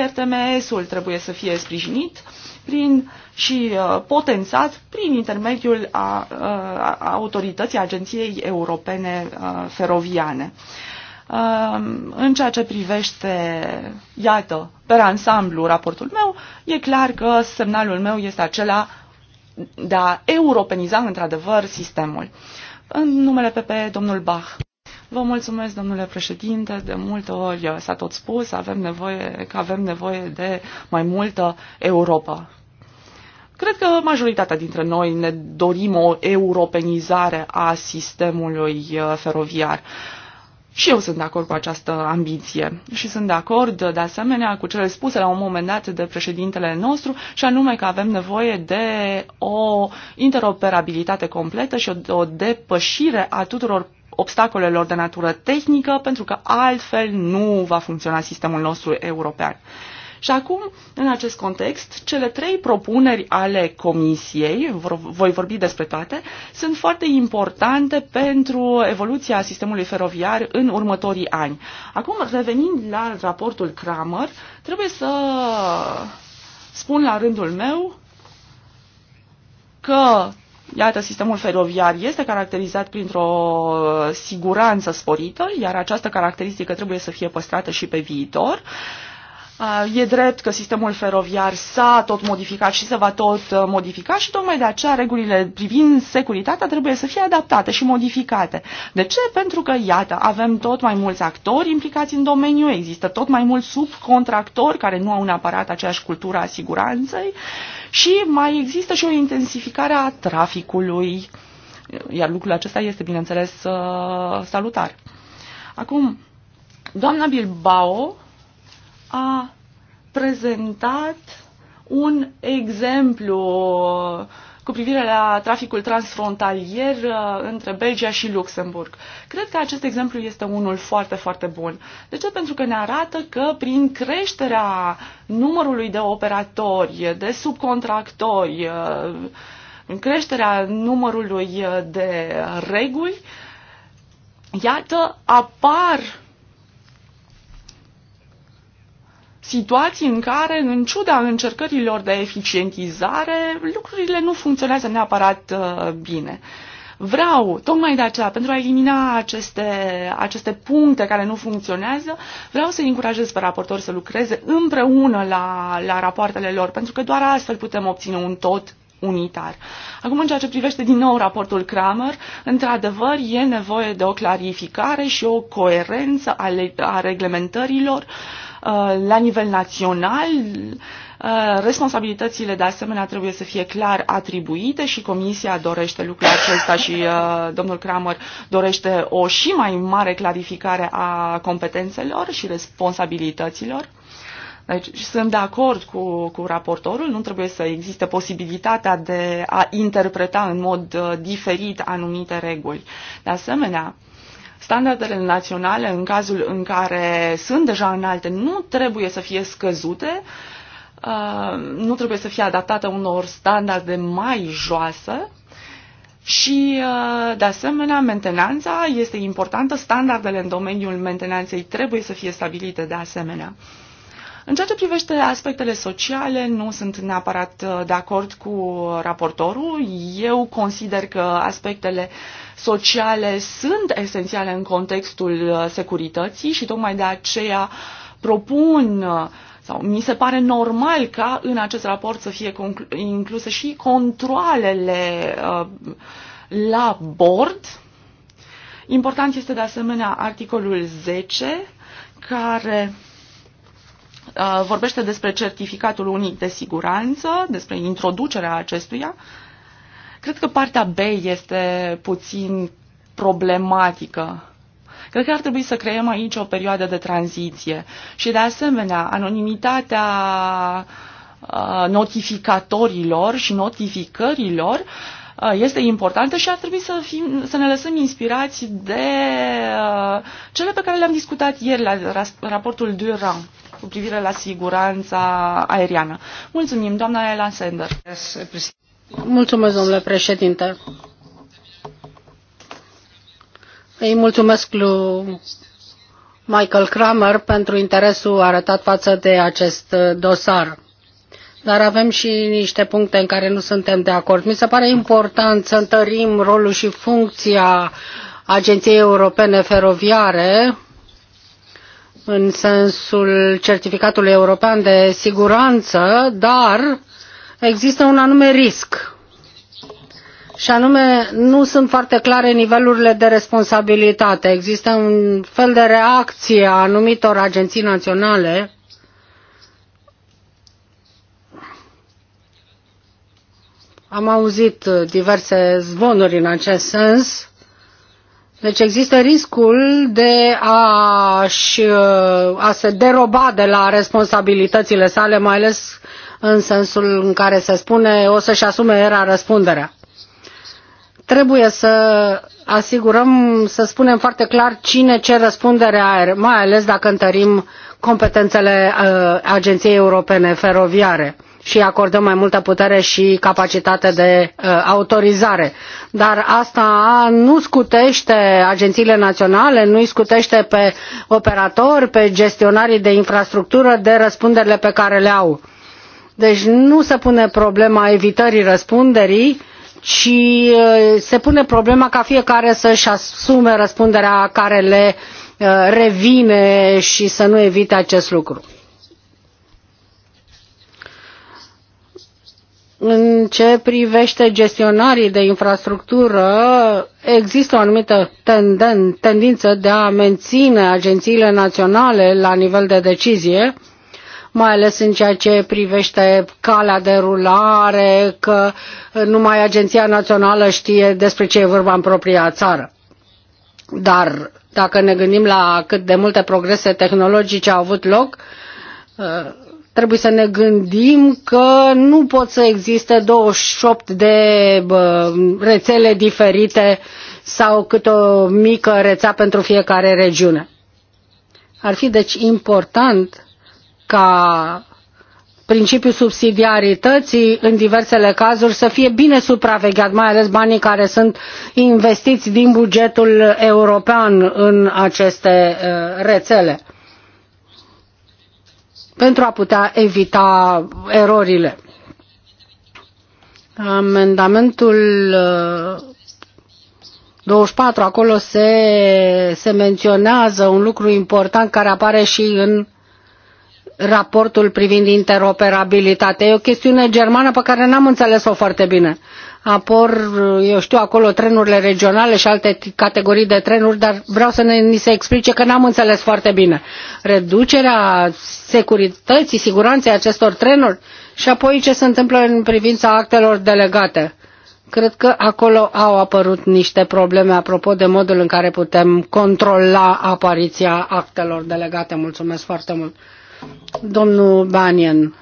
ERTMS-ul trebuie să fie sprijinit prin, și uh, potențat prin intermediul a, a, uh, a autorității Agenției Europene uh, Feroviane. Um, în ceea ce privește, iată, pe ansamblu raportul meu, e clar că semnalul meu este acela de a europeniza într-adevăr sistemul. În numele PP, domnul Bach. Vă mulțumesc, domnule președinte, de multe ori s-a tot spus avem nevoie, că avem nevoie de mai multă Europa. Cred că majoritatea dintre noi ne dorim o europenizare a sistemului uh, feroviar. Și eu sunt de acord cu această ambiție și sunt de acord, de asemenea, cu cele spuse la un moment dat de președintele nostru, și anume că avem nevoie de o interoperabilitate completă și o, o depășire a tuturor obstacolelor de natură tehnică, pentru că altfel nu va funcționa sistemul nostru european. Și acum, în acest context, cele trei propuneri ale Comisiei, voi vorbi despre toate, sunt foarte importante pentru evoluția sistemului feroviar în următorii ani. Acum, revenind la raportul Kramer, trebuie să spun la rândul meu că Iată, sistemul feroviar este caracterizat printr-o siguranță sporită, iar această caracteristică trebuie să fie păstrată și pe viitor. Uh, Uh, e drept că sistemul feroviar s-a tot modificat și se va tot uh, modifica și tocmai de aceea regulile privind securitatea trebuie să fie adaptate și modificate. De ce? Pentru că, iată, avem tot mai mulți actori implicați în domeniu, există tot mai mulți subcontractori care nu au neapărat aceeași cultură a siguranței și mai există și o intensificare a traficului, iar lucrul acesta este, bineînțeles, uh, salutar. Acum, doamna Bilbao a prezentat un exemplu uh, cu privire la traficul transfrontalier uh, între Belgia și Luxemburg. Cred că acest exemplu este unul foarte, foarte bun. De ce? Pentru că ne arată că prin creșterea numărului de operatori, de subcontractori, uh, în creșterea numărului de reguli, iată, apar situații în care, în ciuda încercărilor de eficientizare, lucrurile nu funcționează neapărat uh, bine. Vreau, tocmai de aceea, pentru a elimina aceste, aceste puncte care nu funcționează, vreau să încurajez pe raportori să lucreze împreună la, la rapoartele lor, pentru că doar astfel putem obține un tot unitar. Acum, în ceea ce privește din nou raportul Kramer, într-adevăr e nevoie de o clarificare și o coerență a, a reglementărilor uh, Uh, la nivel național. Uh, responsabilitățile, de asemenea, trebuie să fie clar atribuite și Comisia dorește lucrul acesta și uh, domnul Kramer dorește o și mai mare clarificare a competențelor și responsabilităților. Deci sunt de acord cu, cu raportorul, nu trebuie să existe posibilitatea de a interpreta în mod diferit anumite reguli. De asemenea, uh, Standardele naționale, în cazul în care sunt deja înalte, nu trebuie să fie scăzute, uh, nu trebuie să fie adaptate unor standarde mai joase. și, uh, de asemenea, mentenanța este importantă, standardele în domeniul mentenanței trebuie să fie stabilite de asemenea. În ceea ce privește aspectele sociale, nu sunt neapărat uh, de acord cu raportorul. Eu consider că aspectele uh, sociale sunt esențiale în contextul uh, securității și tocmai de aceea propun uh, sau mi se pare normal ca în acest raport să fie incluse și controlele uh, la bord. Important este de asemenea articolul 10 care vorbește despre certificatul unic de siguranță, despre introducerea acestuia. Uh, Cred că partea B este puțin problematică. Cred că ar trebui să creăm aici o perioadă de tranziție și, de asemenea, anonimitatea uh, notificatorilor și notificărilor uh, este importantă și ar trebui să, fim, să ne lăsăm inspirați de uh, cele pe care le-am discutat ieri la raportul Durand cu privire la siguranța aeriană. Mulțumim, doamna Elan Sender domnule președinte. Îi mulțumesc lui Michael Kramer pentru interesul arătat față de acest dosar. Dar avem și niște puncte în care nu suntem de acord. Mi se pare important să întărim rolul și funcția Agenției Europene Feroviare în sensul certificatului european de siguranță, dar există un anume risc și anume nu sunt foarte clare nivelurile de responsabilitate. Există un fel de reacție a anumitor agenții naționale Am auzit diverse zvonuri în acest sens. Deci există riscul de a, -și, a se deroba de la responsabilitățile sale, mai ales în sensul în care se spune o să-și asume era răspunderea. Trebuie să asigurăm, să spunem foarte clar cine ce răspundere are, mai ales dacă întărim competențele uh, Agenției Europene Feroviare și acordăm mai multă putere și capacitate de uh, autorizare. Dar asta nu scutește agențiile naționale, nu îi scutește pe operatori, pe gestionarii de infrastructură de răspunderile pe care le au. Deci nu se pune problema evitării răspunderii, ci uh, se pune problema ca fiecare să își asume răspunderea care le uh, revine și să nu evite acest lucru. În ce privește gestionarii de infrastructură, există o anumită tenden, tendință de a menține agențiile naționale la nivel de decizie, mai ales în ceea ce privește calea de rulare, că numai Agenția Națională știe despre ce e vorba în propria țară. Dar dacă ne gândim la cât de multe progrese tehnologice au avut loc, ă, trebuie să ne gândim că nu pot să existe 28 de rețele diferite sau cât o mică rețea pentru fiecare regiune. Ar fi deci important ca principiul subsidiarității în diversele cazuri să fie bine supravegheat, mai ales banii care sunt investiți din bugetul european în aceste uh, rețele pentru a putea evita erorile. Amendamentul 24, uh, acolo se, se menționează un lucru important care apare și în raportul privind interoperabilitatea. E o chestiune germană pe care n-am înțeles-o foarte bine. Apor, eu știu, acolo trenurile regionale și alte categorii de trenuri, dar vreau să ne, ni se explice că n-am înțeles foarte bine. Reducerea securității, siguranței acestor trenuri și apoi ce se întâmplă în privința actelor delegate. Cred că acolo au apărut niște probleme apropo de modul în care putem controla apariția actelor delegate. Mulțumesc foarte mult! Domnul Banian,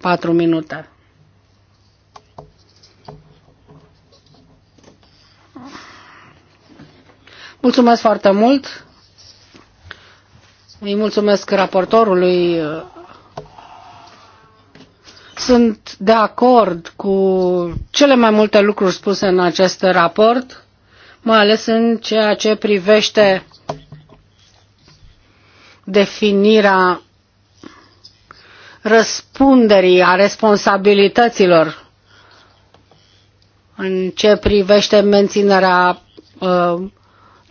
patru minute. Mulțumesc foarte mult. Îi mulțumesc raportorului. Sunt de acord cu cele mai multe lucruri spuse în acest raport, mai ales în ceea ce privește definirea răspunderii, a responsabilităților în ce privește menținerea uh,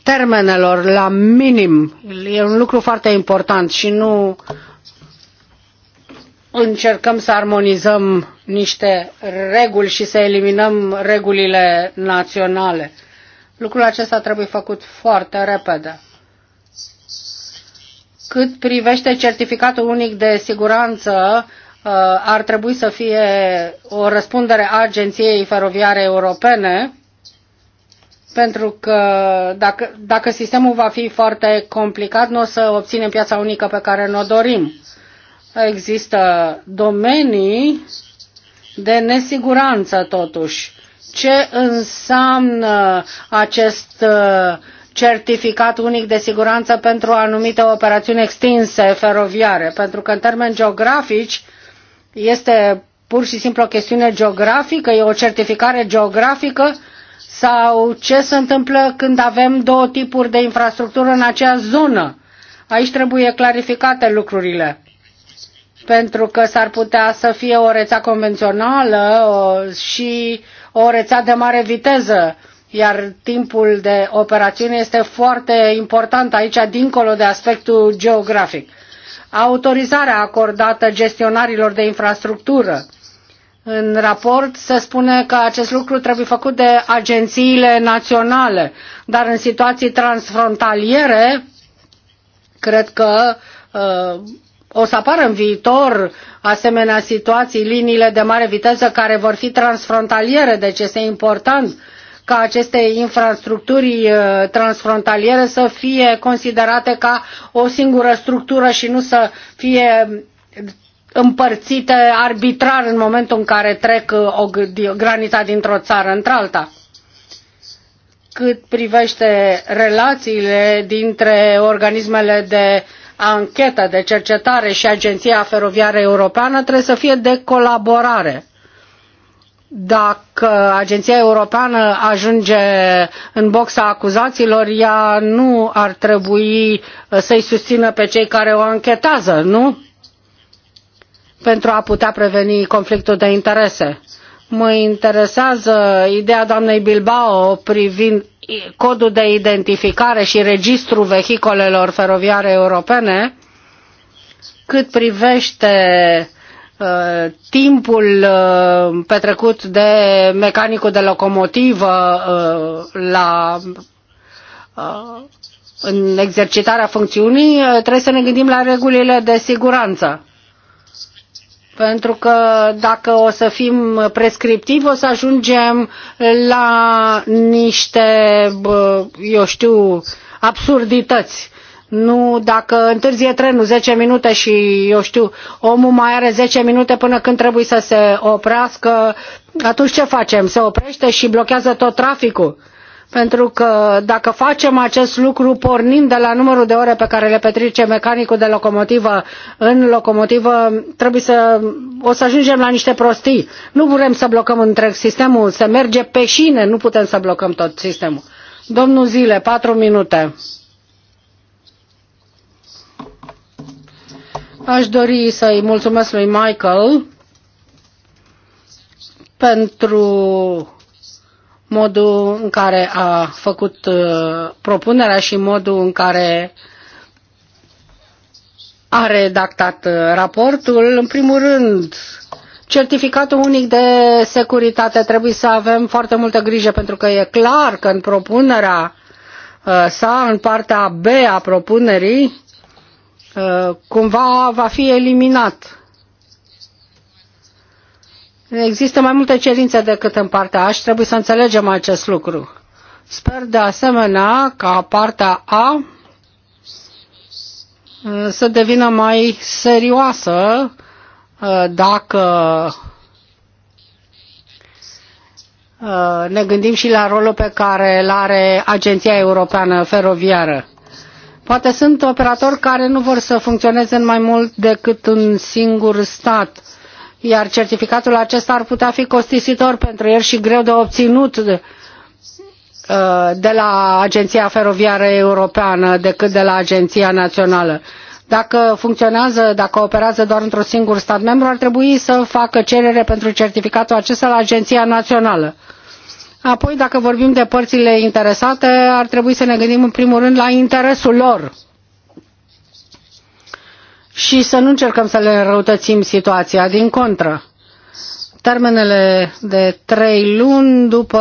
termenelor la minim. E un lucru foarte important și nu încercăm să armonizăm niște reguli și să eliminăm regulile naționale. Lucrul acesta trebuie făcut foarte repede. Cât privește certificatul unic de siguranță, uh, ar trebui să fie o răspundere a Agenției Feroviare Europene, pentru că dacă, dacă sistemul va fi foarte complicat, nu o să obținem piața unică pe care ne-o dorim. Există domenii de nesiguranță, totuși. Ce înseamnă acest uh, certificat unic de siguranță pentru anumite operațiuni extinse feroviare, pentru că în termeni geografici este pur și simplu o chestiune geografică, e o certificare geografică sau ce se întâmplă când avem două tipuri de infrastructură în acea zonă. Aici trebuie clarificate lucrurile, pentru că s-ar putea să fie o rețea convențională și o rețea de mare viteză iar timpul de operațiune este foarte important aici, dincolo de aspectul geografic. Autorizarea acordată gestionarilor de infrastructură. În raport se spune că acest lucru trebuie făcut de agențiile naționale, dar în situații transfrontaliere, cred că uh, o să apară în viitor asemenea situații, liniile de mare viteză care vor fi transfrontaliere, deci este important uh, ca aceste infrastructuri uh, transfrontaliere să fie considerate ca o singură structură și nu să fie împărțite arbitrar în momentul în care trec uh, o granița dintr-o țară într-alta. Cât privește relațiile dintre organismele de anchetă, de cercetare și Agenția Feroviară Europeană, trebuie să fie de colaborare dacă Agenția Europeană ajunge în boxa acuzațiilor, ea nu ar trebui uh, să-i susțină pe cei care o anchetează, nu? Pentru a putea preveni conflictul de interese. Mă interesează ideea doamnei Bilbao privind codul de identificare și registrul vehicolelor feroviare europene, cât privește Uh, timpul uh, petrecut de mecanicul de locomotivă uh, la în exercitarea funcțiunii, trebuie să ne gândim la regulile de siguranță. Pentru că dacă o să fim prescriptivi, o să ajungem la niște, eu știu, absurdități nu dacă întârzie trenul 10 minute și, eu știu, omul mai are 10 minute până când trebuie să se oprească, atunci ce facem? Se oprește și blochează tot traficul. Pentru că dacă facem acest lucru, pornim de la numărul de ore pe care le petrece mecanicul de locomotivă în locomotivă, trebuie să, o să ajungem la niște prostii. Nu vrem să blocăm întreg sistemul, se merge pe șine, nu putem să blocăm tot sistemul. Domnul Zile, patru minute. Aș dori să-i mulțumesc lui Michael pentru modul în care a făcut uh, propunerea și modul în care a redactat uh, raportul. În primul rând, certificatul unic de securitate trebuie să avem foarte multă grijă pentru că e clar că în propunerea uh, sa, în partea B a propunerii, Uh, cumva va fi eliminat. Există mai multe cerințe decât în partea A și trebuie să înțelegem acest lucru. Sper de asemenea ca partea A uh, să devină mai serioasă uh, dacă ne gândim și la rolul pe care îl are Agenția Europeană Feroviară. Poate sunt operatori care nu vor să funcționeze în mai mult decât un singur stat, iar certificatul acesta ar putea fi costisitor pentru el și greu de obținut uh, de la Agenția Feroviară Europeană decât de la Agenția Națională. Dacă funcționează, dacă operează doar într-un singur stat membru, ar trebui să facă cerere pentru certificatul acesta la Agenția Națională. Apoi, dacă vorbim de părțile interesate, ar trebui să ne gândim în primul rând la interesul lor și să nu încercăm să le răutățim situația. Din contră, termenele de trei luni după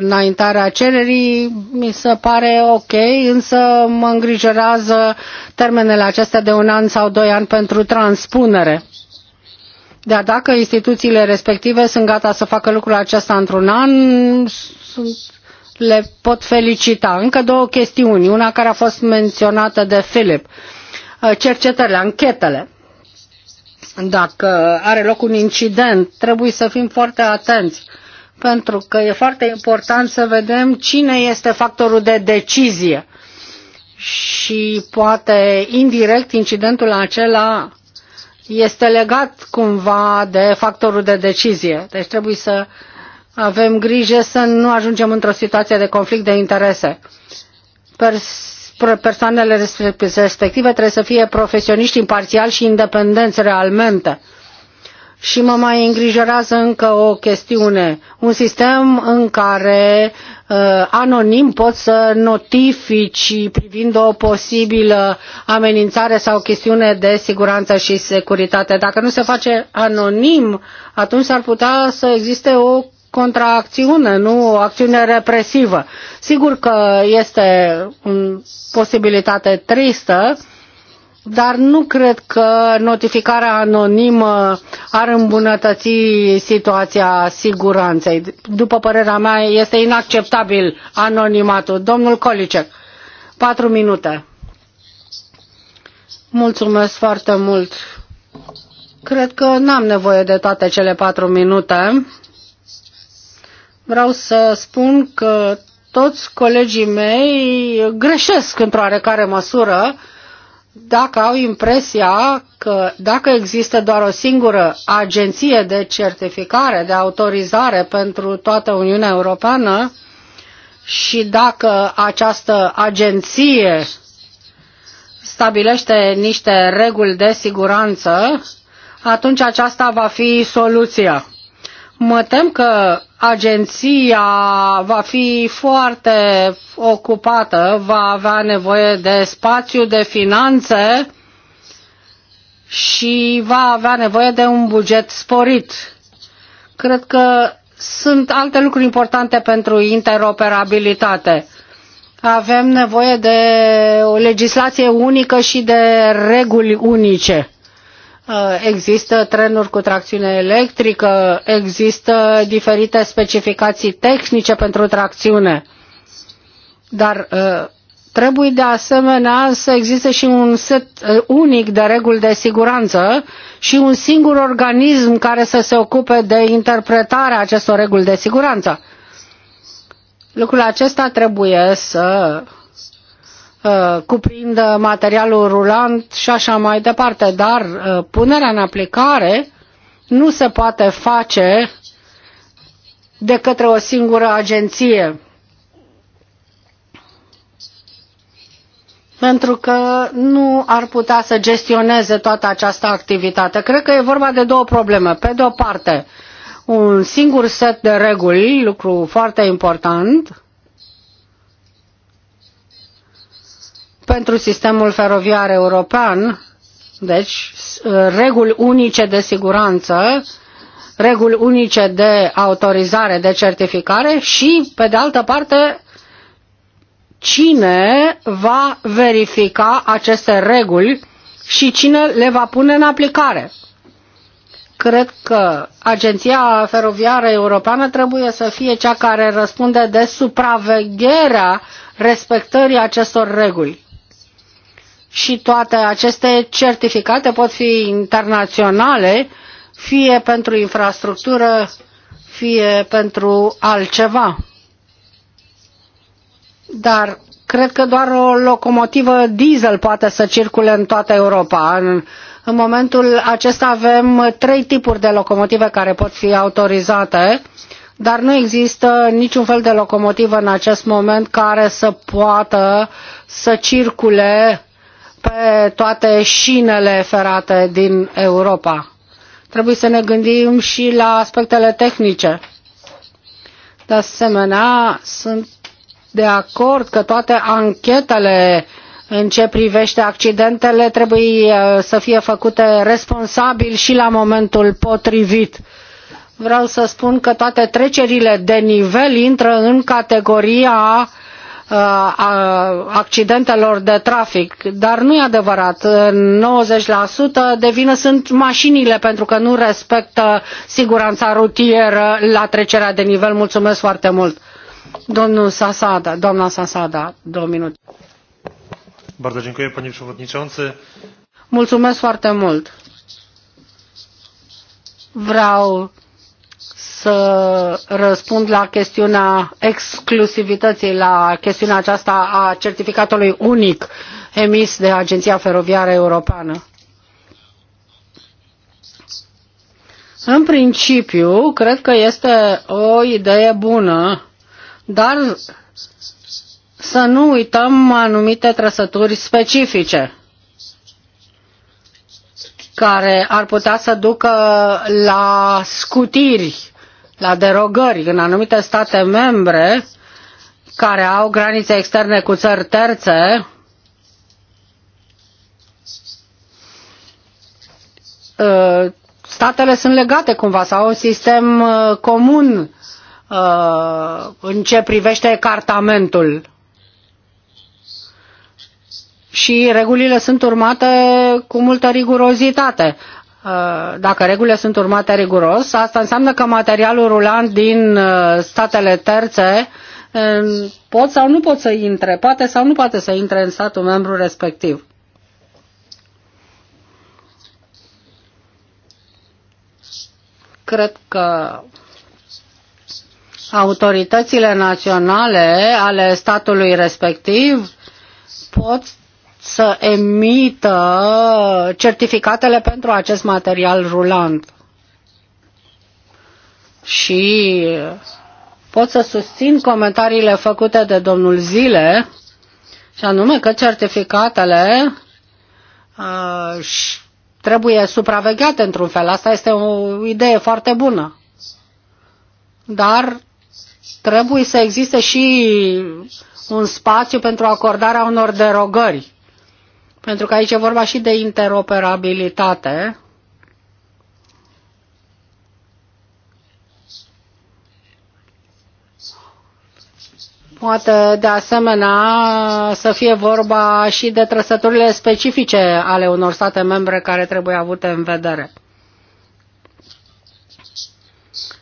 înaintarea cererii mi se pare ok, însă mă îngrijorează termenele acestea de un an sau doi ani pentru transpunere. Dar dacă instituțiile respective sunt gata să facă lucrul acesta într-un an, sunt, le pot felicita. Încă două chestiuni, una care a fost menționată de Philip. Uh, cercetările, anchetele. Dacă are loc un incident, trebuie să fim foarte atenți, pentru că e foarte important să vedem cine este factorul de decizie. Și poate indirect incidentul acela este legat cumva de factorul de decizie. Deci trebuie să avem grijă să nu ajungem într-o situație de conflict de interese. Pers- persoanele respective trebuie să fie profesioniști imparțiali și independenți realmente și mă mai îngrijorează încă o chestiune, un sistem în care uh, anonim poți să notifici privind o posibilă amenințare sau chestiune de siguranță și securitate. Dacă nu se face anonim, atunci ar putea să existe o contraacțiune, nu o acțiune represivă. Sigur că este o posibilitate tristă, dar nu cred că notificarea anonimă ar îmbunătăți situația siguranței. După părerea mea, este inacceptabil anonimatul. Domnul Colicec, patru minute. Mulțumesc foarte mult. Cred că n-am nevoie de toate cele patru minute. Vreau să spun că toți colegii mei greșesc într-o oarecare măsură dacă au impresia că dacă există doar o singură agenție de certificare, de autorizare pentru toată Uniunea Europeană și dacă această agenție stabilește niște reguli de siguranță, atunci aceasta va fi soluția. Mă tem că agenția va fi foarte ocupată, va avea nevoie de spațiu, de finanțe și va avea nevoie de un buget sporit. Cred că sunt alte lucruri importante pentru interoperabilitate. Avem nevoie de o legislație unică și de reguli unice Uh, există trenuri cu tracțiune electrică, există diferite specificații tehnice pentru tracțiune. Dar uh, trebuie de asemenea să existe și un set uh, unic de reguli de siguranță și un singur organism care să se ocupe de interpretarea acestor reguli de siguranță. Lucrul acesta trebuie să Uh, cuprind materialul rulant și așa mai departe, dar uh, punerea în aplicare nu se poate face de către o singură agenție. pentru că nu ar putea să gestioneze toată această activitate. Cred că e vorba de două probleme. Pe de o parte, un singur set de reguli, lucru foarte important, pentru sistemul feroviar european, deci uh, reguli unice de siguranță, reguli unice de autorizare, de certificare și, pe de altă parte, cine va verifica aceste reguli și cine le va pune în aplicare. Cred că Agenția Feroviară Europeană trebuie să fie cea care răspunde de supravegherea respectării acestor reguli și toate aceste certificate pot fi internaționale, fie pentru infrastructură, fie pentru altceva. Dar cred că doar o locomotivă diesel poate să circule în toată Europa. În, în momentul acesta avem trei tipuri de locomotive care pot fi autorizate, dar nu există niciun fel de locomotivă în acest moment care să poată să circule pe toate șinele ferate din Europa. Trebuie să ne gândim și la aspectele tehnice. De asemenea, sunt de acord că toate anchetele în ce privește accidentele trebuie uh, să fie făcute responsabil și la momentul potrivit. Vreau să spun că toate trecerile de nivel intră în categoria uh, Uh, accidentelor de trafic, dar nu e adevărat. 90% de vină sunt mașinile pentru că nu respectă siguranța rutieră la trecerea de nivel. Mulțumesc foarte mult. Domnul Sasada, doamna Sasada, două minute. Bardzo dziękuję, panie przewodniczący. Mulțumesc foarte mult. Vreau să răspund la chestiunea exclusivității, la chestiunea aceasta a certificatului unic emis de Agenția Feroviară Europeană. În principiu, cred că este o idee bună, dar să nu uităm anumite trăsături specifice care ar putea să ducă la scutiri la derogări în anumite state membre care au granițe externe cu țări terțe, ă, statele sunt legate cumva sau au un sistem ă, comun ă, în ce privește cartamentul. Și regulile sunt urmate cu multă rigurozitate. Uh, dacă regulile sunt urmate riguros, asta înseamnă că materialul rulant din uh, statele terțe uh, pot sau nu pot să intre, poate sau nu poate să intre în statul membru respectiv. Cred că autoritățile naționale ale statului respectiv pot să emită certificatele pentru acest material rulant. Și pot să susțin comentariile făcute de domnul Zile, și anume că certificatele uh, trebuie supravegheate într-un fel. Asta este o idee foarte bună. Dar trebuie să existe și un spațiu pentru acordarea unor derogări pentru că aici e vorba și de interoperabilitate. Poate, de asemenea, să fie vorba și de trăsăturile specifice ale unor state membre care trebuie avute în vedere.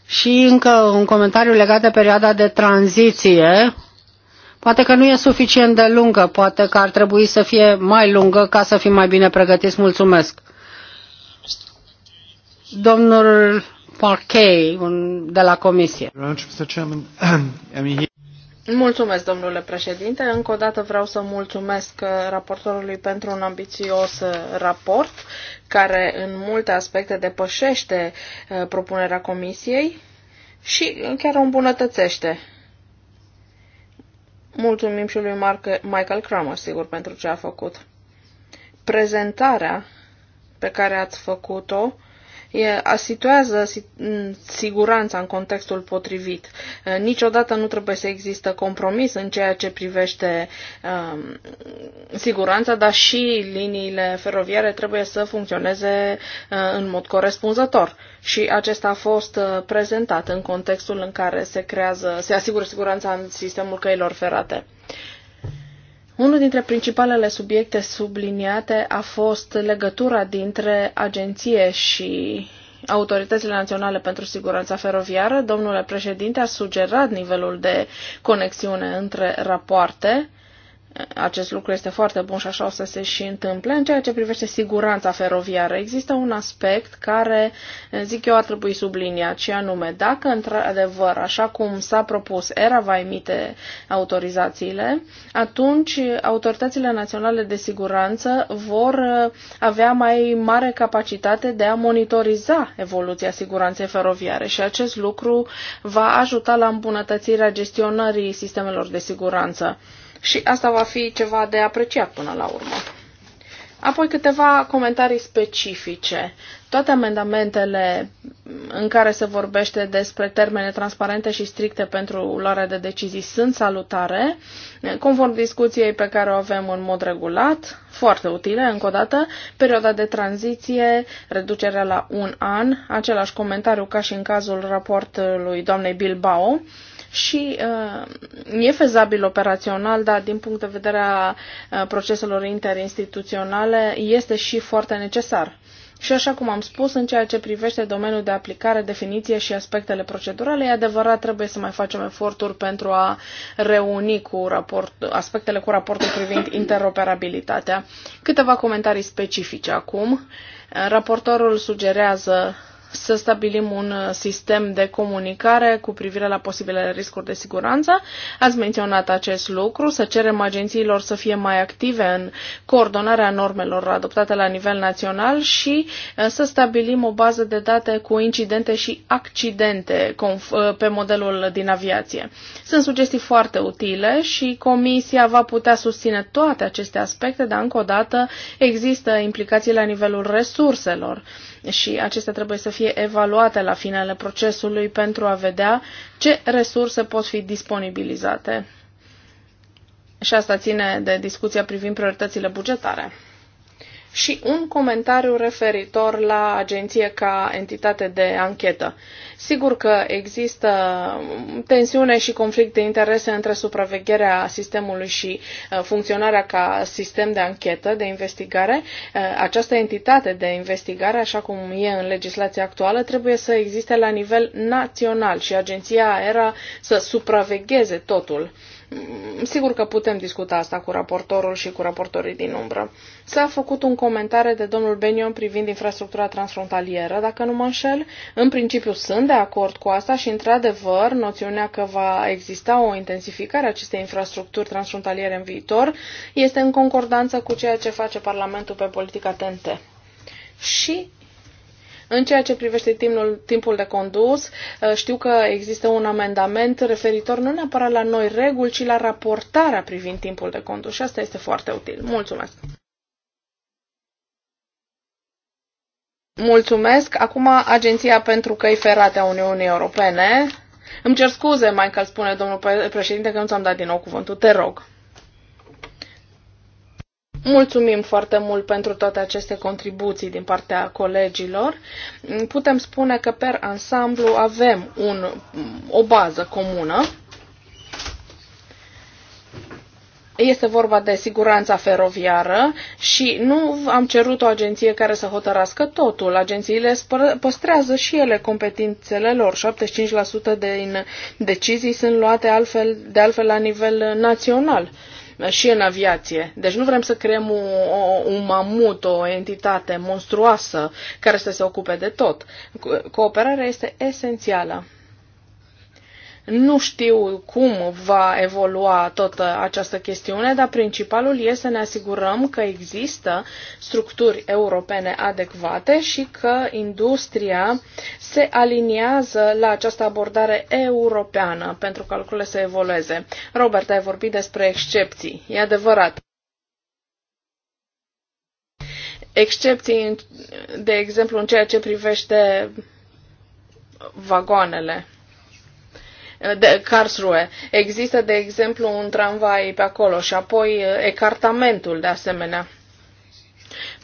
Și încă un comentariu legat de perioada de tranziție. Poate că nu e suficient de lungă, poate că ar trebui să fie mai lungă ca să fim mai bine pregătiți. Mulțumesc. Domnul Parquet, de la Comisie. Mulțumesc, domnule președinte. Încă o dată vreau să mulțumesc uh, raportorului pentru un ambițios uh, raport, care în multe aspecte depășește uh, propunerea Comisiei și chiar o îmbunătățește. Mulțumim și lui Mark, Michael Kramer, sigur, pentru ce a făcut. Prezentarea pe care ați făcut-o situează siguranța în contextul potrivit. Niciodată nu trebuie să există compromis în ceea ce privește um, siguranța, dar și liniile feroviare trebuie să funcționeze în mod corespunzător. Și acesta a fost prezentat în contextul în care se creează, se asigură siguranța în sistemul căilor ferate. Unul dintre principalele subiecte subliniate a fost legătura dintre agenție și autoritățile naționale pentru siguranța feroviară. Domnule președinte a sugerat nivelul de conexiune între rapoarte acest lucru este foarte bun și așa o să se și întâmple. În ceea ce privește siguranța feroviară, există un aspect care, zic eu, ar trebui subliniat și anume, dacă într-adevăr, așa cum s-a propus, era va emite autorizațiile, atunci autoritățile naționale de siguranță vor uh, avea mai mare capacitate de a monitoriza evoluția siguranței feroviare și acest lucru va ajuta la îmbunătățirea gestionării sistemelor de siguranță și asta va fi ceva de apreciat până la urmă. Apoi câteva comentarii specifice. Toate amendamentele în care se vorbește despre termene transparente și stricte pentru luarea de decizii sunt salutare, conform discuției pe care o avem în mod regulat, foarte utile, încă o dată, perioada de tranziție, reducerea la un an, același comentariu ca și în cazul raportului doamnei Bilbao, și uh, e fezabil operațional, dar din punct de vedere a proceselor interinstituționale este și foarte necesar. Și așa cum am spus, în ceea ce privește domeniul de aplicare, definiție și aspectele procedurale, e adevărat, trebuie să mai facem eforturi pentru a reuni cu raport, aspectele cu raportul privind interoperabilitatea. Câteva comentarii specifice acum. Raportorul sugerează să stabilim un uh, sistem de comunicare cu privire la posibilele riscuri de siguranță. Ați menționat acest lucru, să cerem agențiilor să fie mai active în coordonarea normelor adoptate la nivel național și uh, să stabilim o bază de date cu incidente și accidente uh, pe modelul din aviație. Sunt sugestii foarte utile și Comisia va putea susține toate aceste aspecte, dar încă o dată există implicații la nivelul resurselor și acestea trebuie să fie fie evaluate la finele procesului pentru a vedea ce resurse pot fi disponibilizate. Și asta ține de discuția privind prioritățile bugetare și un comentariu referitor la agenție ca entitate de anchetă. Sigur că există tensiune și conflict de interese între supravegherea sistemului și uh, funcționarea ca sistem de anchetă, de investigare. Uh, această entitate de investigare, așa cum e în legislația actuală, trebuie să existe la nivel național și agenția era să supravegheze totul sigur că putem discuta asta cu raportorul și cu raportorii din umbră. S-a făcut un comentariu de domnul Benion privind infrastructura transfrontalieră, dacă nu mă înșel. În principiu sunt de acord cu asta și, într-adevăr, noțiunea că va exista o intensificare a acestei infrastructuri transfrontaliere în viitor este în concordanță cu ceea ce face Parlamentul pe politica TNT. Și în ceea ce privește timpul, timpul de condus, uh, știu că există un amendament referitor nu neapărat la noi reguli, ci la raportarea privind timpul de condus și asta este foarte util. Mulțumesc! Mulțumesc! Acum Agenția pentru Căi Ferate a Uniunii Europene. Îmi cer scuze, Michael, spune domnul președinte, că nu ți-am dat din nou cuvântul. Te rog! Mulțumim foarte mult pentru toate aceste contribuții din partea colegilor. Putem spune că per ansamblu avem un, o bază comună. Este vorba de siguranța feroviară și nu am cerut o agenție care să hotărască totul. Agențiile păstrează și ele competențele lor. 75% din decizii sunt luate altfel, de altfel la nivel național. Uh, și în aviație. Deci nu vrem să creăm un, un mamut, o entitate monstruoasă care să se ocupe de tot. Cooperarea este esențială. Nu știu cum va evolua toată această chestiune, dar principalul este să ne asigurăm că există structuri europene adecvate și că industria se aliniază la această abordare europeană pentru ca lucrurile să evolueze. Robert, ai vorbit despre excepții. E adevărat excepții, de exemplu, în ceea ce privește vagoanele de Karlsruhe. Există, de exemplu, un tramvai pe acolo și apoi ecartamentul de asemenea.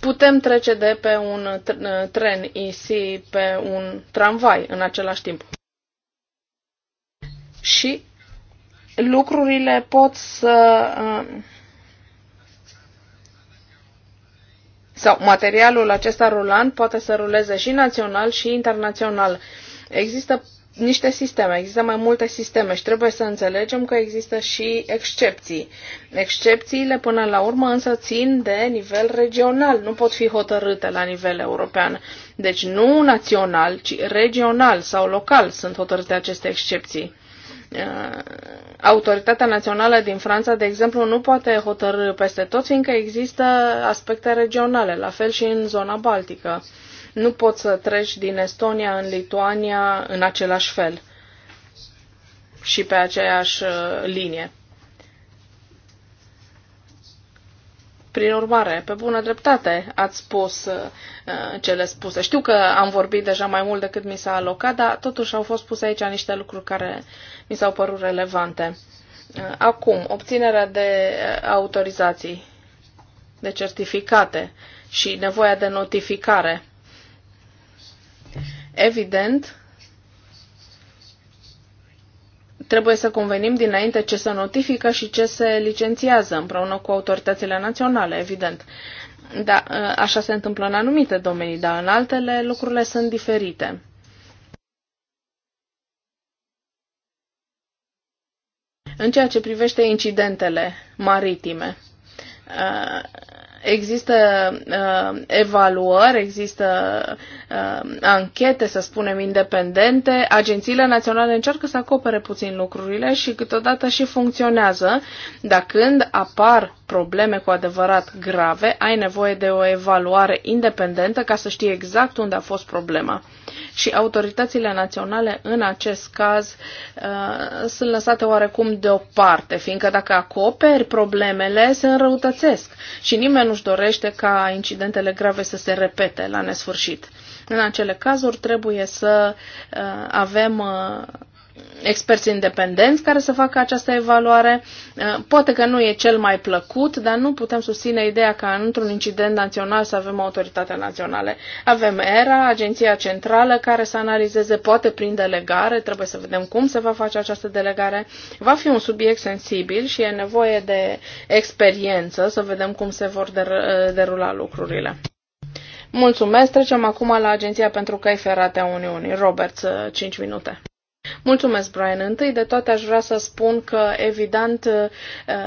Putem trece de pe un tren IC pe un tramvai în același timp. Și lucrurile pot să sau materialul acesta rulant poate să ruleze și național și internațional. Există niște sisteme, există mai multe sisteme și trebuie să înțelegem că există și excepții. Excepțiile până la urmă însă țin de nivel regional, nu pot fi hotărâte la nivel european. Deci nu național, ci regional sau local sunt hotărâte aceste excepții. Uh, autoritatea Națională din Franța, de exemplu, nu poate hotărâ peste tot, fiindcă există aspecte regionale, la fel și în zona Baltică. Nu poți să treci din Estonia în Lituania în același fel și pe aceeași uh, linie. Prin urmare, pe bună dreptate ați spus uh, uh, cele spuse. Știu că am vorbit deja mai mult decât mi s-a alocat, dar totuși au fost puse aici niște lucruri care mi s-au părut relevante. Uh, acum, obținerea de uh, autorizații, de certificate și nevoia de notificare. Evident, trebuie să convenim dinainte ce se notifică și ce se licențiază împreună cu autoritățile naționale, evident. Da, ă, așa se întâmplă în anumite domenii, dar în altele lucrurile sunt diferite. În ceea ce privește incidentele maritime, ă, există uh, evaluări, există uh, anchete, să spunem, independente. Agențiile naționale încearcă să acopere puțin lucrurile și câteodată și funcționează, dar când apar probleme cu adevărat grave, ai nevoie de o evaluare independentă ca să știi exact unde a fost problema și autoritățile naționale în acest caz uh, sunt lăsate oarecum deoparte, fiindcă dacă acoperi problemele, se înrăutățesc și nimeni nu-și dorește ca incidentele grave să se repete la nesfârșit. În acele cazuri trebuie să uh, avem uh, experți independenți care să facă această evaluare. Eh, poate că nu e cel mai plăcut, dar nu putem susține ideea ca într-un incident național să avem autoritatea națională. Avem ERA, agenția centrală care să analizeze, poate prin delegare, trebuie să vedem cum se va face această delegare. Va fi un subiect sensibil și e nevoie de experiență să vedem cum se vor eh, derula lucrurile. Mulțumesc, trecem acum la Agenția pentru Căi Ferate a Uniunii. Roberts, 5 eh, minute. Mulțumesc, Brian. Întâi de toate aș vrea să spun că, evident, uh,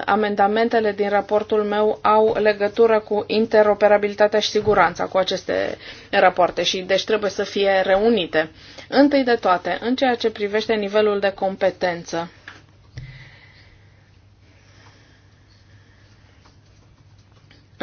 amendamentele din raportul meu au legătură cu interoperabilitatea și siguranța cu aceste rapoarte și deci trebuie să fie reunite. Întâi de toate, în ceea ce privește nivelul de competență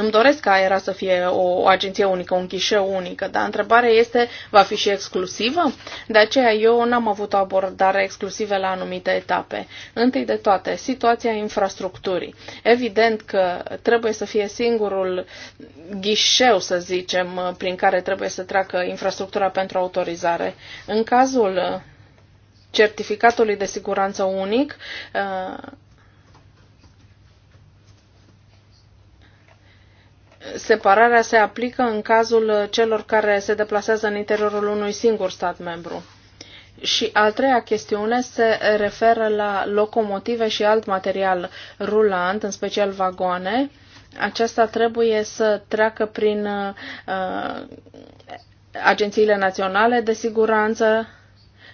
Îmi doresc ca era să fie o agenție unică, un ghișeu unică, dar întrebarea este, va fi și exclusivă? De aceea eu n-am avut o abordare exclusivă la anumite etape. Întâi de toate, situația infrastructurii. Evident că trebuie să fie singurul ghișeu, să zicem, prin care trebuie să treacă infrastructura pentru autorizare. În cazul certificatului de siguranță unic, Separarea se aplică în cazul celor care se deplasează în interiorul unui singur stat membru. Și a treia chestiune se referă la locomotive și alt material rulant, în special vagoane. Aceasta trebuie să treacă prin uh, agențiile naționale de siguranță,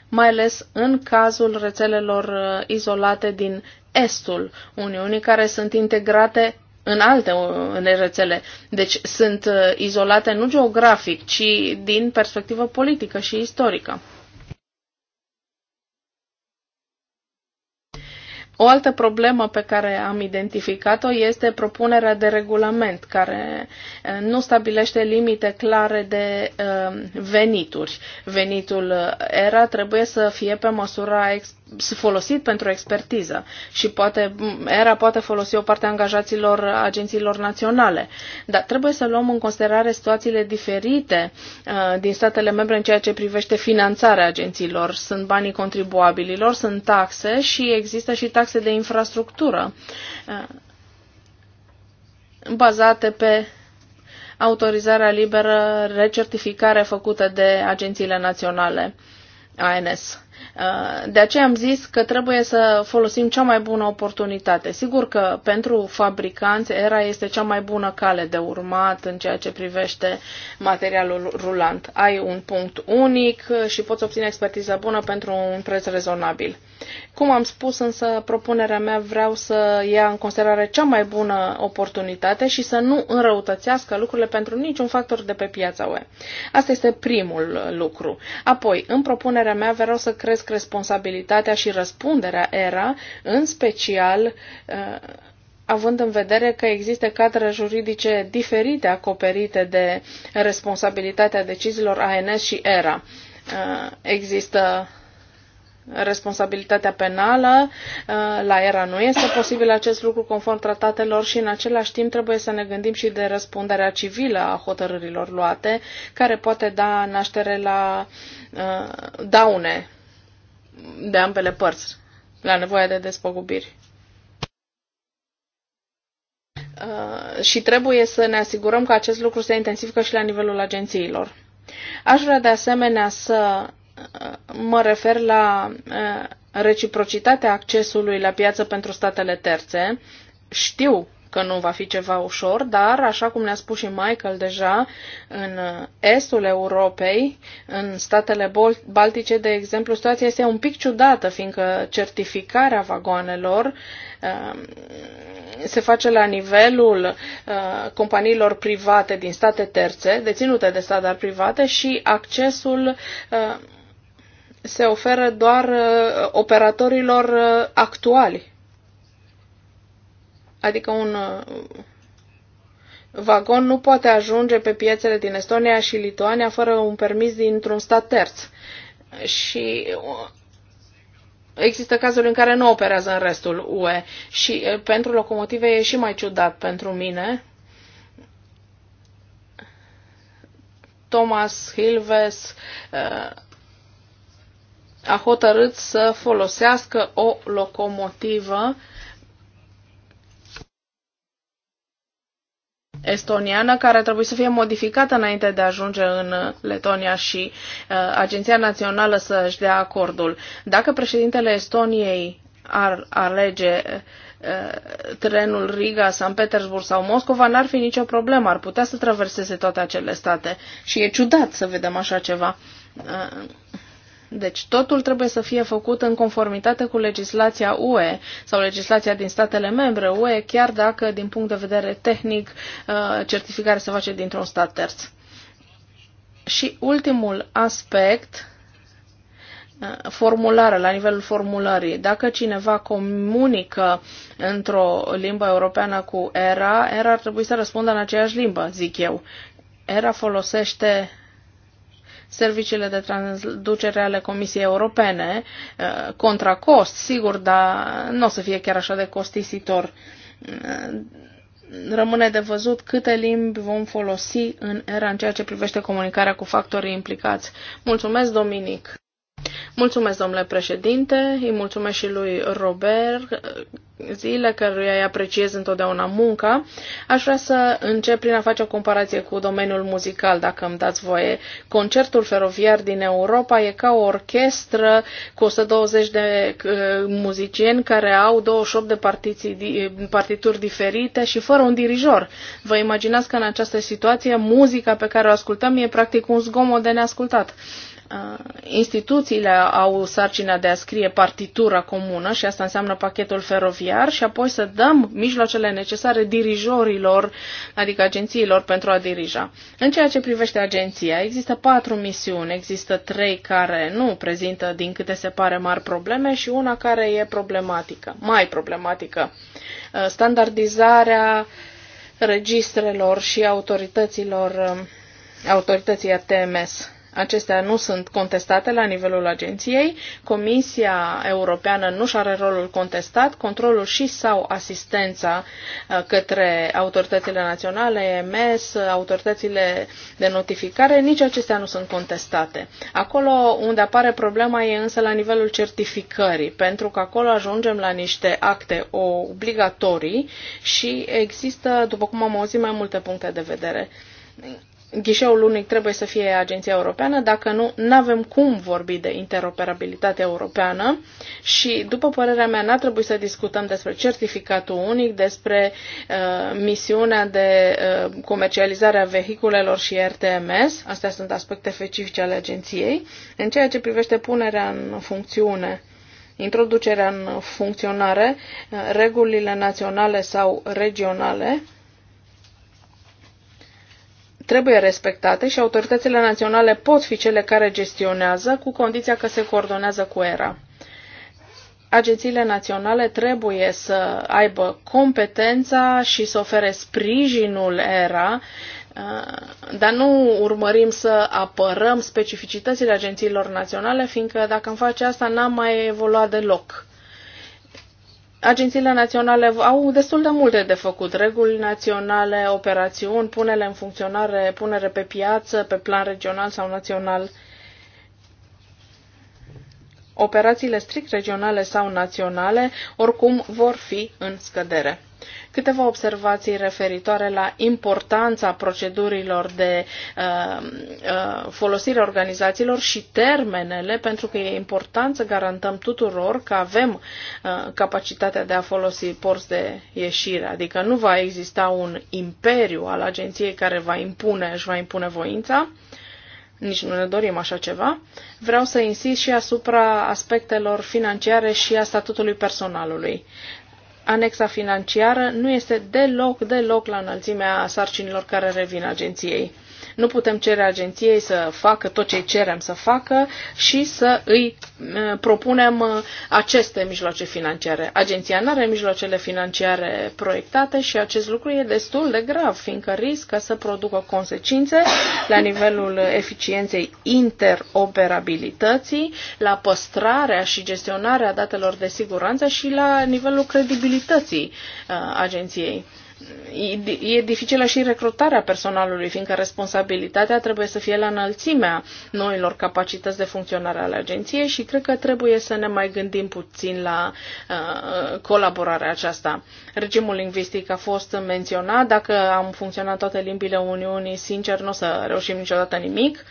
mai ales în cazul rețelelor uh, izolate din estul Uniunii, care sunt integrate în alte în rețele. Deci sunt uh, izolate nu geografic, ci din perspectivă politică și istorică. O altă problemă pe care am identificat-o este propunerea de regulament, care uh, nu stabilește limite clare de uh, venituri. Venitul era trebuie să fie pe măsura ex- folosit pentru expertiză și poate era poate folosi o parte a angajaților agențiilor naționale. Dar trebuie să luăm în considerare situațiile diferite uh, din statele membre în ceea ce privește finanțarea agențiilor. Sunt banii contribuabililor, sunt taxe și există și taxe de infrastructură uh, bazate pe autorizarea liberă, recertificare făcută de agențiile naționale ANS. Uh, de aceea am zis că trebuie să folosim cea mai bună oportunitate. Sigur că pentru fabricanți era este cea mai bună cale de urmat în ceea ce privește materialul rulant. Ai un punct unic și poți obține expertiză bună pentru un preț rezonabil. Cum am spus, însă, propunerea mea vreau să ia în considerare cea mai bună oportunitate și să nu înrăutățească lucrurile pentru niciun factor de pe piața UE. Asta este primul lucru. Apoi, în propunerea mea vreau să cresc responsabilitatea și răspunderea ERA, în special uh, având în vedere că există cadre juridice diferite acoperite de responsabilitatea deciziilor ANS și ERA. Uh, există responsabilitatea penală, uh, la ERA nu este posibil acest lucru conform tratatelor și în același timp trebuie să ne gândim și de răspunderea civilă a hotărârilor luate, care poate da naștere la daune de ambele părți la nevoia de despăgubiri. Uh, și trebuie să ne asigurăm că acest lucru se intensifică și la nivelul agențiilor. Aș vrea de asemenea să uh, mă refer la uh, reciprocitatea accesului la piață pentru statele terțe. Știu că nu va fi ceva ușor, dar, așa cum ne-a spus și Michael deja, în estul Europei, în statele baltice, de exemplu, situația este un pic ciudată, fiindcă certificarea vagoanelor um, se face la nivelul uh, companiilor private din state terțe, deținute de stat, dar private, și accesul uh, se oferă doar uh, operatorilor actuali Adică un uh, vagon nu poate ajunge pe piețele din Estonia și Lituania fără un permis dintr-un stat terț. Și uh, există cazuri în care nu operează în restul UE și uh, pentru locomotive e și mai ciudat pentru mine. Thomas Hilves a hotărât să folosească o locomotivă estoniană care trebuie să fie modificată înainte de a ajunge în Letonia și uh, Agenția Națională să-și dea acordul. Dacă președintele Estoniei ar alege uh, trenul Riga, San Petersburg sau Moscova, n-ar fi nicio problemă, ar putea să traverseze toate acele state. Și e ciudat să vedem așa ceva. Uh, deci totul trebuie să fie făcut în conformitate cu legislația UE sau legislația din statele membre UE, chiar dacă din punct de vedere tehnic uh, certificarea se face dintr-un stat terț. Și ultimul aspect uh, formulare, la nivelul formulării. Dacă cineva comunică într-o limbă europeană cu ERA, ERA ar trebui să răspundă în aceeași limbă, zic eu. ERA folosește serviciile de traducere ale Comisiei Europene, eh, contra cost, sigur, dar nu o să fie chiar așa de costisitor. Eh, rămâne de văzut câte limbi vom folosi în era în ceea ce privește comunicarea cu factorii implicați. Mulțumesc, Dominic! Mulțumesc, domnule președinte, îi mulțumesc și lui Robert eh, Zile, căruia îi apreciez întotdeauna munca. Aș vrea să încep prin a face o comparație cu domeniul muzical, dacă îmi dați voie. Concertul feroviar din Europa e ca o orchestră cu 120 de eh, muzicieni care au 28 de partiții, eh, partituri diferite și fără un dirijor. Vă imaginați că în această situație muzica pe care o ascultăm e practic un zgomot de neascultat. Uh, instituțiile au sarcina de a scrie partitura comună și asta înseamnă pachetul feroviar și apoi să dăm mijloacele necesare dirijorilor, adică agențiilor pentru a dirija. În ceea ce privește agenția, există patru misiuni, există trei care nu prezintă din câte se pare mari probleme și una care e problematică, mai problematică. Uh, standardizarea registrelor și autorităților um, autorității ATMS Acestea nu sunt contestate la nivelul agenției, Comisia Europeană nu și are rolul contestat, controlul și sau asistența uh, către autoritățile naționale, EMS, autoritățile de notificare, nici acestea nu sunt contestate. Acolo unde apare problema e însă la nivelul certificării, pentru că acolo ajungem la niște acte obligatorii și există, după cum am auzit, mai multe puncte de vedere ghișeul unic trebuie să fie agenția europeană, dacă nu, nu avem cum vorbi de interoperabilitate europeană și, după părerea mea, n-ar trebui să discutăm despre certificatul unic, despre uh, misiunea de uh, comercializare a vehiculelor și RTMS, astea sunt aspecte specifice ale agenției, în ceea ce privește punerea în funcțiune introducerea în funcționare, uh, regulile naționale sau regionale trebuie respectate și autoritățile naționale pot fi cele care gestionează, cu condiția că se coordonează cu ERA. Agențiile naționale trebuie să aibă competența și să ofere sprijinul ERA, uh, dar nu urmărim să apărăm specificitățile agențiilor naționale, fiindcă dacă am face asta n-am mai evoluat deloc agențiile naționale au destul de multe de făcut. Reguli naționale, operațiuni, punele în funcționare, punere pe piață, pe plan regional sau național. Operațiile strict regionale sau naționale oricum vor fi în scădere. Câteva observații referitoare la importanța procedurilor de uh, uh, folosire a organizațiilor și termenele, pentru că e important să garantăm tuturor că avem uh, capacitatea de a folosi porți de ieșire. Adică nu va exista un imperiu al agenției care va impune, își va impune voința, nici nu ne dorim așa ceva. Vreau să insist și asupra aspectelor financiare și a statutului personalului anexa financiară nu este deloc, deloc la înălțimea sarcinilor care revin agenției. Nu putem cere agenției să facă tot ce cerem să facă și să îi propunem aceste mijloace financiare. Agenția nu are mijloacele financiare proiectate și acest lucru e destul de grav, fiindcă riscă să producă consecințe la nivelul eficienței interoperabilității, la păstrarea și gestionarea datelor de siguranță și la nivelul credibilității agenției e dificilă și recrutarea personalului, fiindcă responsabilitatea trebuie să fie la înălțimea noilor capacități de funcționare ale agenției și cred că trebuie să ne mai gândim puțin la uh, colaborarea aceasta. Regimul lingvistic a fost menționat, dacă am funcționat toate limbile Uniunii, sincer, nu o să reușim niciodată nimic.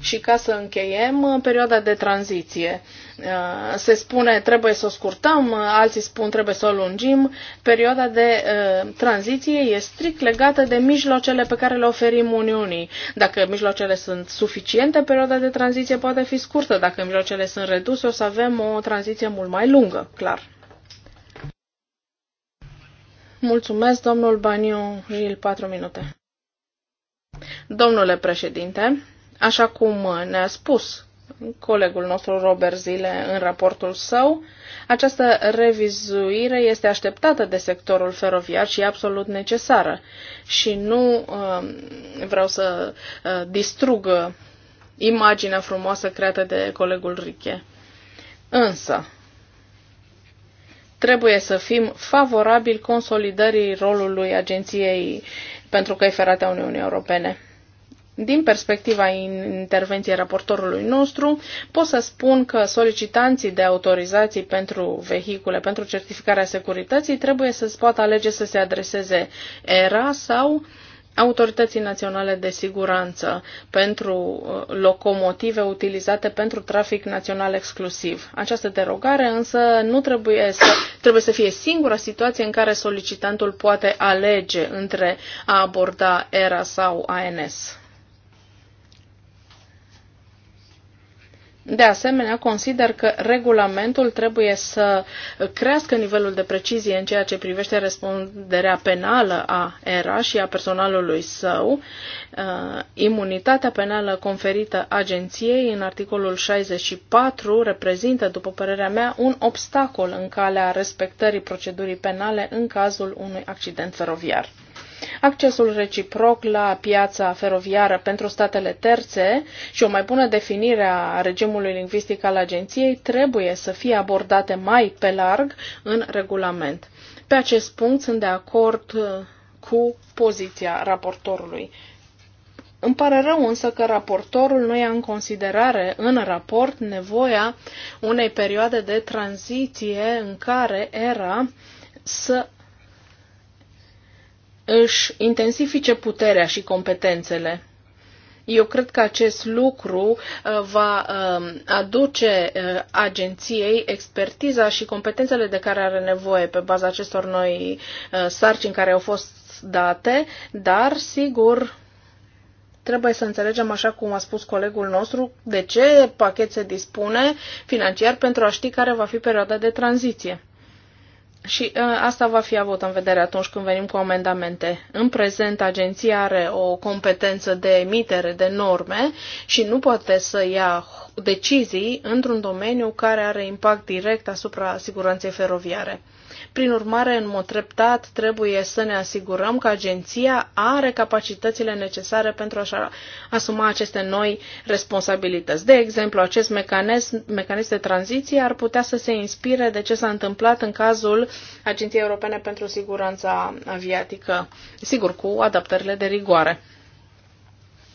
Și ca să încheiem perioada de tranziție, uh, se spune trebuie să o scurtăm, alții spun trebuie să o lungim. Perioada de uh, tranziție e strict legată de mijloacele pe care le oferim Uniunii. Dacă mijloacele sunt suficiente, perioada de tranziție poate fi scurtă. Dacă mijloacele sunt reduse, o să avem o tranziție mult mai lungă, clar. Mulțumesc, domnul Baniu Gil, 4 minute. Domnule președinte, Așa cum ne-a spus colegul nostru Robert Zile în raportul său, această revizuire este așteptată de sectorul feroviar și e absolut necesară. Și nu um, vreau să uh, distrug imaginea frumoasă creată de colegul Riche. Însă, trebuie să fim favorabili consolidării rolului Agenției pentru căi ferate a Uniunii Europene. Din perspectiva intervenției raportorului nostru, pot să spun că solicitanții de autorizații pentru vehicule, pentru certificarea securității, trebuie să se poată alege să se adreseze ERA sau Autorității Naționale de Siguranță pentru uh, locomotive utilizate pentru trafic național exclusiv. Această derogare însă nu trebuie să, trebuie să fie singura situație în care solicitantul poate alege între a aborda ERA sau ANS. De asemenea, consider că regulamentul trebuie să crească nivelul de precizie în ceea ce privește răspunderea penală a ERA și a personalului său, uh, imunitatea penală conferită agenției în articolul 64 reprezintă, după părerea mea, un obstacol în calea respectării procedurii penale în cazul unui accident feroviar accesul reciproc la piața feroviară pentru statele terțe și o mai bună definire a regimului lingvistic al agenției trebuie să fie abordate mai pe larg în regulament. Pe acest punct sunt de acord uh, cu poziția raportorului. Îmi pare rău însă că raportorul nu ia în considerare în raport nevoia unei perioade de tranziție în care era să își intensifice puterea și competențele. Eu cred că acest lucru uh, va um, aduce uh, agenției expertiza și competențele de care are nevoie pe baza acestor noi uh, sarcini care au fost date, dar sigur trebuie să înțelegem, așa cum a spus colegul nostru, de ce pachet se dispune financiar pentru a ști care va fi perioada de tranziție. Și ă, asta va fi avut în vedere atunci când venim cu amendamente. În prezent, agenția are o competență de emitere de norme și nu poate să ia decizii într-un domeniu care are impact direct asupra siguranței feroviare. Prin urmare, în mod treptat, trebuie să ne asigurăm că agenția are capacitățile necesare pentru a-și asuma aceste noi responsabilități. De exemplu, acest mecanism, mecanism de tranziție ar putea să se inspire de ce s-a întâmplat în cazul Agenției Europene pentru Siguranța Aviatică, sigur, cu adaptările de rigoare.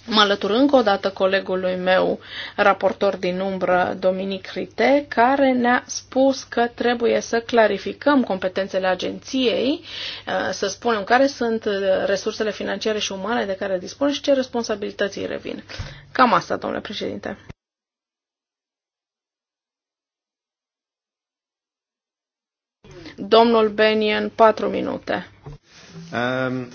Mă alătur încă o dată colegului meu, raportor din umbră, Dominic Rite, care ne-a spus că trebuie să clarificăm competențele agenției, uh, să spunem care sunt uh, resursele financiare și umane de care dispune și ce responsabilități îi revin. Cam asta, domnule președinte. Domnul Benien, patru minute. Um,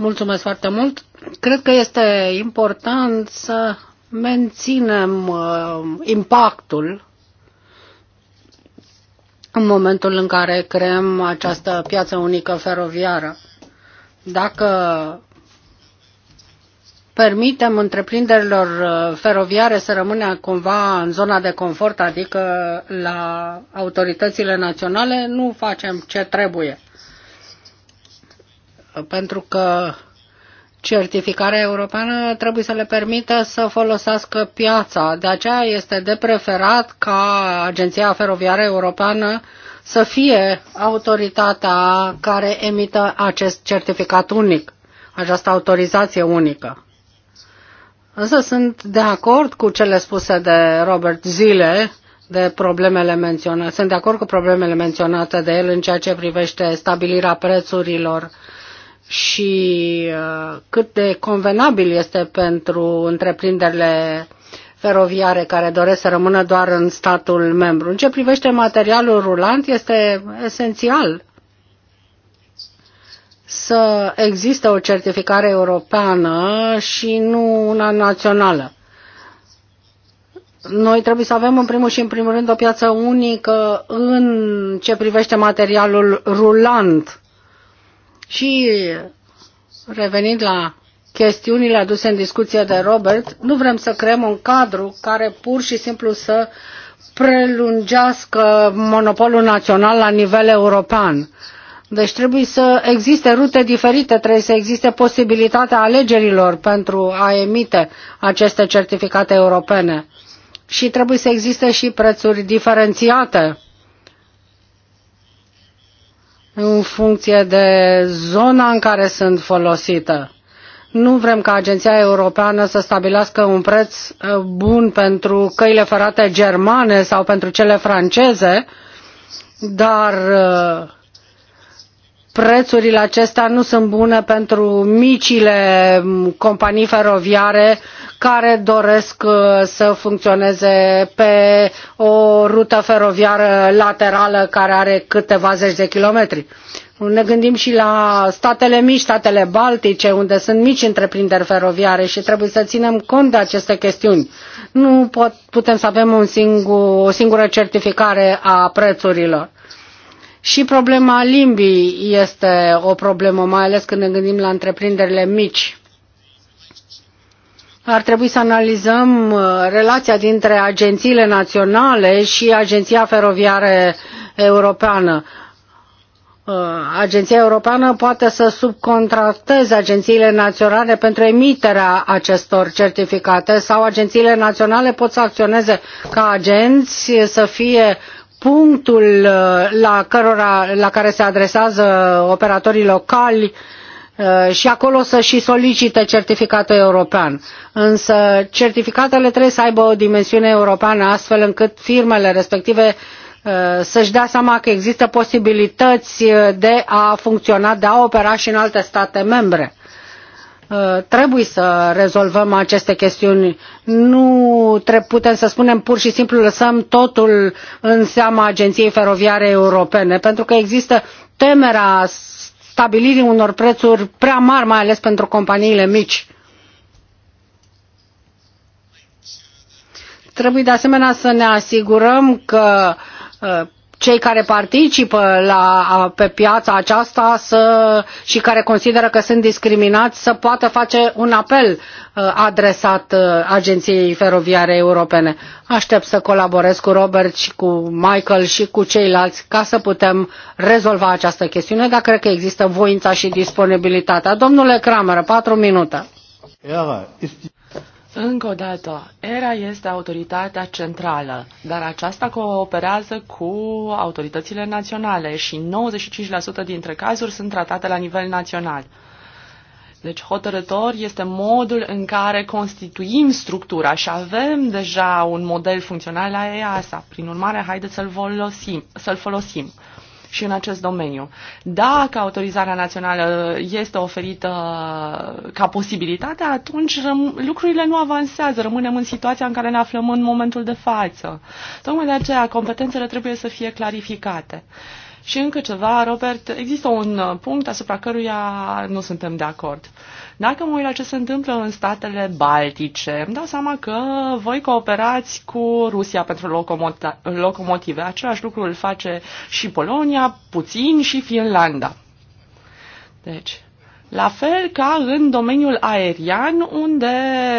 Mulțumesc foarte mult. Cred că este important să menținem uh, impactul în momentul în care creăm această piață unică feroviară. Dacă permitem întreprinderilor uh, feroviare să rămână cumva în zona de confort, adică la autoritățile naționale, nu facem ce trebuie pentru că certificarea europeană trebuie să le permită să folosească piața. De aceea este de preferat ca Agenția Feroviară Europeană să fie autoritatea care emită acest certificat unic, această autorizație unică. Însă sunt de acord cu cele spuse de Robert Zile, de problemele menționate. Sunt de acord cu problemele menționate de el în ceea ce privește stabilirea prețurilor uh, și uh, cât de convenabil este pentru întreprinderile feroviare care doresc să rămână doar în statul membru. În ce privește materialul rulant, este esențial să existe o certificare europeană și nu una națională. Noi trebuie să avem în primul și în primul rând o piață unică în ce privește materialul rulant și revenind la chestiunile aduse în discuție de Robert, nu vrem să creăm un cadru care pur și simplu să prelungească monopolul național la nivel european. Deci trebuie să existe rute diferite, trebuie să existe posibilitatea alegerilor pentru a emite aceste certificate europene. Și trebuie să existe și prețuri diferențiate în funcție de zona în care sunt folosită. Nu vrem ca Agenția Europeană să stabilească un preț uh, bun pentru căile ferate germane sau pentru cele franceze, dar uh, prețurile acestea nu sunt bune pentru micile companii feroviare care doresc uh, să funcționeze pe o rută feroviară laterală care are câteva zeci de kilometri. Ne gândim și la statele mici, statele baltice, unde sunt mici întreprinderi feroviare și trebuie să ținem cont de aceste chestiuni. Nu pot, putem să avem un singur, o singură certificare a prețurilor și problema limbii este o problemă, mai ales când ne gândim la întreprinderile mici. Ar trebui să analizăm uh, relația dintre agențiile naționale și Agenția Feroviară Europeană. Uh, Agenția Europeană poate să subcontracteze agențiile naționale pentru emiterea acestor certificate sau agențiile naționale pot să acționeze ca agenți, să fie uh, punctul uh, la, cărora, la care se adresează operatorii locali uh, și acolo să și solicite certificatul european. Însă certificatele trebuie să aibă o dimensiune europeană astfel încât firmele respective uh, să-și dea seama că există posibilități de a funcționa, de a opera și în alte state membre. Uh, trebuie să rezolvăm aceste chestiuni. Nu putem să spunem pur și simplu lăsăm totul în seama Agenției Feroviare Europene, pentru că există temerea stabilirii unor prețuri prea mari, mai ales pentru companiile mici. Trebuie de asemenea să ne asigurăm că uh, cei care participă la, pe piața aceasta să, și care consideră că sunt discriminați să poată face un apel uh, adresat uh, Agenției Feroviare Europene. Aștept să colaborez cu Robert și cu Michael și cu ceilalți ca să putem rezolva această chestiune, dar cred că există voința și disponibilitatea. Domnule Kramer, patru minute. Încă o dată, ERA este autoritatea centrală, dar aceasta cooperează cu autoritățile naționale și 95% dintre cazuri sunt tratate la nivel național. Deci hotărător este modul în care constituim structura și avem deja un model funcțional la EASA. Prin urmare, haideți să-l folosim. Să-l folosim și în acest domeniu. Dacă autorizarea națională este oferită ca posibilitate, atunci lucrurile nu avansează, rămânem în situația în care ne aflăm în momentul de față. Tocmai de aceea competențele trebuie să fie clarificate. Și încă ceva, Robert, există un punct asupra căruia nu suntem de acord. Uh, dacă mă uit la ce se întâmplă în statele baltice, îmi dau seama că voi cooperați cu Rusia pentru locomotive. Același lucru îl face și Polonia, puțin și Finlanda. Deci, la fel ca în domeniul aerian, unde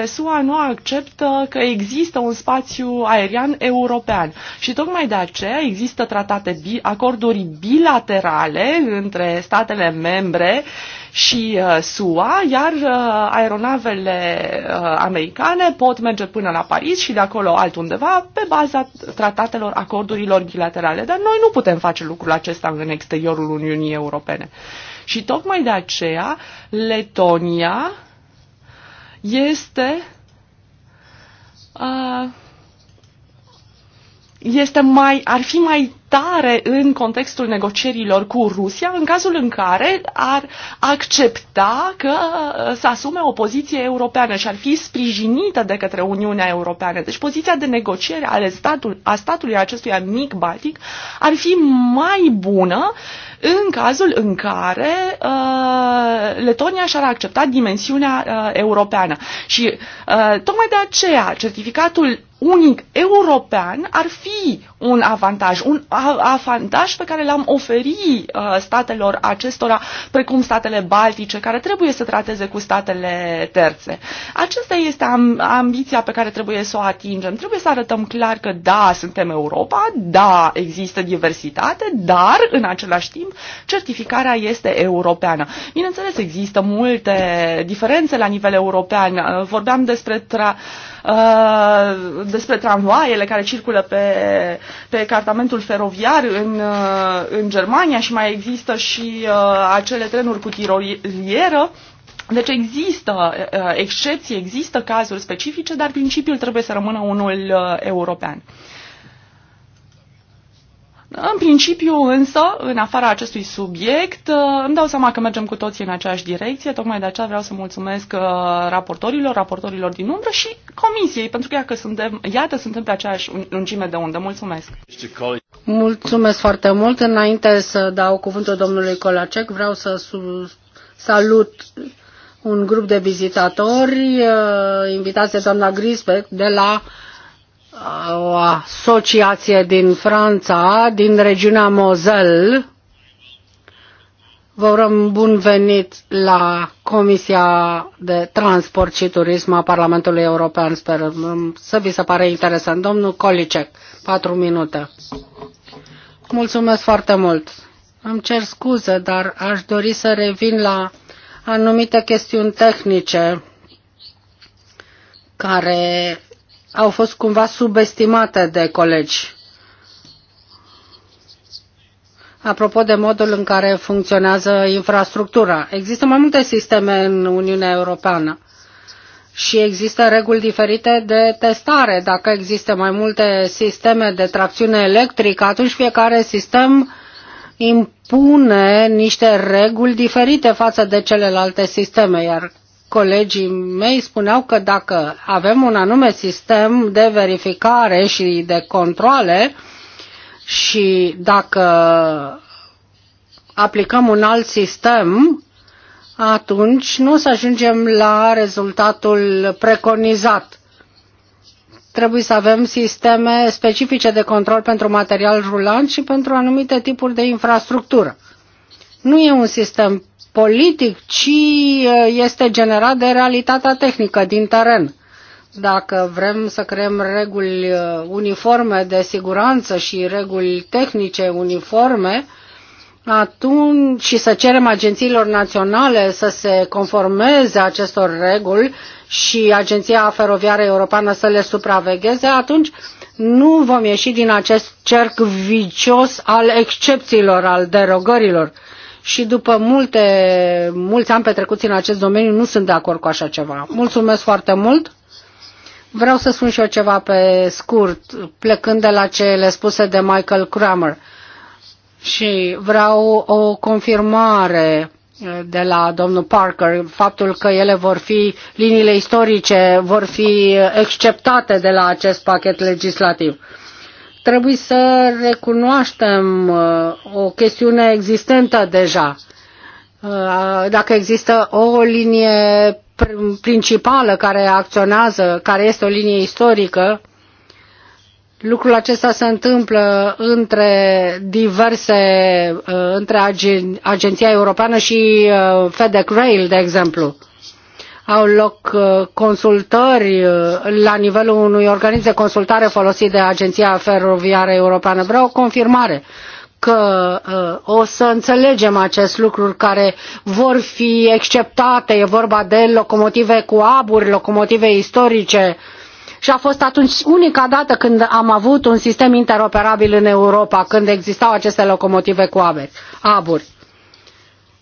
SUA nu acceptă că există un spațiu aerian european. Și tocmai de aceea există tratate, acorduri bilaterale între statele membre și uh, SUA, iar uh, aeronavele uh, americane pot merge până la Paris și de acolo altundeva pe baza tratatelor, acordurilor bilaterale. Dar noi nu putem face lucrul acesta în exteriorul Uniunii Europene. Și tocmai de aceea Letonia este este mai, ar fi mai tare în contextul negocierilor cu Rusia în cazul în care ar accepta că să asume o poziție europeană și ar fi sprijinită de către Uniunea Europeană. Deci poziția de negociere ale statul, a statului acestuia mic baltic ar fi mai bună în cazul în care uh, Letonia și-ar accepta dimensiunea uh, europeană. Și uh, tocmai de aceea certificatul unic european ar fi un avantaj, un avantaj pe care l-am oferit uh, statelor acestora, precum statele baltice, care trebuie să trateze cu statele terțe. Acesta este ambiția pe care trebuie să o atingem. Trebuie să arătăm clar că da, suntem Europa, da, există diversitate, dar în același timp certificarea este europeană. Bineînțeles, există multe diferențe la nivel european. Uh, vorbeam despre, tra, uh, despre tramvaiele care circulă pe pe cartamentul feroviar în, uh, în Germania și mai există și uh, acele trenuri cu tirolieră. Deci există uh, excepții, există cazuri specifice, dar principiul trebuie să rămână unul european. În principiu, însă, în afara acestui subiect, uh, îmi dau seama că mergem cu toții în aceeași direcție, tocmai de aceea vreau să mulțumesc uh, raportorilor, raportorilor din umbră și comisiei, pentru că iată suntem, iată, suntem pe aceeași lungime de undă. Mulțumesc! Mulțumesc foarte mult! Înainte să dau cuvântul domnului Colacec, vreau să salut un grup de vizitatori uh, invitați de doamna Grisbeck de la uh, o asociație din Franța, din regiunea Moselle. Vă urăm bun venit la Comisia de Transport și Turism a Parlamentului European. Sperăm să vi se pare interesant. Domnul Colicec, patru minute. Mulțumesc foarte mult. Îmi cer scuze, dar aș dori să revin la anumite chestiuni tehnice care au fost cumva subestimate de colegi. Apropo de modul în care funcționează infrastructura, există mai multe sisteme în Uniunea Europeană și există reguli diferite de testare. Dacă există mai multe sisteme de tracțiune electrică, atunci fiecare sistem impune niște reguli diferite față de celelalte sisteme, iar colegii mei spuneau că dacă avem un anume sistem de verificare și de controle și dacă aplicăm un alt sistem, atunci nu o să ajungem la rezultatul preconizat. Trebuie să avem sisteme specifice de control pentru material rulant și pentru anumite tipuri de infrastructură nu e un sistem politic, ci este generat de realitatea tehnică din teren. Dacă vrem să creăm reguli uniforme de siguranță și reguli tehnice uniforme, atunci și să cerem agențiilor naționale să se conformeze acestor reguli și Agenția Feroviară Europeană să le supravegheze, atunci nu vom ieși din acest cerc vicios al excepțiilor, al derogărilor și după multe, mulți ani petrecuți în acest domeniu nu sunt de acord cu așa ceva. Mulțumesc foarte mult! Vreau să spun și eu ceva pe scurt, plecând de la cele spuse de Michael Kramer. Și vreau o confirmare eh, de la domnul Parker, faptul că ele vor fi, liniile istorice vor fi eh, exceptate de la acest pachet legislativ Trebuie să recunoaștem uh, o chestiune existentă deja. Uh, dacă există o linie principală care acționează, care este o linie istorică, lucrul acesta se întâmplă între diverse, uh, între Agenția Europeană și FedEx Rail, de exemplu au loc uh, consultări uh, la nivelul unui organism de consultare folosit de Agenția Feroviară Europeană. Vreau o confirmare că uh, o să înțelegem acest lucru care vor fi acceptate, e vorba de locomotive cu aburi, locomotive istorice, și a fost atunci unica dată când am avut un sistem interoperabil în Europa, când existau aceste locomotive cu aburi.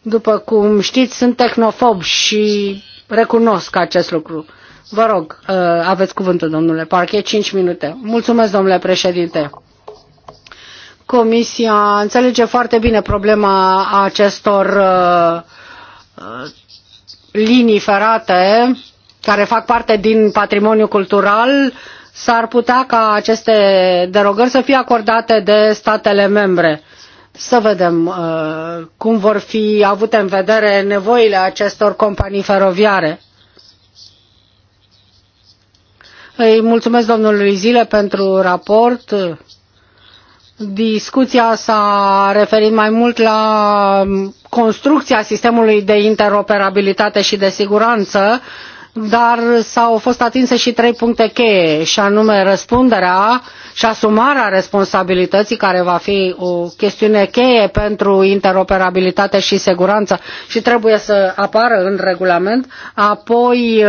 După cum știți, sunt tehnofob și Recunosc acest lucru. Vă rog, uh, aveți cuvântul, domnule Parche, 5 minute. Mulțumesc, domnule președinte. Comisia înțelege foarte bine problema acestor uh, uh, linii ferate care fac parte din patrimoniu cultural. S-ar putea ca aceste derogări să fie acordate de statele membre să vedem uh, cum vor fi avute în vedere nevoile acestor companii feroviare. Îi mulțumesc domnului Zile pentru raport. Discuția s-a referit mai mult la construcția sistemului de interoperabilitate și de siguranță dar s-au fost atinse și trei puncte cheie, și anume răspunderea și asumarea responsabilității, care va fi o chestiune cheie pentru interoperabilitate și siguranță și trebuie să apară în regulament, apoi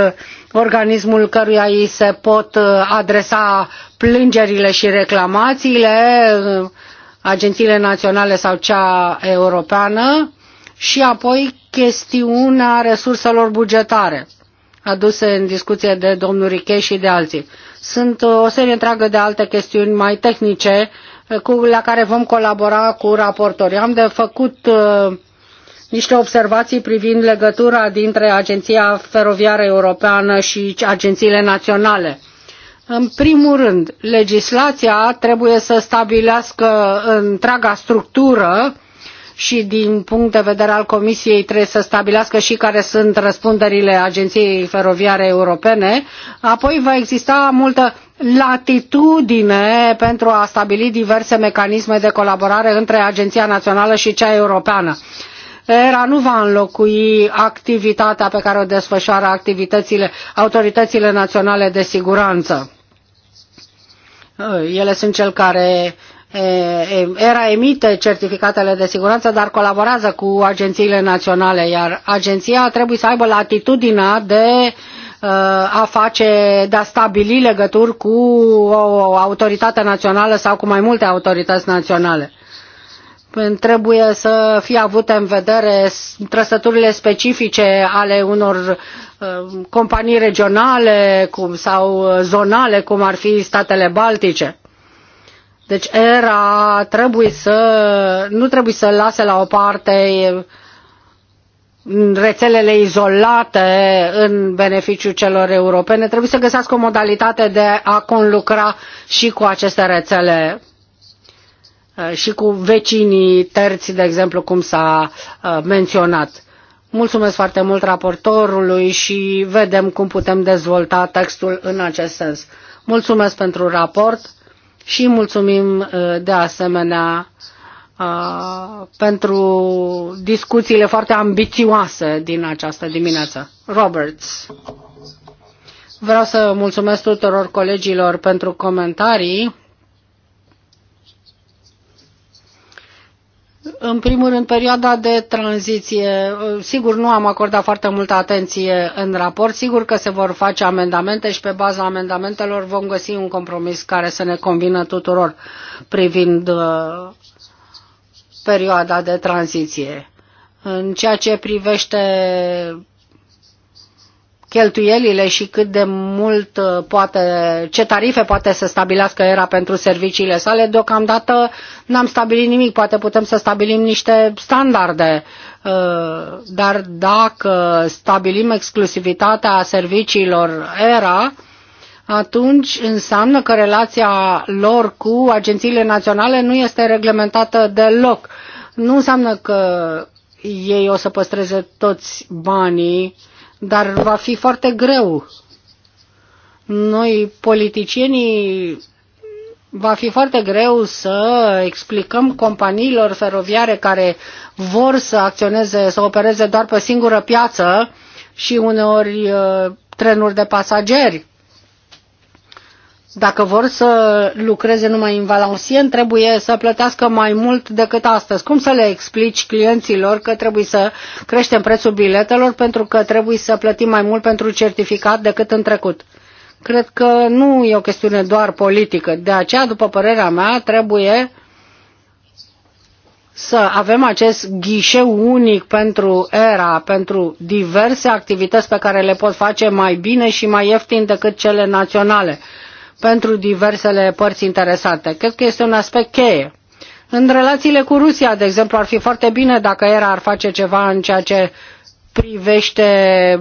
organismul căruia îi se pot adresa plângerile și reclamațiile, agențiile naționale sau cea europeană, și apoi chestiunea resurselor bugetare aduse în discuție de domnul Riche și de alții. Sunt o serie întreagă de alte chestiuni mai tehnice eh, cu, la care vom colabora cu raportorii. Am de făcut eh, niște observații privind legătura dintre Agenția Feroviară Europeană și agențiile naționale. În primul rând, legislația trebuie să stabilească întreaga structură și din punct de vedere al Comisiei trebuie să stabilească și care sunt răspunderile Agenției Feroviare Europene. Apoi va exista multă latitudine pentru a stabili diverse mecanisme de colaborare între Agenția Națională și cea europeană. ERA nu va înlocui activitatea pe care o desfășoară activitățile, autoritățile naționale de siguranță. Ele sunt cel care ERA emite certificatele de siguranță, dar colaborează cu agențiile naționale, iar agenția trebuie să aibă latitudinea de a face, de a stabili legături cu o autoritate națională sau cu mai multe autorități naționale. Păi, trebuie să fie avute în vedere trăsăturile specifice ale unor companii regionale cum, sau zonale, cum ar fi statele baltice deci era trebuie să, nu trebuie să lase la o parte rețelele izolate în beneficiul celor europene. Trebuie să găsească o modalitate de a conlucra și cu aceste rețele și cu vecinii terți, de exemplu, cum s-a uh, menționat. Mulțumesc foarte mult raportorului și vedem cum putem dezvolta textul în acest sens. Mulțumesc pentru raport și mulțumim uh, de asemenea uh, pentru discuțiile foarte ambițioase din această dimineață. Roberts. Vreau să mulțumesc tuturor colegilor pentru comentarii În primul rând, perioada de tranziție. Uh, sigur, nu am acordat foarte multă atenție în raport. Sigur că se vor face amendamente și pe baza amendamentelor vom găsi un compromis care să ne convină tuturor privind uh, perioada de tranziție. În ceea ce privește cheltuielile și cât de mult uh, poate, ce tarife poate să stabilească era pentru serviciile sale. Deocamdată n-am stabilit nimic, poate putem să stabilim niște standarde, uh, dar dacă stabilim exclusivitatea serviciilor era, atunci înseamnă că relația lor cu agențiile naționale nu este reglementată deloc. Nu înseamnă că ei o să păstreze toți banii dar va fi foarte greu. Noi, politicienii, va fi foarte greu să explicăm companiilor feroviare care vor să acționeze, să opereze doar pe singură piață și uneori uh, trenuri de pasageri dacă vor să lucreze numai în Valencien, trebuie să plătească mai mult decât astăzi. Cum să le explici clienților că trebuie să creștem prețul biletelor pentru că trebuie să plătim mai mult pentru certificat decât în trecut? Cred că nu e o chestiune doar politică. De aceea, după părerea mea, trebuie să avem acest ghișeu unic pentru era, pentru diverse activități pe care le pot face mai bine și mai ieftin decât cele naționale pentru diversele părți interesate. Cred că este un aspect cheie. În relațiile cu Rusia, de exemplu, ar fi foarte bine dacă era ar face ceva în ceea ce privește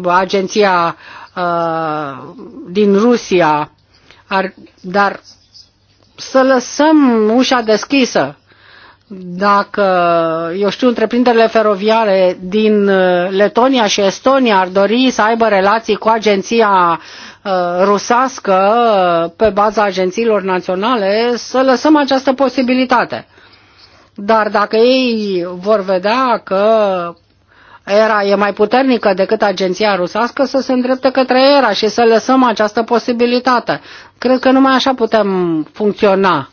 agenția uh, din Rusia, ar, dar să lăsăm ușa deschisă. Dacă, eu știu, întreprinderile feroviare din uh, Letonia și Estonia ar dori să aibă relații cu agenția Uh, rusească pe baza agențiilor naționale, să lăsăm această posibilitate. Dar dacă ei vor vedea că era e mai puternică decât agenția rusească, să se îndrepte către era și să lăsăm această posibilitate. Cred că numai așa putem funcționa.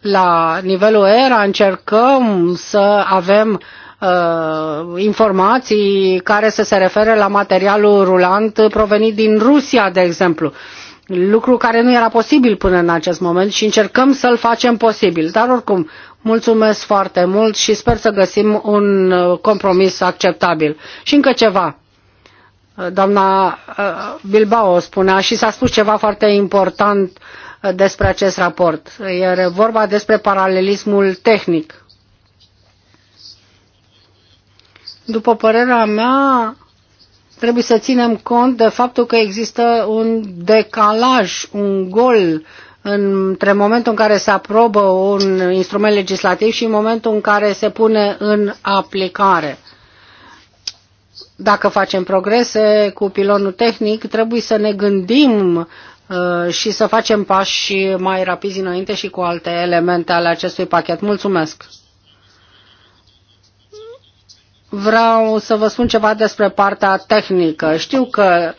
La nivelul era încercăm să avem uh, informații care să se refere la materialul rulant provenit din Rusia, de exemplu. Lucru care nu era posibil până în acest moment și încercăm să-l facem posibil. Dar oricum, mulțumesc foarte mult și sper să găsim un uh, compromis acceptabil. Și încă ceva uh, doamna uh, Bilbao spunea și s-a spus ceva foarte important despre acest raport. E vorba despre paralelismul tehnic. După părerea mea, trebuie să ținem cont de faptul că există un decalaj, un gol între momentul în care se aprobă un instrument legislativ și momentul în care se pune în aplicare. Dacă facem progrese cu pilonul tehnic, trebuie să ne gândim uh, și să facem pași mai rapizi înainte și cu alte elemente ale acestui pachet. Mulțumesc! vreau să vă spun ceva despre partea tehnică. Știu că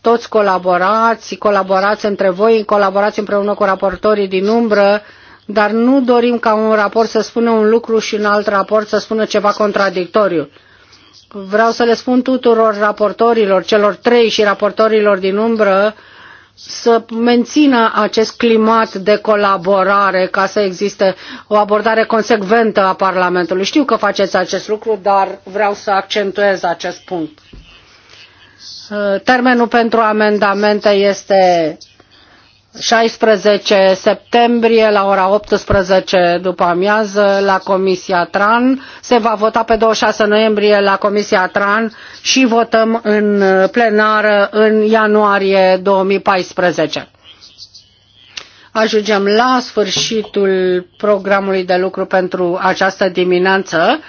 toți colaborați, colaborați între voi, colaborați împreună cu raportorii din umbră, dar nu dorim ca un raport să spună un lucru și un alt raport să spună ceva contradictoriu. Vreau să le spun tuturor raportorilor, celor trei și raportorilor din umbră, uh, să mențină acest climat de colaborare ca să existe o abordare consecventă a Parlamentului. Știu că faceți acest lucru, dar vreau să accentuez acest punct. Termenul pentru amendamente este șaisprezece septembrie la ora optsprezece după amiază la Comisia TRAN. Se va vota pe 26 noiembrie la Comisia TRAN și votăm în plenară în ianuarie paisprezece Ajungem la sfârșitul programului de lucru pentru această dimineață.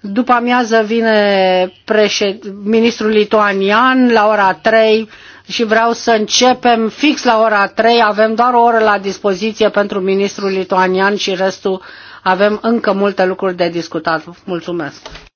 După amiază vine președ... ministrul lituanian la ora 3 și vreau să începem fix la ora 3. Avem doar o oră la dispoziție pentru ministrul lituanian și restul avem încă multe lucruri de discutat. Mulțumesc!